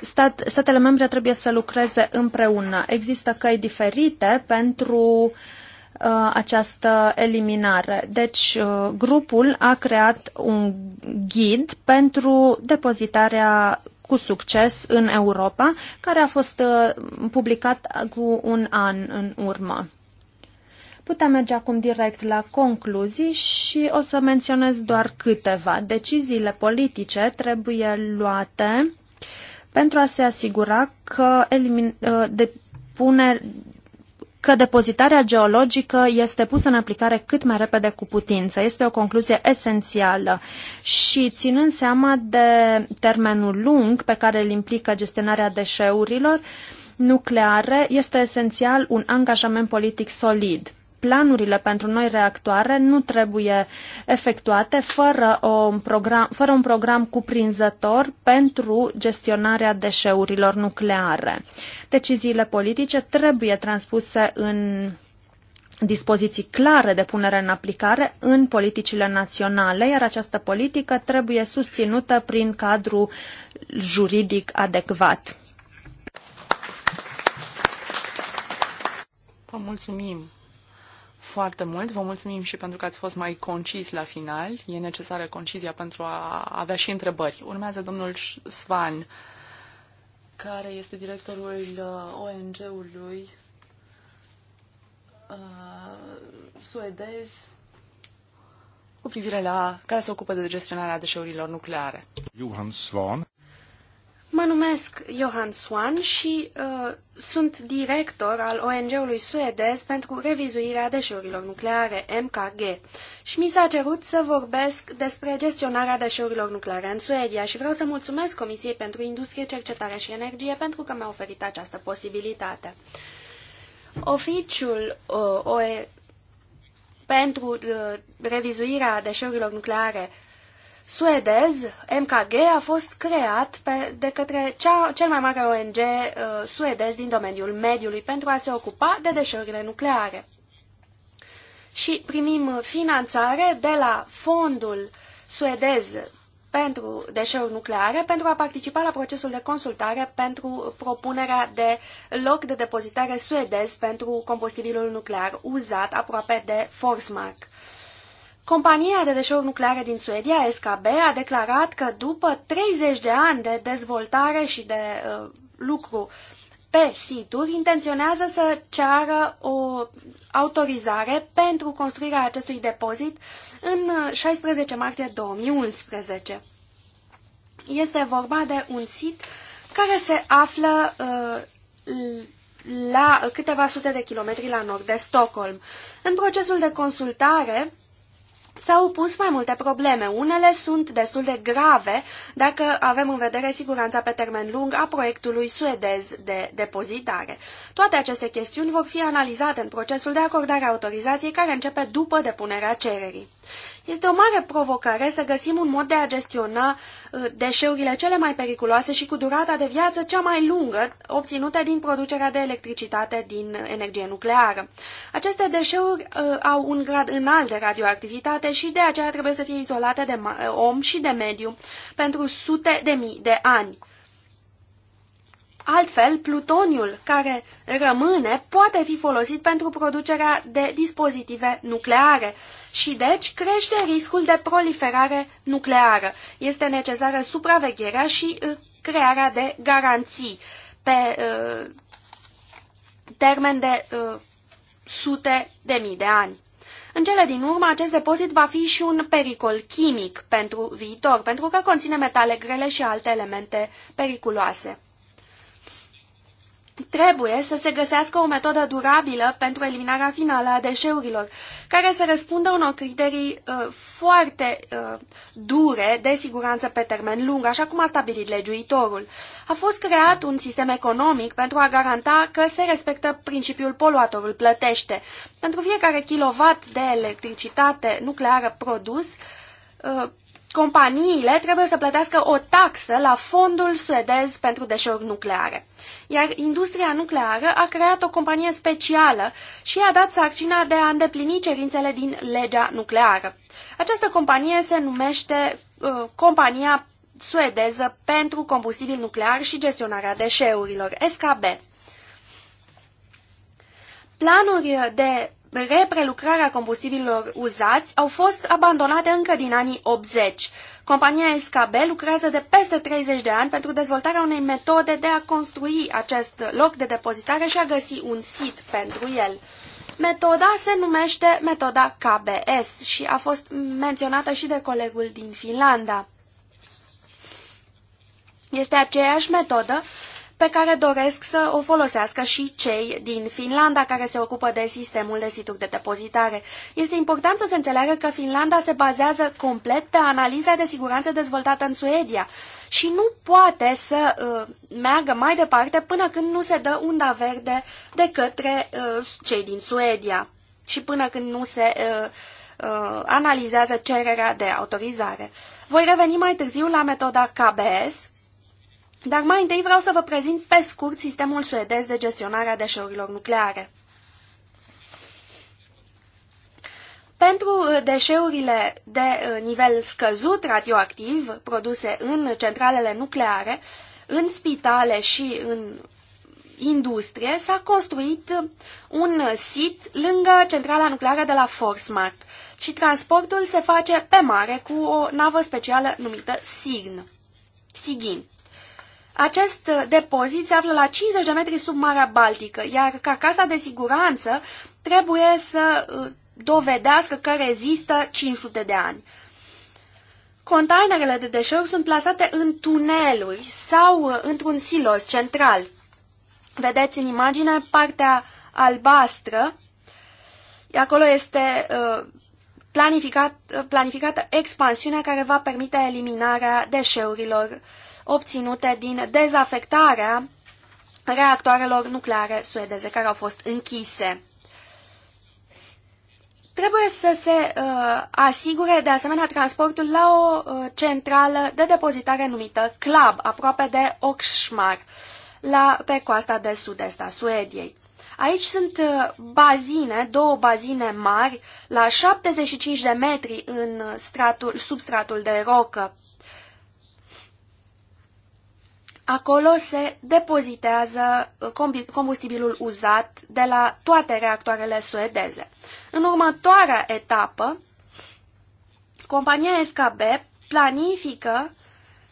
stat, statele membre trebuie să lucreze împreună. Există căi diferite pentru uh, această eliminare. Deci, uh, grupul a creat un ghid pentru depozitarea cu succes în Europa, care a fost uh, publicat cu un an în urmă. Putem merge acum direct la concluzii și o să menționez doar câteva. Deciziile politice trebuie luate pentru a se asigura că, elimin, uh, depune, că depozitarea geologică este pusă în aplicare cât mai repede cu putință. Este o concluzie esențială și ținând seama de termenul lung pe care îl implică gestionarea deșeurilor nucleare, este esențial un angajament politic solid planurile pentru noi reactoare nu trebuie efectuate fără un program, fără un program cuprinzător pentru gestionarea deșeurilor nucleare. Deciziile politice trebuie transpuse în dispoziții clare de punere în aplicare în politicile naționale, iar această politică trebuie susținută prin cadru juridic adecvat. Vă mulțumim! foarte mult. Vă mulțumim și pentru că ați fost mai concis la final. E necesară concizia pentru a avea și întrebări. Urmează domnul Svan, care este directorul uh, ONG-ului uh, suedez cu privire la care se ocupă de gestionarea deșeurilor nucleare. Johan Svan. Mă numesc Johan Swan și uh, sunt director al ONG-ului suedez pentru revizuirea deșeurilor nucleare, MKG. Și mi s-a cerut să vorbesc despre gestionarea deșeurilor nucleare în Suedia și vreau să mulțumesc Comisiei pentru Industrie, Cercetare și Energie pentru că mi-a oferit această posibilitate. Oficiul uh, OE pentru uh, revizuirea deșeurilor nucleare uh, suedez, MKG, a fost creat pe, de către cea, cel mai mare ONG uh, suedez din domeniul mediului pentru a se ocupa de deșeurile nucleare. Și primim finanțare de la fondul suedez pentru deșeuri nucleare pentru a participa la procesul de consultare pentru propunerea de loc de depozitare suedez pentru combustibilul nuclear uzat aproape de Forsmark. Uh, Compania de deșeuri nucleare din Suedia, SKB, a declarat că după 30 de ani de dezvoltare și de uh, lucru pe situri, intenționează să ceară o autorizare pentru construirea acestui depozit în 16 uh, martie 2011. Este vorba de un sit care se află uh, la câteva sute de kilometri la nord de Stockholm. În procesul de consultare, S-au pus mai multe probleme. Unele sunt destul de grave dacă avem în vedere siguranța pe termen lung a proiectului suedez de depozitare. Toate aceste chestiuni vor fi analizate în procesul de acordare a autorizației care începe după depunerea cererii. Este o mare provocare să găsim un mod de a gestiona uh, deșeurile cele mai periculoase și cu durata de viață cea mai lungă obținută din producerea de electricitate din energie nucleară. Aceste deșeuri uh, au un grad înalt de radioactivitate și de aceea trebuie să fie izolate de om și de mediu pentru sute de mii de ani. Altfel, plutoniul care rămâne poate fi folosit pentru producerea de dispozitive nucleare și deci crește riscul de proliferare nucleară. Este necesară supravegherea și uh, crearea de garanții pe uh, termen de uh, sute de mii de ani. În cele din urmă, acest depozit va fi și un pericol chimic pentru viitor, pentru că conține metale grele și alte elemente periculoase. Trebuie să se găsească o metodă durabilă pentru eliminarea finală a deșeurilor, care să răspundă unor criterii uh, foarte uh, dure de siguranță pe termen lung, așa cum a stabilit legiuitorul. A fost creat un sistem economic pentru a garanta că se respectă principiul poluatorul plătește. Pentru fiecare kilowatt de electricitate nucleară produs, uh, companiile trebuie să plătească o taxă la fondul suedez pentru deșeuri nucleare. Iar industria nucleară a creat o companie specială și i-a dat sarcina de a îndeplini cerințele din legea nucleară. Această companie se numește uh, Compania Suedeză pentru Combustibil Nuclear și Gestionarea Deșeurilor, SKB. Planuri de reprelucrarea combustibililor uzați au fost abandonate încă din anii 80. Compania SKB lucrează de peste 30 de ani pentru dezvoltarea unei metode de a construi acest loc de depozitare și a găsi un sit pentru el. Metoda se numește metoda KBS și a fost menționată și de colegul din Finlanda. Este aceeași metodă pe care doresc să o folosească și cei din Finlanda care se ocupă de sistemul de situri de depozitare. Este important să se înțeleagă că Finlanda se bazează complet pe analiza de siguranță dezvoltată în Suedia și nu poate să uh, meargă mai departe până când nu se dă unda verde de către uh, cei din Suedia și până când nu se uh, uh, analizează cererea de autorizare. Voi reveni mai târziu la metoda KBS, dar mai întâi vreau să vă prezint pe scurt sistemul suedez de gestionare a deșeurilor nucleare. Pentru uh, deșeurile de uh, nivel scăzut radioactiv produse în centralele nucleare, în spitale și în industrie, s-a construit un sit lângă centrala nucleară de la Forsmark și transportul se face pe mare cu o navă specială numită SIGN. SIGIN. Acest depozit se află la 50 de metri sub Marea Baltică, iar carcasa de siguranță trebuie să uh, dovedească că rezistă 500 de ani. Containerele de deșeuri sunt plasate în tuneluri sau uh, într-un silos central. Vedeți în imagine partea albastră. Acolo este uh, planificat, planificată expansiunea care va permite eliminarea deșeurilor obținute din dezafectarea reactoarelor nucleare suedeze care au fost închise. Trebuie să se uh, asigure de asemenea transportul la o uh, centrală de depozitare numită CLAB, aproape de Oxmar, la, pe coasta de sud-est a Suediei. Aici sunt uh, bazine, două bazine mari, la 75 de metri în stratul, substratul de rocă. Acolo se depozitează combustibilul uzat de la toate reactoarele suedeze. În următoarea etapă, compania SKB planifică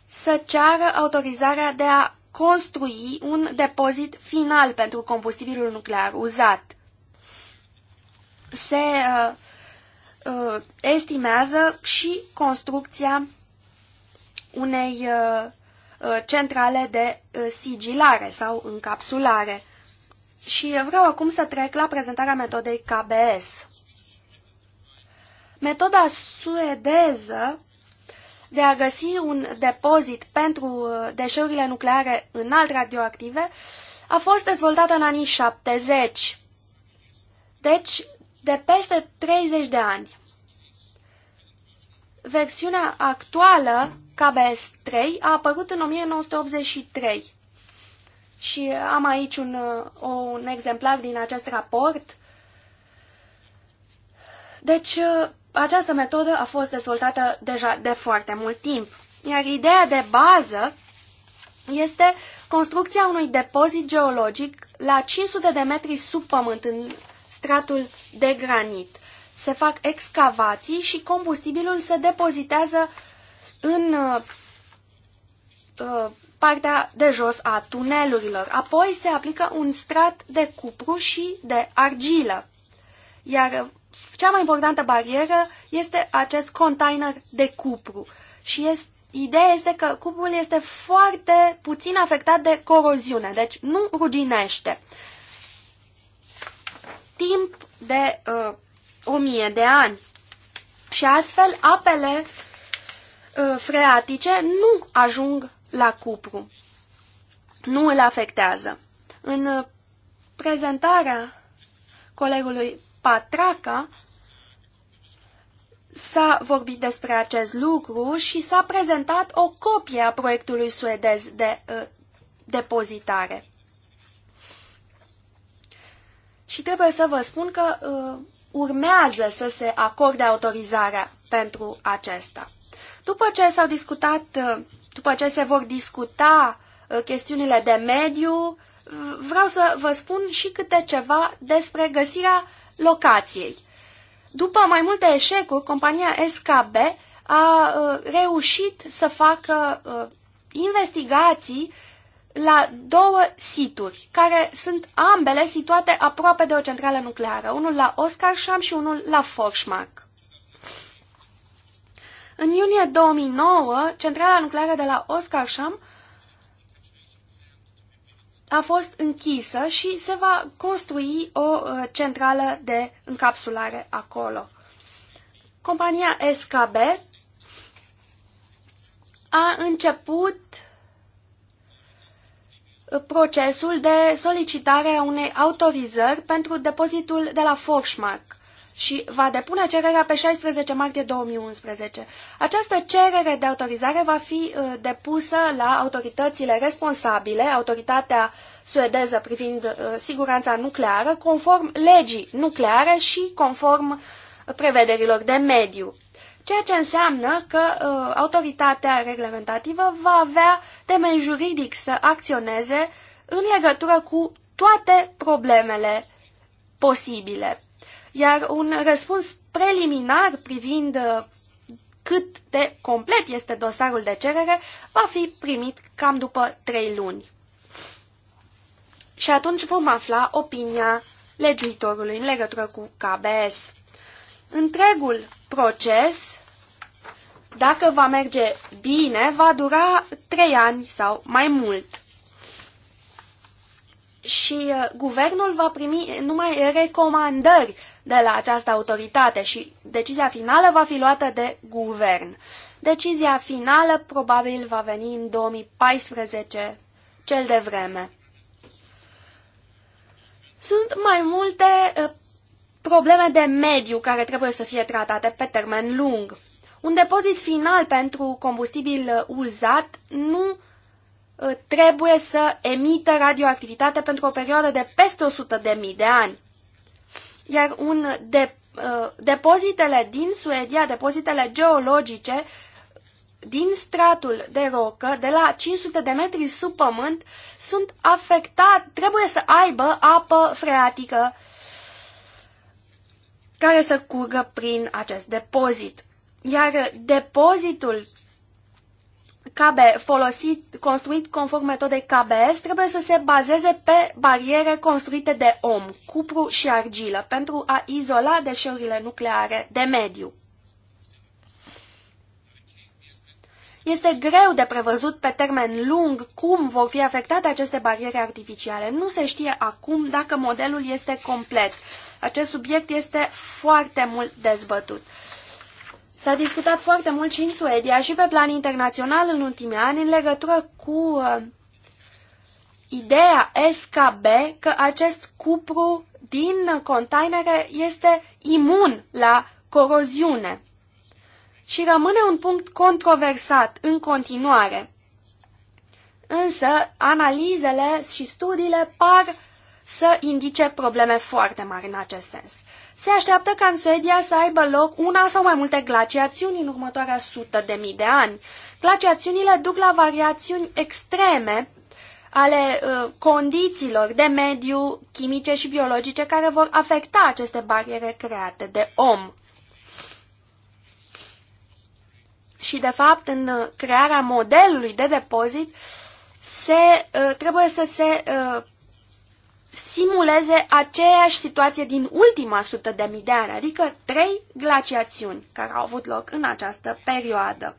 să ceară autorizarea de a construi un depozit final pentru combustibilul nuclear uzat. Se uh, uh, estimează și construcția unei uh, Uh, centrale de uh, sigilare sau încapsulare. Și vreau acum să trec la prezentarea metodei KBS. Metoda suedeză de a găsi un depozit pentru uh, deșeurile nucleare înalt radioactive a fost dezvoltată în anii 70, deci de peste 30 de ani. Versiunea actuală KBS 3 a apărut în 1983. Și am aici un, uh, un exemplar din acest raport. Deci, uh, această metodă a fost dezvoltată deja de foarte mult timp. Iar ideea de bază este construcția unui depozit geologic la 500 de metri sub pământ, în stratul de granit. Se fac excavații și combustibilul se depozitează în uh, partea de jos a tunelurilor. Apoi se aplică un strat de cupru și de argilă. Iar uh, cea mai importantă barieră este acest container de cupru. Și este, ideea este că cuprul este foarte puțin afectat de coroziune, deci nu ruginește. Timp de uh, mie de ani. Și astfel apele uh, Uh, freatice nu ajung la cupru. Nu îl afectează. În uh, prezentarea colegului Patraca s-a vorbit despre acest lucru și s-a prezentat o copie a proiectului suedez de uh, depozitare. Și trebuie să vă spun că uh, urmează să se acorde autorizarea pentru acesta. După ce s-au discutat, uh, după ce se vor discuta uh, chestiunile de mediu, vreau să vă spun și câte ceva despre găsirea locației. După mai multe eșecuri, compania SKB a uh, reușit să facă investigații la două situri, care sunt ambele situate aproape de o centrală nucleară, unul la Oskarshamn și unul la Forsmark. În iunie 2009, centrala nucleară de la Oskarsham a fost închisă și se va construi o uh, centrală de încapsulare acolo. Compania SKB a început uh, procesul de solicitare a unei autorizări pentru depozitul de la Forsmark și va depune cererea pe 16 martie 2011. Această cerere de autorizare va fi uh, depusă la autoritățile responsabile, autoritatea suedeză privind uh, siguranța nucleară, conform legii nucleare și conform prevederilor de mediu. Ceea ce înseamnă că uh, autoritatea reglementativă va avea temei juridic să acționeze în legătură cu toate problemele posibile. Iar un răspuns preliminar privind uh, cât de complet este dosarul de cerere va fi primit cam după trei luni. Și atunci vom afla opinia legiuitorului în legătură cu KBS. Întregul proces, dacă va merge bine, va dura trei ani sau mai mult și uh, guvernul va primi numai recomandări de la această autoritate și decizia finală va fi luată de guvern. Decizia finală probabil va veni în 2014, cel de vreme. Sunt mai multe uh, probleme de mediu care trebuie să fie tratate pe termen lung. Un depozit final pentru combustibil uh, uzat nu Uh, trebuie să emită radioactivitate pentru o perioadă de peste 100 de mii de ani. Iar un de, uh, depozitele din Suedia, depozitele geologice din stratul de rocă, de la 500 de metri sub pământ, sunt afectate, trebuie să aibă apă freatică care să curgă prin acest depozit. Iar depozitul KB folosit, construit conform metodei KBS trebuie să se bazeze pe bariere construite de om, cupru și argilă, pentru a izola deșeurile nucleare de mediu. Este greu de prevăzut pe termen lung cum vor fi afectate aceste bariere artificiale. Nu se știe acum dacă modelul este complet. Acest subiect este foarte mult dezbătut. S-a discutat foarte mult și în Suedia și pe plan internațional în ultimii ani în legătură cu uh, ideea SKB că acest cupru din containere este imun la coroziune. Și rămâne un punct controversat în continuare. Însă, analizele și studiile par să indice probleme foarte mari în acest sens. Se așteaptă ca în Suedia să aibă loc una sau mai multe glaciațiuni în următoarea sută de mii de ani. Glaciațiunile duc la variațiuni extreme ale uh, condițiilor de mediu chimice și biologice care vor afecta aceste bariere create de om. Și, de fapt, în uh, crearea modelului de depozit, se, uh, trebuie să se uh, simuleze aceeași situație din ultima sută de mii de ani, adică trei glaciațiuni care au avut loc în această perioadă.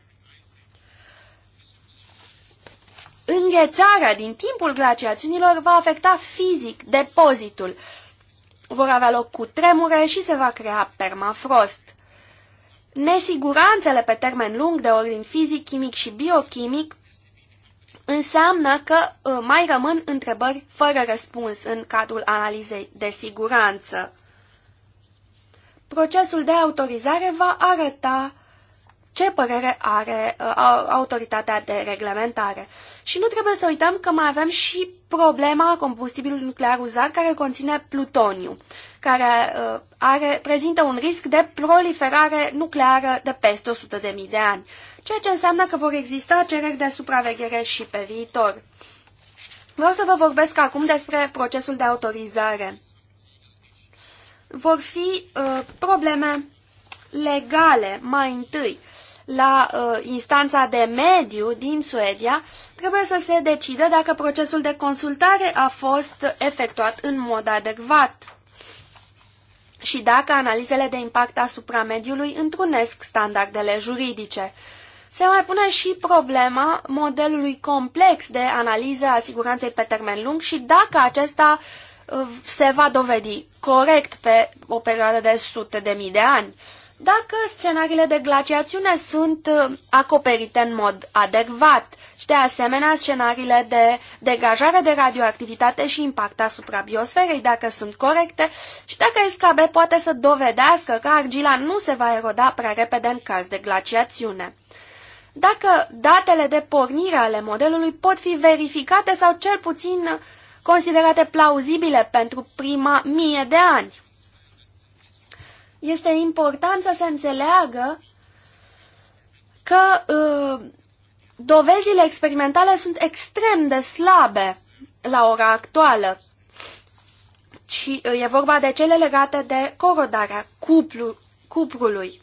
Înghețarea din timpul glaciațiunilor va afecta fizic depozitul. Vor avea loc cu tremure și se va crea permafrost. Nesiguranțele pe termen lung de ordin fizic, chimic și biochimic înseamnă că uh, mai rămân întrebări fără răspuns în cadrul analizei de siguranță. Procesul de autorizare va arăta ce părere are uh, autoritatea de reglementare. Și nu trebuie să uităm că mai avem și problema combustibilului nuclear uzat care conține plutoniu, care uh, are, prezintă un risc de proliferare nucleară de peste 100.000 de ani ceea ce înseamnă că vor exista cereri de supraveghere și pe viitor. Vreau să vă vorbesc acum despre procesul de autorizare. Vor fi uh, probleme legale mai întâi. La uh, instanța de mediu din Suedia trebuie să se decidă dacă procesul de consultare a fost efectuat în mod adecvat și dacă analizele de impact asupra mediului întrunesc standardele juridice se mai pune și problema modelului complex de analiză a siguranței pe termen lung și dacă acesta uh, se va dovedi corect pe o perioadă de sute de mii de ani, dacă scenariile de glaciațiune sunt uh, acoperite în mod adecvat și de asemenea scenariile de degajare de radioactivitate și impact asupra biosferei, dacă sunt corecte și dacă SKB poate să dovedească că argila nu se va eroda prea repede în caz de glaciațiune dacă datele de pornire ale modelului pot fi verificate sau cel puțin considerate plauzibile pentru prima mie de ani. Este important să se înțeleagă că uh, dovezile experimentale sunt extrem de slabe la ora actuală și uh, e vorba de cele legate de corodarea cuplu, cuprului.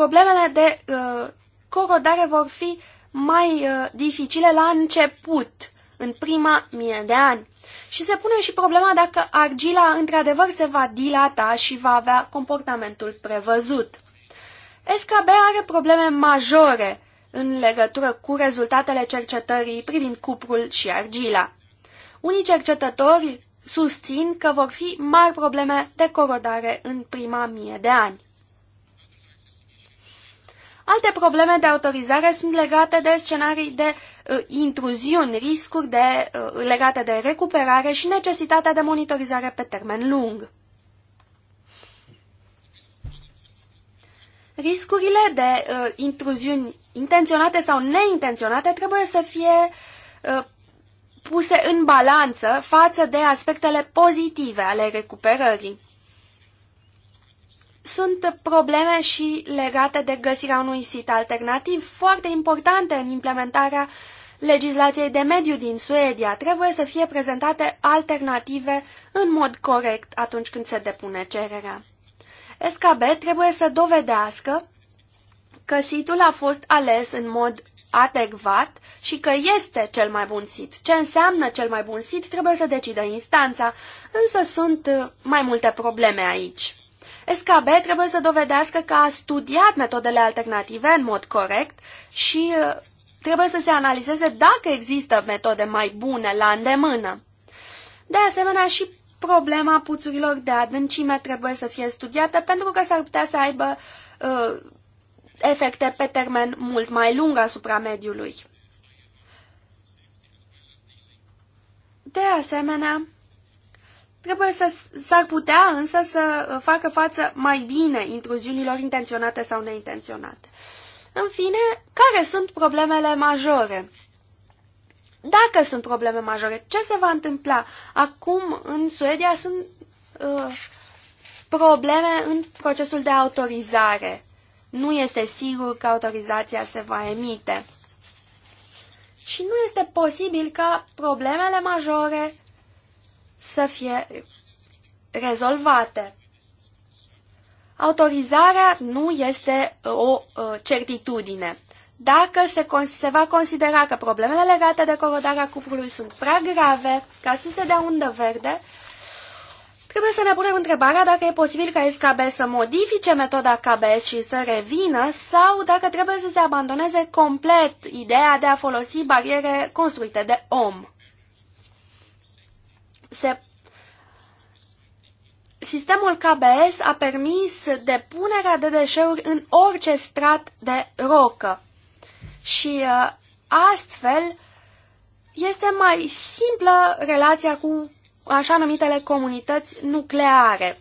problemele de uh, corodare vor fi mai uh, dificile la început, în prima mie de ani. Și se pune și problema dacă argila într-adevăr se va dilata și va avea comportamentul prevăzut. SKB are probleme majore în legătură cu rezultatele cercetării privind cuprul și argila. Unii cercetători susțin că vor fi mari probleme de corodare în prima mie de ani. Alte probleme de autorizare sunt legate de scenarii de uh, intruziuni, riscuri de, uh, legate de recuperare și necesitatea de monitorizare pe termen lung. Riscurile de uh, intruziuni intenționate sau neintenționate trebuie să fie uh, puse în balanță față de aspectele pozitive ale recuperării. Sunt probleme și legate de găsirea unui sit alternativ foarte importante în implementarea legislației de mediu din Suedia. Trebuie să fie prezentate alternative în mod corect atunci când se depune cererea. SKB trebuie să dovedească că situl a fost ales în mod adecvat și că este cel mai bun sit. Ce înseamnă cel mai bun sit trebuie să decidă instanța, însă sunt mai multe probleme aici. SKB trebuie să dovedească că a studiat metodele alternative în mod corect și uh, trebuie să se analizeze dacă există metode mai bune la îndemână. De asemenea, și problema puțurilor de adâncime trebuie să fie studiată pentru că s-ar putea să aibă uh, efecte pe termen mult mai lung asupra mediului. De asemenea, Trebuie să s-ar putea însă să uh, facă față mai bine intruziunilor intenționate sau neintenționate. În fine, care sunt problemele majore? Dacă sunt probleme majore, ce se va întâmpla? Acum, în Suedia, sunt uh, probleme în procesul de autorizare. Nu este sigur că autorizația se va emite. Și nu este posibil ca problemele majore să fie rezolvate. Autorizarea nu este uh, o uh, certitudine. Dacă se, se va considera că problemele legate de corodarea cuprului sunt prea grave ca să se dea undă verde, Trebuie să ne punem întrebarea dacă e posibil ca SKB să modifice metoda KBS și să revină sau dacă trebuie să se abandoneze complet ideea de a folosi bariere construite de om se Sistemul KBS a permis depunerea de deșeuri în orice strat de rocă și uh, astfel este mai simplă relația cu așa numitele comunități nucleare.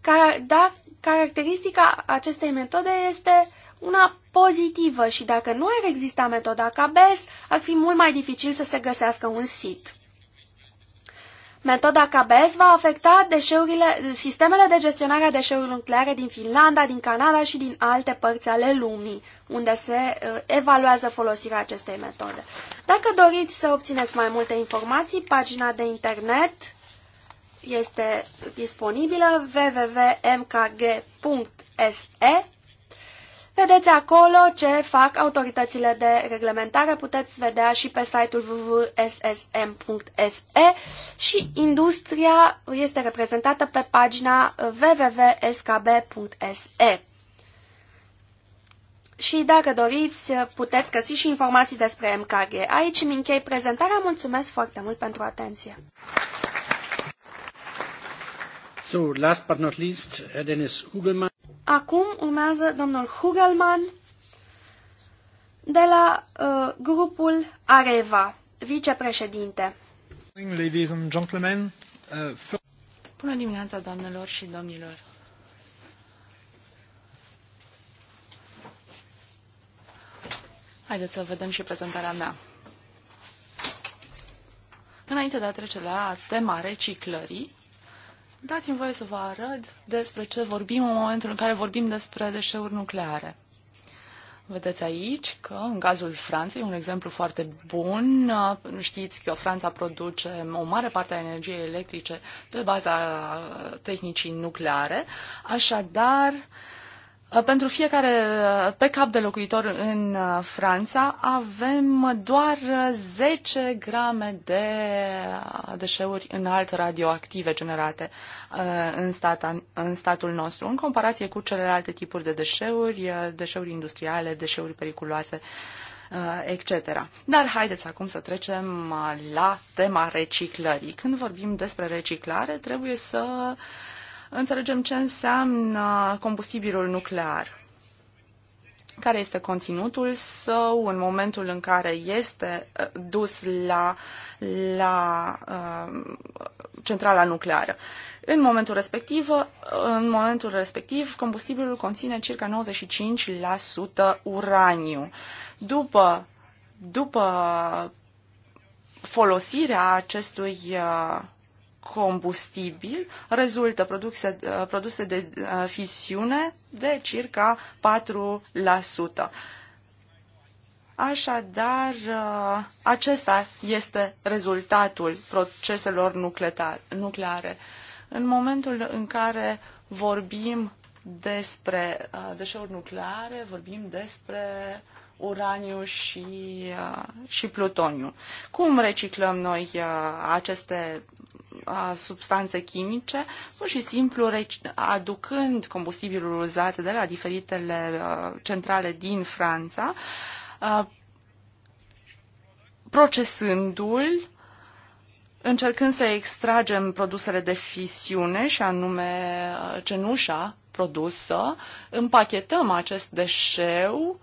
Car dar caracteristica acestei metode este una pozitivă și dacă nu ar exista metoda KBS, ar fi mult mai dificil să se găsească un sit. Metoda KBS va afecta deșeurile, sistemele de gestionare a deșeurilor nucleare din Finlanda, din Canada și din alte părți ale lumii, unde se uh, evaluează folosirea acestei metode. Dacă doriți să obțineți mai multe informații, pagina de internet este disponibilă www.mkg.se Vedeți acolo ce fac autoritățile de reglementare, puteți vedea și pe site-ul www.ssm.se și industria este reprezentată pe pagina www.skb.se. Și dacă doriți, puteți găsi și informații despre MKG. Aici îmi închei prezentarea. Mulțumesc foarte mult pentru atenție. So, last but not least, Dennis Hugelmann. Acum urmează domnul Hugelman de la uh, grupul Areva, vicepreședinte. Uh, Bună dimineața, doamnelor și domnilor! Haideți să vedem și prezentarea mea. Înainte de a trece la tema reciclării, Dați-mi voie să vă arăt despre ce vorbim în momentul în care vorbim despre deșeuri nucleare. Vedeți aici că, în cazul Franței, un exemplu foarte bun, uh, știți că Franța produce o mare parte a energiei electrice pe baza tehnicii nucleare, așadar, Uh, pentru fiecare uh, pe cap de locuitor în uh, Franța avem doar 10 grame de deșeuri înalt radioactive generate în, stat, în statul nostru, în comparație cu celelalte tipuri de deșeuri, deșeuri industriale, deșeuri periculoase, etc. Dar haideți acum să trecem la tema reciclării. Când vorbim despre reciclare, trebuie să uh, înțelegem ce înseamnă combustibilul nuclear, care este conținutul său în momentul în care este uh, dus la, la uh, centrala nucleară. În momentul, respectiv, în momentul respectiv, combustibilul conține circa 95% uraniu. După, după folosirea acestui uh, combustibil, rezultă produse, produse de fisiune de circa 4%. Așadar, acesta este rezultatul proceselor nucleare. În momentul în care vorbim despre deșeuri nucleare, vorbim despre uraniu și, și plutoniu. Cum reciclăm noi aceste a substanțe chimice, pur și simplu aducând combustibilul uzat de la diferitele uh, centrale din Franța, uh, procesându-l, încercând să extragem produsele de fisiune, și anume uh, cenușa produsă, împachetăm acest deșeu,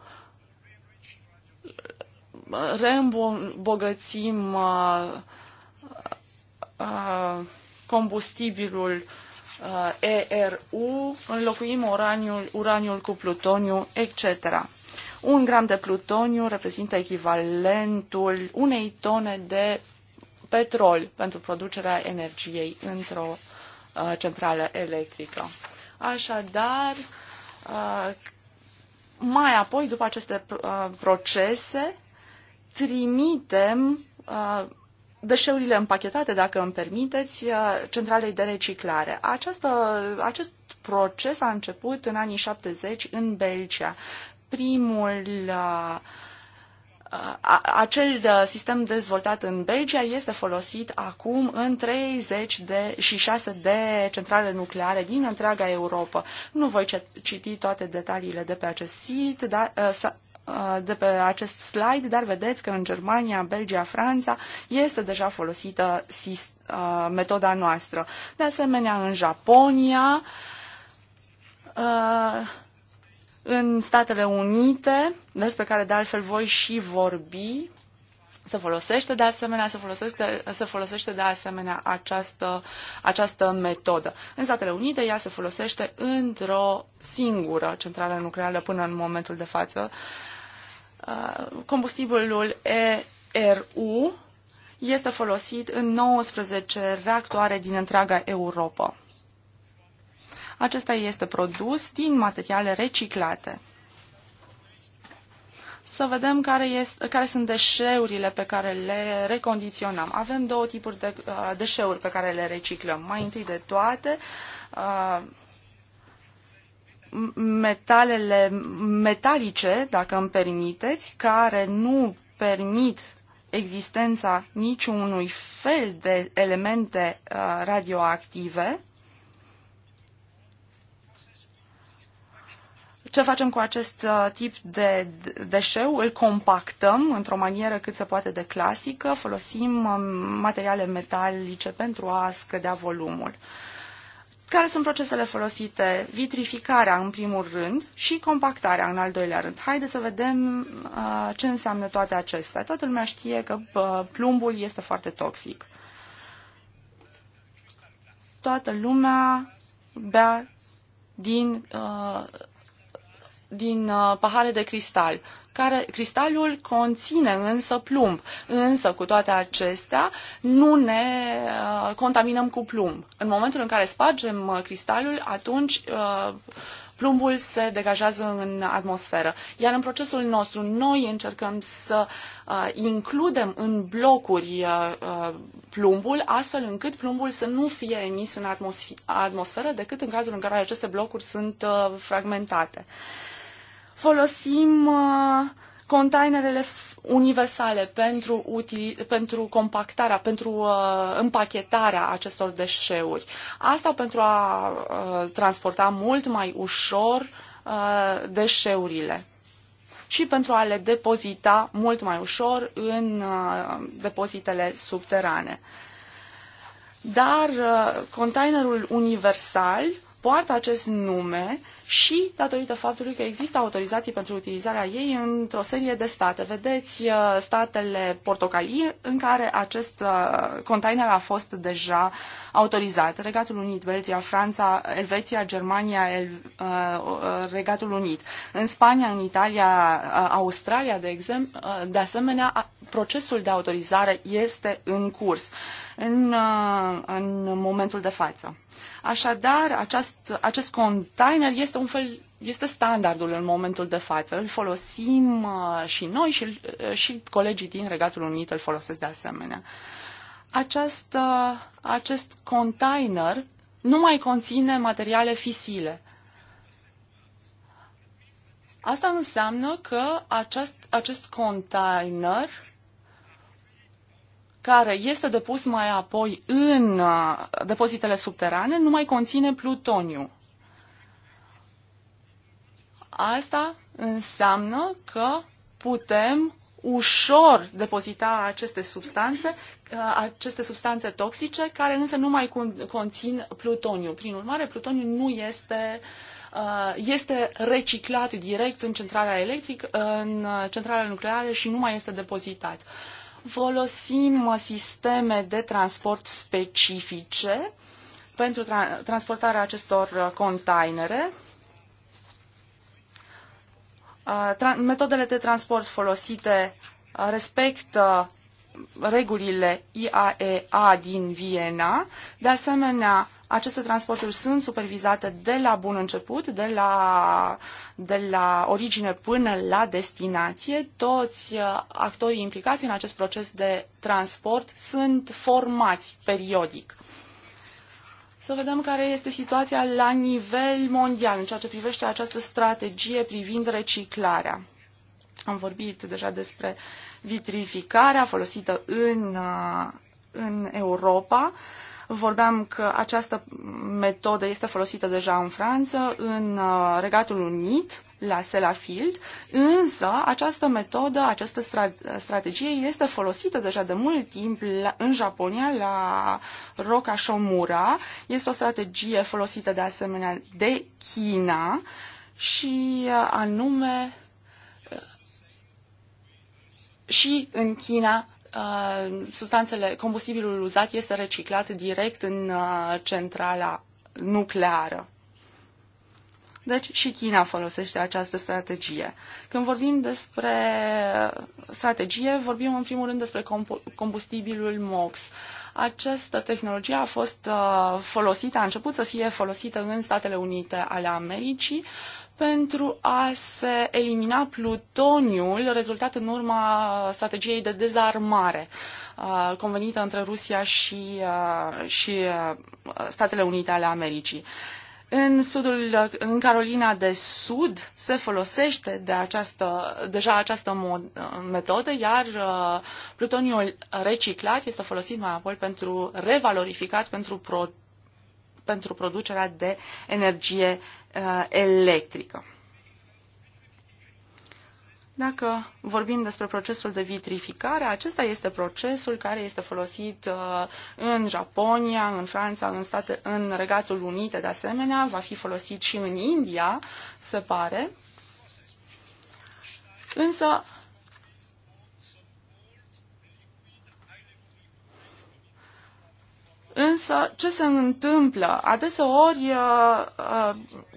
reîmbogățim uh, combustibilul uh, ERU, înlocuim uraniul, uraniul cu plutoniu, etc. Un gram de plutoniu reprezintă echivalentul unei tone de petrol pentru producerea energiei într-o uh, centrală electrică. Așadar, uh, mai apoi, după aceste uh, procese, trimitem deșeurile împachetate, dacă îmi permiteți, uh, centralei de reciclare. Această, acest proces a început în anii 70 în Belgia. Primul uh, uh, acel sistem dezvoltat în Belgia este folosit acum în 30 de, și 6 de centrale nucleare din întreaga Europa. Nu voi citi toate detaliile de pe acest site, dar, Uh, de pe acest slide, dar vedeți că în Germania, Belgia, Franța este deja folosită uh, metoda noastră. De asemenea, în Japonia, uh, în Statele Unite, despre care de altfel voi și vorbi, se folosește de asemenea, se folosește, se folosește de asemenea această, această metodă. În Statele Unite ea se folosește într-o singură centrală nucleară până în momentul de față. Uh, Uh, combustibilul ERU este folosit în 19 reactoare din întreaga Europa. Acesta este produs din materiale reciclate. Să vedem care, este, care sunt deșeurile pe care le recondiționăm. Avem două tipuri de uh, deșeuri pe care le reciclăm. Mai întâi de toate, uh, metalele metalice, dacă îmi permiteți, care nu permit existența niciunui fel de elemente uh, radioactive. Ce facem cu acest uh, tip de deșeu? Îl compactăm într-o manieră cât se poate de clasică, folosim uh, materiale metalice pentru a scădea volumul. Uh, care sunt procesele folosite, vitrificarea în primul rând și compactarea în al doilea rând. Haideți să vedem uh, ce înseamnă toate acestea. Toată lumea știe că uh, plumbul este foarte toxic. Toată lumea bea din, uh, din uh, pahare de cristal care cristalul conține însă plumb. Însă, cu toate acestea, nu ne uh, contaminăm cu plumb. În momentul în care spargem uh, cristalul, atunci uh, plumbul se degajează în atmosferă. Iar în procesul nostru, noi încercăm să includem în blocuri plumbul, astfel încât plumbul să nu fie emis în atmosferă decât în cazul în care aceste blocuri sunt fragmentate folosim uh, containerele universale pentru, pentru compactarea, pentru uh, împachetarea acestor deșeuri. Asta pentru a uh, transporta mult mai ușor uh, deșeurile și pentru a le depozita mult mai ușor în uh, depozitele subterane. Dar uh, containerul universal poartă acest nume uh, și datorită faptului că există autorizații pentru utilizarea ei într-o serie de state. Vedeți uh, statele portocalii în care acest uh, container a fost deja autorizat. Regatul Unit, Belgia, Franța, Elveția, Germania, El, uh, Regatul Unit. În Spania, în Italia, Australia, de, exemplu, de asemenea, procesul de autorizare este în curs în, în momentul de față. Așadar, acest, acest container este un fel este standardul în momentul de față. Îl folosim uh, și noi și, uh, și colegii din Regatul Unit îl folosesc de asemenea. Acest, uh, acest container nu mai conține materiale fisile. Asta înseamnă că acest, acest container care este depus mai apoi în uh, depozitele subterane nu mai conține plutoniu. Asta înseamnă că putem ușor depozita aceste substanțe, uh, aceste substanțe toxice, care însă nu mai conțin plutoniu. Prin urmare, plutoniu nu este uh, este reciclat direct în centrala electrică, în centrala nucleară și nu mai este depozitat. Folosim uh, sisteme de transport specifice pentru tra- transportarea acestor uh, containere. Uh, tra- metodele de transport folosite respectă regulile IAEA din Viena. De asemenea, aceste transporturi sunt supervizate de la bun început, de la, de la origine până la destinație. Toți uh, actorii implicați în acest proces de transport sunt formați periodic. Să vedem care este situația la nivel mondial în ceea ce privește această strategie privind reciclarea. Am vorbit deja despre vitrificarea folosită în, uh, în Europa. Uh, Vorbeam că această metodă este folosită deja în Franța, în uh, Regatul Unit, la Sellafield, însă această metodă, această strat- strategie este folosită deja de mult timp la, în Japonia, la Roca Shomura. Este o strategie folosită de asemenea de China și uh, anume uh, și în China Uh, substanțele, combustibilul uzat este reciclat direct în uh, centrala nucleară. Deci și China folosește această strategie. Când vorbim despre strategie, vorbim în primul rând despre combustibilul MOX. Această tehnologie a fost uh, folosită, a început să fie folosită în Statele Unite ale Americii pentru a se elimina plutoniul rezultat în urma strategiei de dezarmare uh, convenită între Rusia și, uh, și uh, Statele Unite ale Americii. În sudul, în Carolina de Sud se folosește de această, deja această mod, metodă, iar plutoniul reciclat este folosit mai apoi pentru revalorificat pentru, pro, pentru producerea de energie uh, electrică. Dacă vorbim despre procesul de vitrificare, acesta este procesul care este folosit uh, în Japonia, în Franța, în, state, în Regatul Unit, de asemenea, va fi folosit și în India, se pare. Însă, Însă, ce se întâmplă? Adeseori, uh, uh,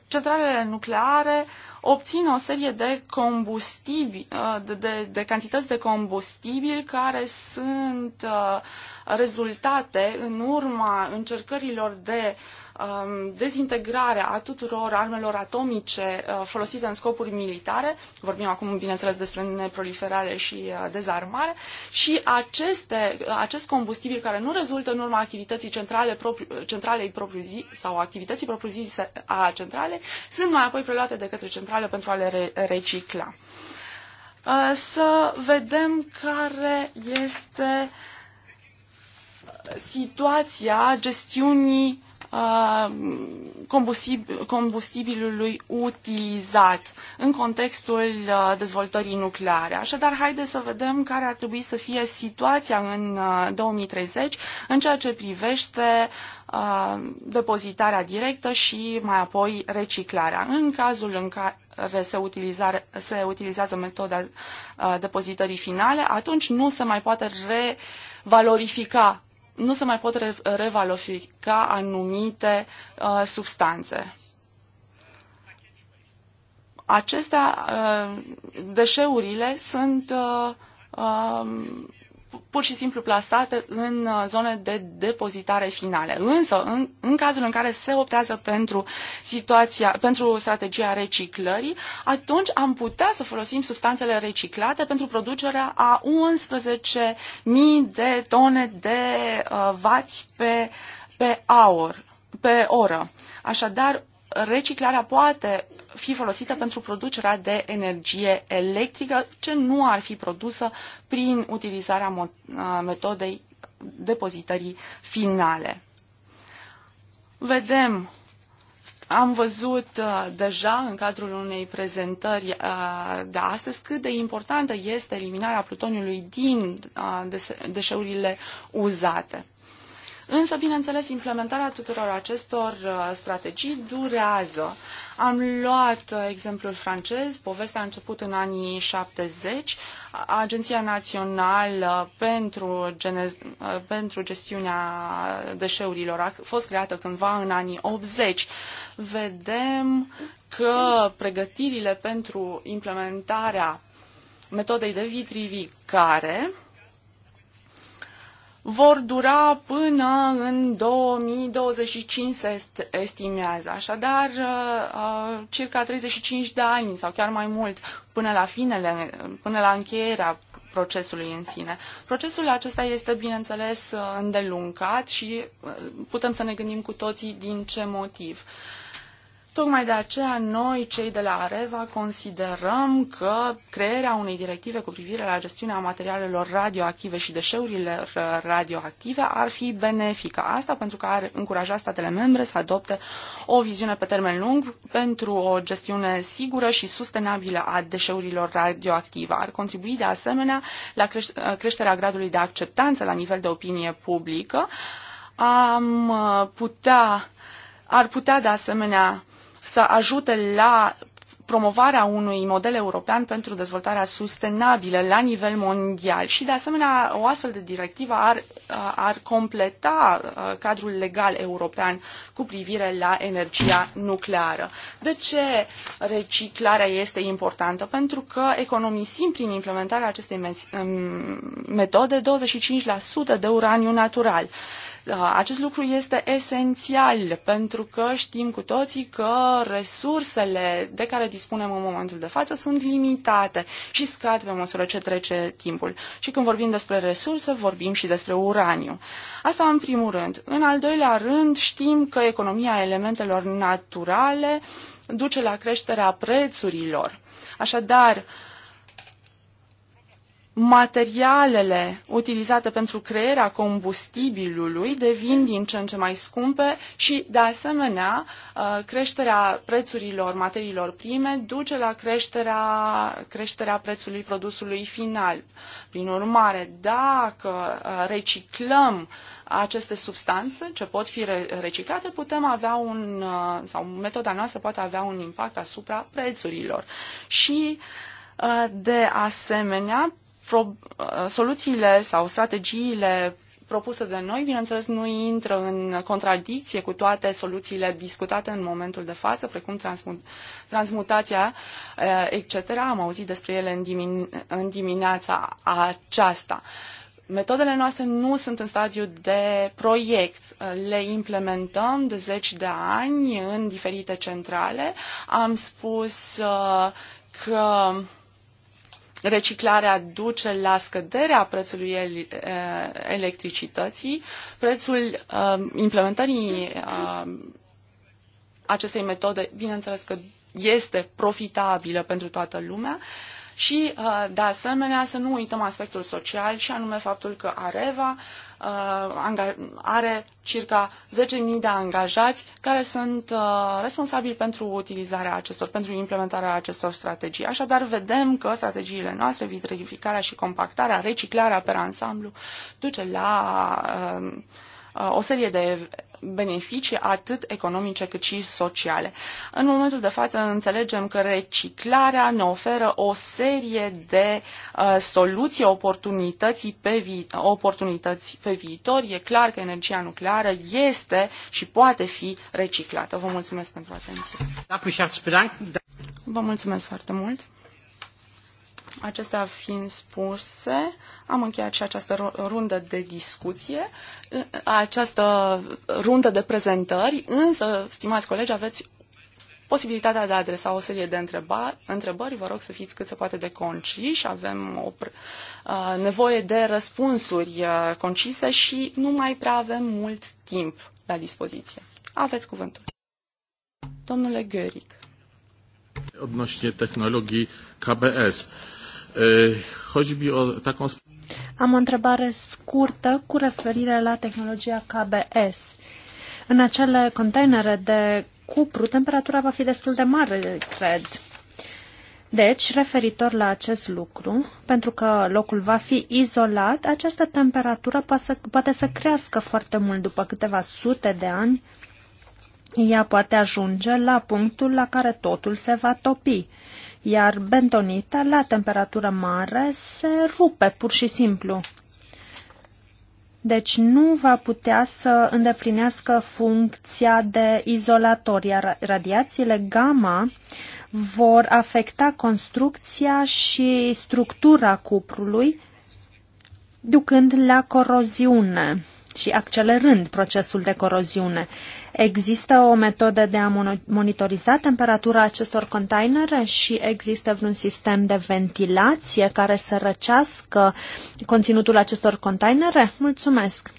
centralele nucleare obțin o serie de combustibil, uh, de, de, de cantități de combustibil care sunt uh, rezultate în urma încercărilor de uh, Um, dezintegrarea a tuturor armelor atomice uh, folosite în scopuri militare, vorbim acum, bineînțeles, despre neproliferare și uh, dezarmare, și aceste, acest combustibil care nu rezultă în urma activității centrale propri, centralei propriu zi, sau activității propriu-zise a centralei, sunt mai apoi preluate de către centrale pentru a le re- recicla. Uh, să vedem care este situația gestiunii combustibilului utilizat în contextul dezvoltării nucleare. Așadar, haideți să vedem care ar trebui să fie situația în 2030 în ceea ce privește depozitarea directă și mai apoi reciclarea. În cazul în care se, se utilizează metoda depozitării finale, atunci nu se mai poate revalorifica nu se mai pot re- revalorifica anumite uh, substanțe. Acestea, uh, deșeurile sunt uh, uh, pur și simplu plasate în uh, zone de depozitare finale. Însă, în, în cazul în care se optează pentru, situația, pentru strategia reciclării, atunci am putea să folosim substanțele reciclate pentru producerea a 11.000 de tone de uh, vați pe, pe, aur, pe oră. Așadar, reciclarea poate fi folosită pentru producerea de energie electrică ce nu ar fi produsă prin utilizarea metodei depozitării finale. Vedem am văzut deja în cadrul unei prezentări de astăzi cât de importantă este eliminarea plutoniului din deșeurile uzate. Însă, bineînțeles, implementarea tuturor acestor uh, strategii durează. Am luat uh, exemplul francez, povestea a început în anii 70, Agenția Națională pentru, gener- uh, pentru Gestiunea Deșeurilor a fost creată cândva în anii 80. Vedem că pregătirile pentru implementarea metodei de vitrificare vor dura până în 2025 se estimează. Așadar, uh, uh, circa 35 de ani sau chiar mai mult până la finele, până la încheierea procesului în sine. Procesul acesta este, bineînțeles, îndelungat și uh, putem să ne gândim cu toții din ce motiv. Uh, Tocmai de aceea noi, cei de la Areva, considerăm că crearea unei directive cu privire la gestiunea materialelor radioactive și deșeurilor radioactive ar fi benefică. Asta pentru că ar încuraja statele membre să adopte o viziune pe termen lung pentru o gestiune sigură și sustenabilă a deșeurilor radioactive. Ar contribui de asemenea la creșterea gradului de acceptanță la nivel de opinie publică. Am uh, putea ar putea de asemenea să ajute la promovarea unui model european pentru dezvoltarea sustenabilă la nivel mondial. Și, de asemenea, o astfel de directivă ar, uh, ar completa uh, cadrul legal european cu privire la energia nucleară. De ce reciclarea este importantă? Pentru că economisim prin implementarea acestei mm, metode 25% de uraniu natural. Uh, acest lucru este esențial pentru că știm cu toții că resursele de care dispunem în momentul de față sunt limitate și scad pe măsură ce trece timpul. Și când vorbim despre resurse, vorbim și despre uraniu. Asta în primul rând. În al doilea rând, știm că economia elementelor naturale duce la creșterea prețurilor. Așadar, uh, materialele utilizate pentru crearea combustibilului devin din ce în ce mai scumpe și, de asemenea, uh, creșterea prețurilor materiilor prime duce la creșterea, creșterea prețului produsului final. Prin urmare, dacă uh, reciclăm aceste substanțe ce pot fi reciclate, putem avea un, uh, sau metoda noastră poate avea un impact asupra prețurilor. Și, de asemenea, pro, uh, soluțiile sau strategiile propuse de noi, bineînțeles, nu intră în contradicție cu toate soluțiile discutate în momentul de față, precum transmut, transmutația, uh, etc. Am auzit despre ele în, dimin- în dimineața aceasta. Metodele noastre nu sunt în stadiu de proiect. Le implementăm de zeci de ani în diferite centrale. Am spus uh, că reciclarea duce la scăderea prețului eh, electricității, prețul eh, implementării eh, acestei metode, bineînțeles că este profitabilă pentru toată lumea, și, de asemenea, să nu uităm aspectul social și anume faptul că Areva Uh, are circa 10.000 de angajați care sunt uh, responsabili pentru utilizarea acestor, pentru implementarea acestor strategii. Așadar, vedem că strategiile noastre, vitrificarea și compactarea, reciclarea pe ansamblu, duce la uh, o serie de beneficii atât economice cât și sociale. În momentul de față înțelegem că reciclarea ne oferă o serie de uh, soluții, oportunități pe, vi- oportunități pe viitor. E clar că energia nucleară este și poate fi reciclată. Vă mulțumesc pentru atenție. Vă mulțumesc foarte mult. Acestea fiind spuse, am încheiat și această rundă de discuție, această rundă de prezentări, însă, stimați colegi, aveți posibilitatea de a adresa o serie de întrebări. Vă rog să fiți cât se poate de conciși. Avem o nevoie de răspunsuri concise și nu mai prea avem mult timp la dispoziție. Aveți cuvântul. Domnule Găric. Odnośnie technologii KBS. Chodzi mi o taką... Am o întrebare scurtă cu referire la tehnologia KBS. În acele containere de cupru, temperatura va fi destul de mare, cred. Deci, referitor la acest lucru, pentru că locul va fi izolat, această temperatură poate să crească foarte mult după câteva sute de ani. Ea poate ajunge la punctul la care totul se va topi iar bentonita la temperatură mare se rupe pur și simplu. Deci nu va putea să îndeplinească funcția de izolator, iar radiațiile gamma vor afecta construcția și structura cuprului, ducând la coroziune și accelerând procesul de coroziune. Există o metodă de a monitoriza temperatura acestor containere și există vreun sistem de ventilație care să răcească conținutul acestor containere? Mulțumesc!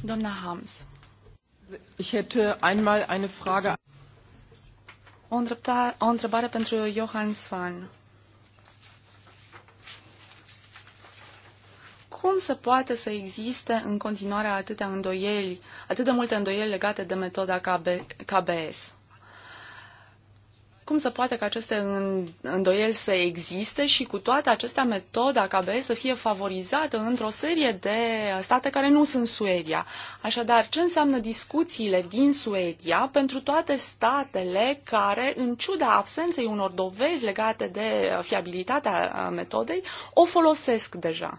Doamna Hams. Ich hätte einmal eine Frage. O, o întrebare pentru Johann Svan. cum se poate să existe în continuare atâtea îndoieli, atât de multe îndoieli legate de metoda KB, KBS? Cum se poate ca aceste îndoieli să existe și cu toate acestea metoda KBS să fie favorizată într-o serie de state care nu sunt Suedia? Așadar, ce înseamnă discuțiile din Suedia pentru toate statele care, în ciuda absenței unor dovezi legate de fiabilitatea metodei, o folosesc deja?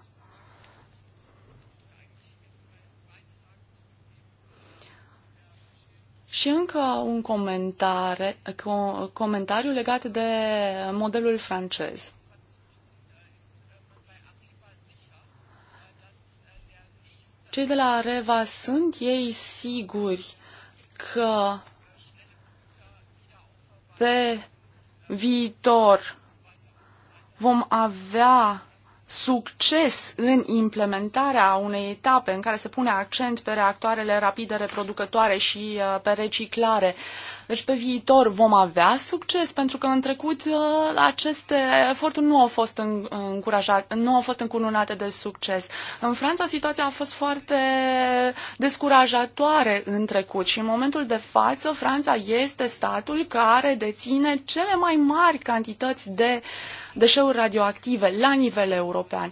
Și încă un comentariu legat de modelul francez. Cei de la Reva sunt ei siguri că pe viitor vom avea succes în implementarea unei etape în care se pune accent pe reactoarele rapide reproducătoare și uh, pe reciclare. Deci pe viitor vom avea succes pentru că în trecut uh, aceste eforturi nu au fost încurajate, nu au fost încununate de succes. În Franța situația a fost foarte descurajatoare în trecut și în momentul de față Franța este statul care deține cele mai mari cantități de deșeuri radioactive la nivel european european.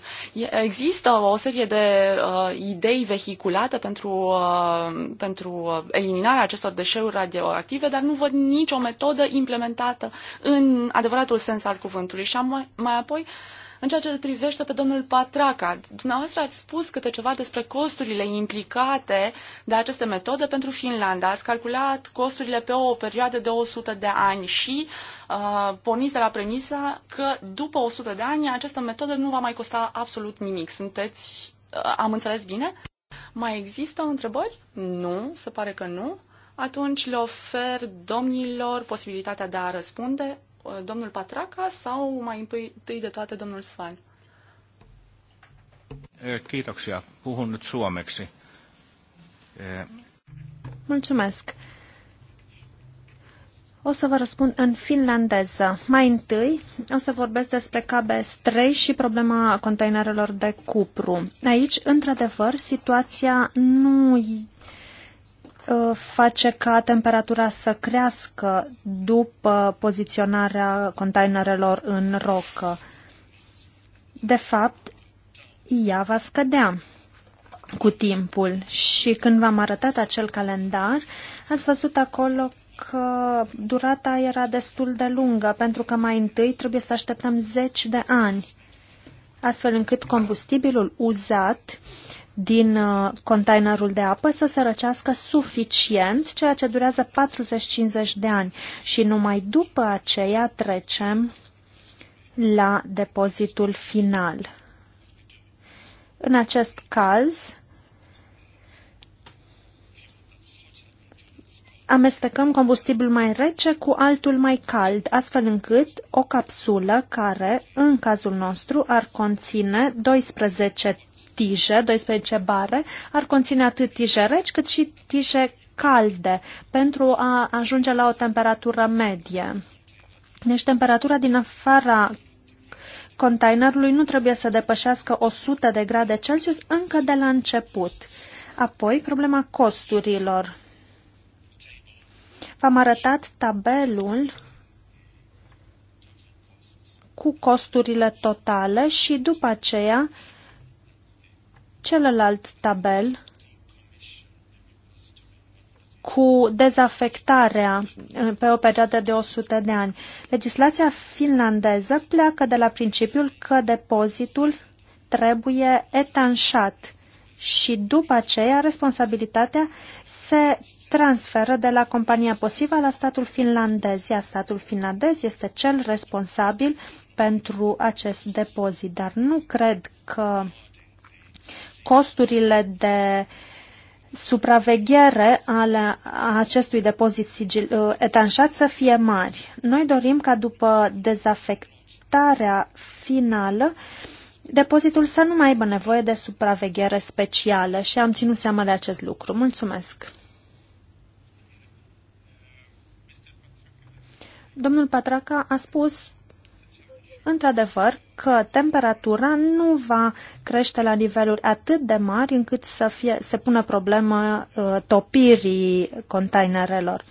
Există o serie de uh, idei vehiculate pentru, uh, pentru eliminarea acestor deșeuri radioactive, dar nu văd nicio metodă implementată în adevăratul sens al cuvântului. Și am mai, mai apoi uh, în ceea ce îl privește pe domnul Patraca, dumneavoastră ați spus câte ceva despre costurile implicate de aceste metode pentru Finlanda. Ați calculat costurile pe o perioadă de 100 de ani și uh, porniți de la premisa că după 100 de ani această metodă nu va mai costa absolut nimic. Sunteți, uh, am înțeles bine? Mai există întrebări? Nu, se pare că nu. Atunci le ofer domnilor posibilitatea de a răspunde Uh, domnul Patraca sau mai întâi de toate domnul Sfan? Kiitoksia. Puhun nyt suomeksi. Mulțumesc. O să vă răspund în finlandeză. Mai întâi o să vorbesc despre KBS3 și problema containerelor de cupru. Aici, într-adevăr, situația nu Uh, face ca temperatura să crească după poziționarea containerelor în rocă. De fapt, ea va scădea cu timpul și când v-am arătat acel calendar, ați văzut acolo că durata era destul de lungă, pentru că mai întâi trebuie să așteptăm zeci de ani, astfel încât combustibilul uzat uh, din uh, containerul de apă să se răcească suficient, ceea ce durează 40-50 de ani. Și numai după aceea trecem la depozitul final. În acest caz, amestecăm combustibil mai rece cu altul mai cald, astfel încât o capsulă care, în cazul nostru, ar conține 12 tije, 12 bare, ar conține atât tije reci cât și tije calde pentru a ajunge la o temperatură medie. Deci temperatura din afara containerului nu trebuie să depășească 100 de grade Celsius încă de la început. Apoi, problema costurilor. V-am arătat tabelul cu costurile totale și după aceea celălalt tabel cu dezafectarea eh, pe o perioadă de 100 de ani. Legislația finlandeză pleacă de la principiul că depozitul trebuie etanșat și după aceea responsabilitatea se transferă de la compania posivă la statul finlandez, iar statul finlandez este cel responsabil pentru acest depozit, dar nu cred că costurile de supraveghere ale acestui depozit sigil, uh, etanșat să fie mari. Noi dorim ca după dezafectarea finală depozitul să nu mai aibă nevoie de supraveghere specială și am ținut seama de acest lucru. Mulțumesc! Domnul Patraca a spus într-adevăr, că temperatura nu va crește la niveluri atât de mari încât să fie, se pună problema uh, topirii containerelor.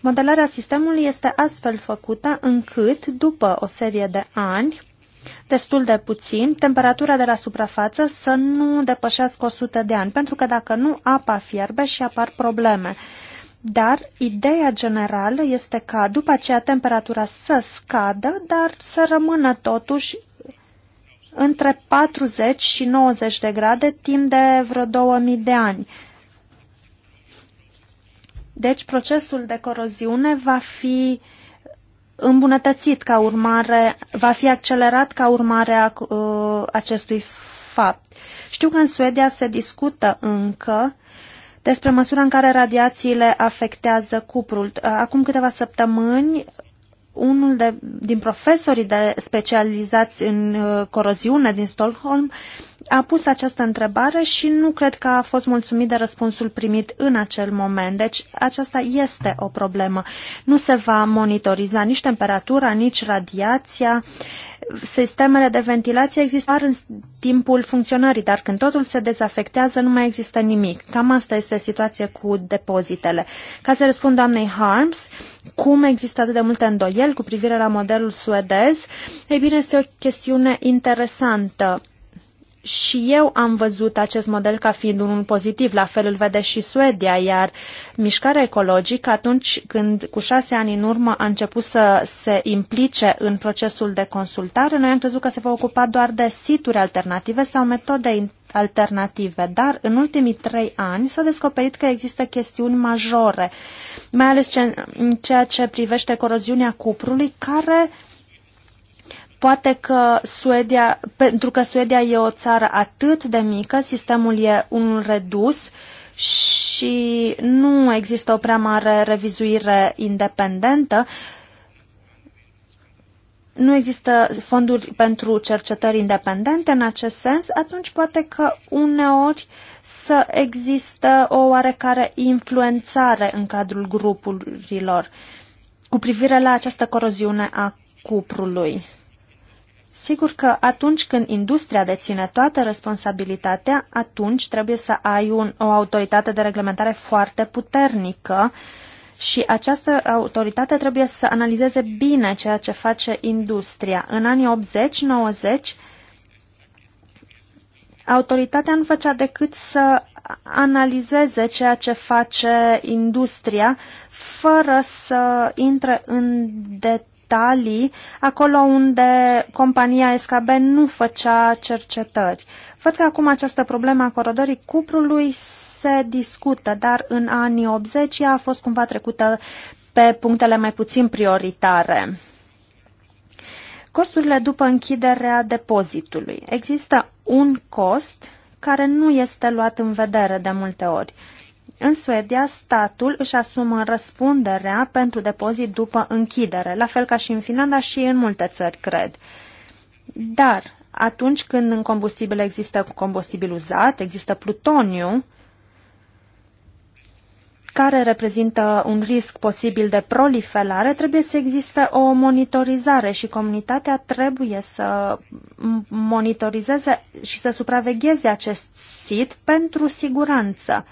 Modelarea sistemului este astfel făcută încât, după o serie de ani, destul de puțin, temperatura de la suprafață să nu depășească 100 de ani, pentru că dacă nu, apa fierbe și apar probleme. Uh, dar ideea generală este ca după aceea temperatura să scadă, dar să rămână totuși între 40 și 90 de grade timp de vreo 2000 de ani. Deci procesul de coroziune va fi îmbunătățit ca urmare, va fi accelerat ca urmare a uh, acestui fapt. Știu că în Suedia se discută încă uh, despre măsura în care radiațiile afectează cuprul. Uh, acum câteva săptămâni, unul de, din profesorii de specializați în uh, coroziune din Stockholm a pus această întrebare și nu cred că a fost mulțumit de răspunsul primit în acel moment. Deci aceasta este o problemă. Nu se va monitoriza nici temperatura, nici radiația sistemele de ventilație există în timpul funcționării, dar când totul se dezafectează nu mai există nimic. Cam asta este situația cu depozitele. Ca să răspund doamnei Harms, cum există atât de multe îndoieli cu privire la modelul suedez, ei bine, este o chestiune interesantă și eu am văzut acest model ca fiind unul pozitiv, la fel îl vede și Suedia, iar mișcarea ecologică, atunci când cu șase ani în urmă a început să se implice în procesul de consultare, noi am crezut că se va ocupa doar de situri alternative sau metode alternative, dar în ultimii trei ani s-a descoperit că există chestiuni majore, mai ales ce, în ceea ce privește coroziunea cuprului, care uh, Poate că Suedia, pentru că Suedia e o țară atât de mică, sistemul e unul redus și nu există o prea mare revizuire independentă, nu există fonduri pentru cercetări independente în acest sens, atunci poate că uneori să există o oarecare influențare în cadrul grupurilor cu privire la această coroziune a cuprului. Sigur că atunci când industria deține toată responsabilitatea, atunci trebuie să ai un, o autoritate de reglementare foarte puternică și această autoritate trebuie să analizeze bine ceea ce face industria. În anii 80-90, autoritatea nu făcea decât să analizeze ceea ce face industria fără să intre în detalii Italii, acolo unde compania SKB nu făcea cercetări. Văd că acum această problemă a corodării cuprului se discută, dar în anii 80 ea a fost cumva trecută pe punctele mai puțin prioritare. Costurile după închiderea depozitului. Există un cost care nu este luat în vedere de multe ori. Uh, în Suedia, statul își asumă răspunderea pentru depozit după închidere, la fel ca și în Finlanda și în multe țări, cred. Dar atunci când în combustibil există combustibil uzat, există plutoniu, care reprezintă un risc posibil de proliferare, trebuie să existe o monitorizare și comunitatea trebuie să monitorizeze și să supravegheze acest sit pentru siguranță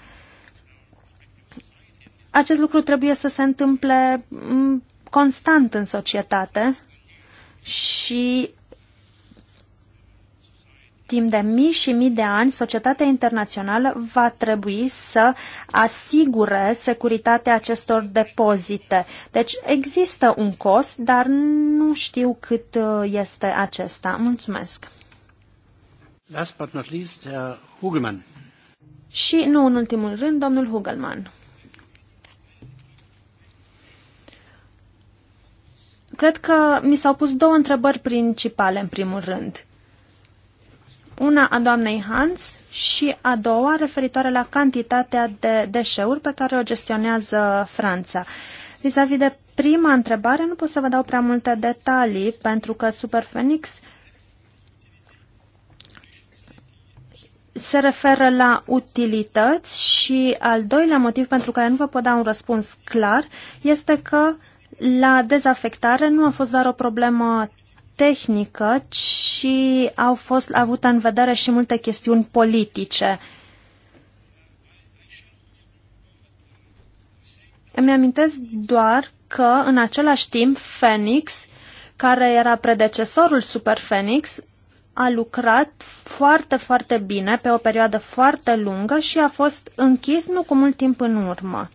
acest lucru trebuie să se întâmple mm, constant în societate și timp de mii și mii de ani, societatea internațională va trebui să asigure securitatea acestor depozite. Deci există un cost, dar nu știu cât uh, este acesta. Mulțumesc. Last but not least, uh, Hugelman. Și nu în ultimul rând, domnul Hugelman. Cred că mi s-au pus două întrebări principale, în primul rând. Una a doamnei Hans și a doua referitoare la cantitatea de deșeuri pe care o gestionează Franța. Vis-a-vis -vis de prima întrebare, nu pot să vă dau prea multe detalii, pentru că Superphoenix se referă la utilități și al doilea motiv pentru care nu vă pot da un răspuns clar este că la dezafectare nu a fost doar o problemă tehnică, ci au fost avute în vedere și multe chestiuni politice. Îmi amintesc doar că în același timp Phoenix, care era predecesorul Super Phoenix, a lucrat foarte, foarte bine pe o perioadă foarte lungă și a fost închis nu cu mult timp în urmă.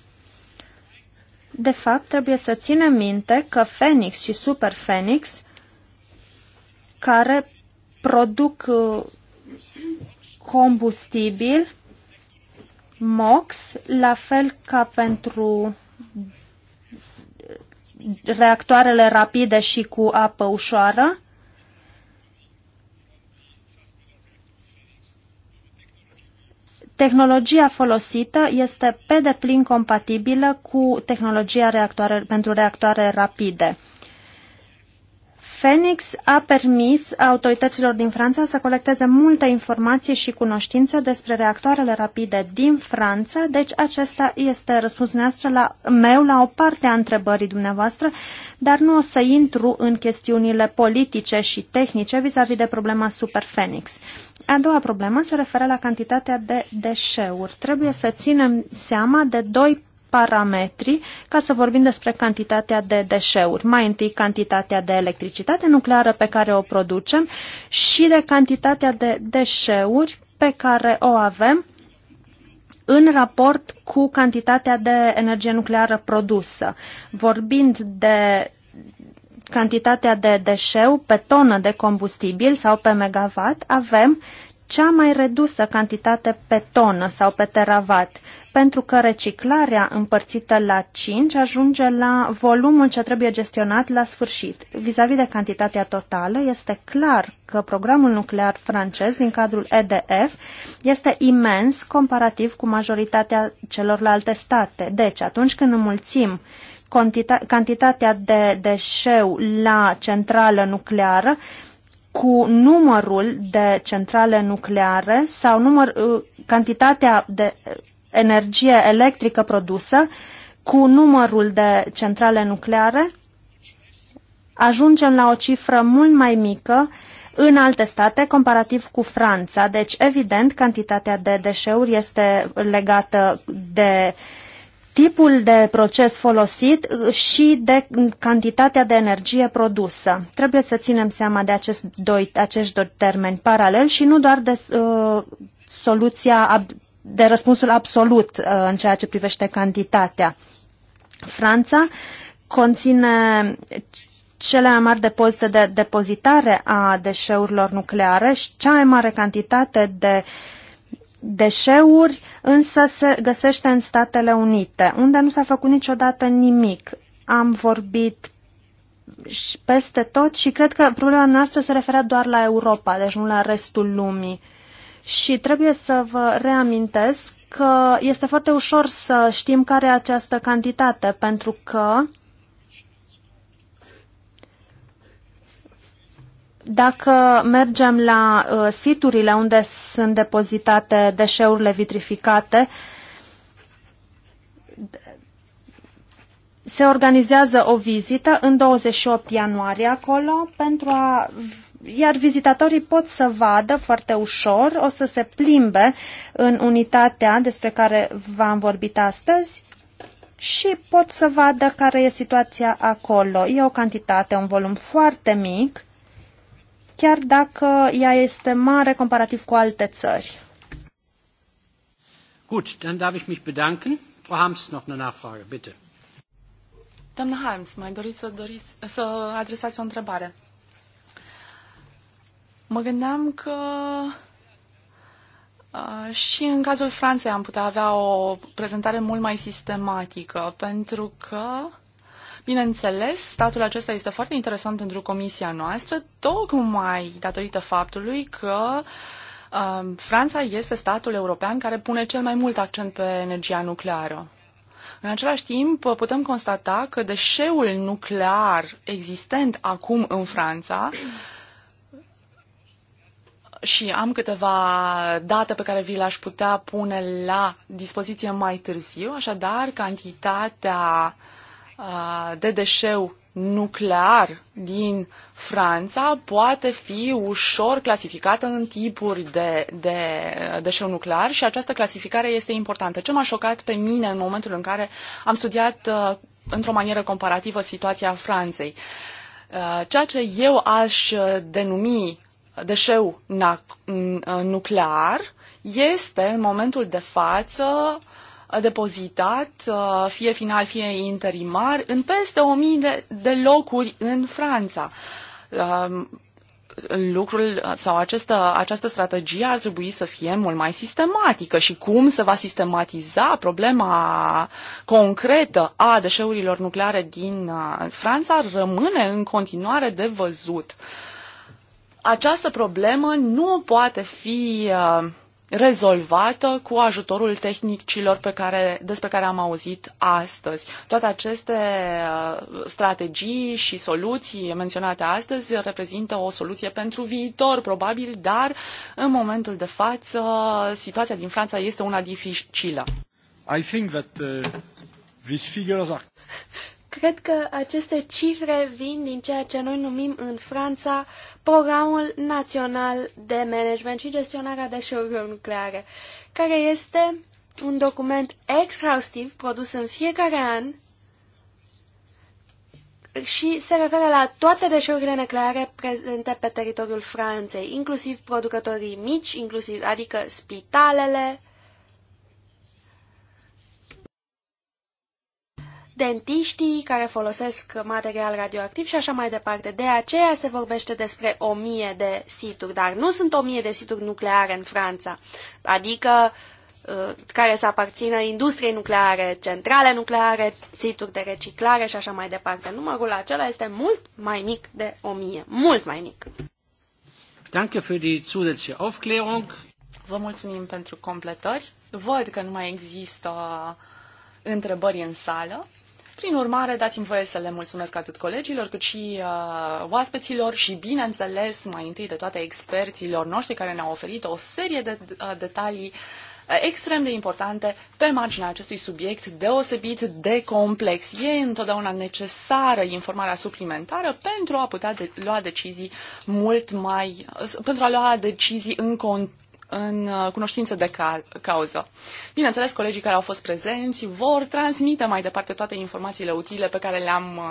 De fapt, trebuie să ținem minte că Phoenix și Super Phoenix, care produc uh, combustibil, MOX, la fel ca pentru uh, reactoarele rapide și cu apă ușoară, Tehnologia folosită este pe deplin compatibilă cu tehnologia reactoare, pentru reactoare rapide. Phoenix a permis autorităților din Franța să colecteze multe informații și cunoștințe despre reactoarele rapide din Franța, deci acesta este răspunsul noastră la, meu la o parte a întrebării dumneavoastră, dar nu o să intru în chestiunile politice și tehnice vis-a-vis -vis de problema Super Phoenix. A doua problemă se referă la cantitatea de deșeuri. Trebuie să ținem seama de doi parametri ca să vorbim despre cantitatea de deșeuri. Mai întâi cantitatea de electricitate nucleară pe care o producem și de cantitatea de deșeuri pe care o avem în raport cu cantitatea de energie nucleară produsă. Vorbind de cantitatea de deșeu pe tonă de combustibil sau pe megawatt, avem cea mai redusă cantitate pe tonă sau pe teravat, pentru că reciclarea împărțită la 5 ajunge la volumul ce trebuie gestionat la sfârșit. Vis-a-vis -vis de cantitatea totală, este clar că programul nuclear francez din cadrul EDF este imens comparativ cu majoritatea celorlalte state. Deci, atunci când înmulțim cantitatea de deșeu la centrală nucleară, cu numărul de centrale nucleare sau număr, uh, cantitatea de energie electrică produsă cu numărul de centrale nucleare, ajungem la o cifră mult mai mică în alte state comparativ cu Franța. Deci, evident, cantitatea de deșeuri este legată de uh, tipul de proces folosit uh, și de mm, cantitatea de energie produsă. Trebuie să ținem seama de acest doi, acești doi termeni paralel și nu doar de uh, soluția ab, de răspunsul absolut uh, în ceea ce privește cantitatea. Franța conține cele mai mari depozite de depozitare a deșeurilor nucleare și cea mai mare cantitate de uh, deșeuri, însă se găsește în Statele Unite, unde nu s-a făcut niciodată nimic. Am vorbit peste tot și cred că problema noastră se referea doar la Europa, deci nu la restul lumii. Și trebuie să vă reamintesc că este foarte ușor să știm care e această cantitate, pentru că Dacă mergem la uh, siturile unde sunt depozitate deșeurile vitrificate, se organizează o vizită în 28 ianuarie acolo pentru a iar vizitatorii pot să vadă foarte ușor, o să se plimbe în unitatea despre care v-am vorbit astăzi și pot să vadă care e situația acolo. E o cantitate, un volum foarte mic chiar dacă ea este mare comparativ cu alte țări. Gut, dann darf ich mich bedanken. Frau Harms, noch eine Nachfrage, bitte. Doamna Harms, mai doriți să, doriți să adresați o întrebare? Mă gândeam că uh, și în cazul Franței am putea avea o prezentare mult mai sistematică, pentru că Bineînțeles, statul acesta este foarte interesant pentru comisia noastră, tocmai datorită faptului că um, Franța este statul european care pune cel mai mult accent pe energia nucleară. În același timp, putem constata că deșeul nuclear existent acum în Franța și am câteva date pe care vi le-aș putea pune la dispoziție mai târziu, așadar cantitatea de deșeu nuclear din Franța poate fi ușor clasificată în tipuri de, de deșeu nuclear și această clasificare este importantă. Ce m-a șocat pe mine în momentul în care am studiat uh, într-o manieră comparativă situația Franței? Uh, ceea ce eu aș denumi deșeu uh, nuclear este în momentul de față uh, depozitat, uh, fie final, fie interimar, în peste 1000 de, de locuri în Franța. Um, lucrul sau această, această strategie ar trebui să fie mult mai sistematică și cum se va sistematiza problema concretă a deșeurilor nucleare din uh, Franța rămâne în continuare de văzut. Această problemă nu poate fi uh, rezolvată cu ajutorul tehnicilor pe care, despre care am auzit astăzi. Toate aceste uh, strategii și soluții menționate astăzi reprezintă o soluție pentru viitor, probabil, dar în momentul de față situația din Franța este una dificilă. I think that uh, these figures are Cred că aceste cifre vin din ceea ce noi numim în Franța Programul Național de Management și Gestionarea Deșeurilor Nucleare, care este un document exhaustiv produs în fiecare an și se referă la toate deșeurile nucleare prezente pe teritoriul Franței, inclusiv producătorii mici, inclusiv, adică spitalele, dentiștii care folosesc material radioactiv și așa mai departe. De aceea se vorbește despre o mie de situri, dar nu sunt o mie de situri nucleare în Franța, adică uh, care să aparțină industriei nucleare, centrale nucleare, situri de reciclare și așa mai departe. Numărul acela este mult mai mic de o mie, mult mai mic. Danke für die zusätzliche Aufklärung. Vă mulțumim pentru completări. Văd că nu mai există întrebări în sală. Prin urmare, dați-mi voie să le mulțumesc atât colegilor cât și uh, oaspeților și, bineînțeles, mai întâi de toate experților noștri care ne-au oferit o serie de uh, detalii uh, extrem de importante pe marginea acestui subiect deosebit de complex. E întotdeauna necesară informarea suplimentară pentru a putea de- lua decizii mult mai, pentru a lua decizii în, con- în uh, cunoștință de ca- cauză. Bineînțeles, colegii care au fost prezenți vor transmite mai departe toate informațiile utile pe care le-am uh,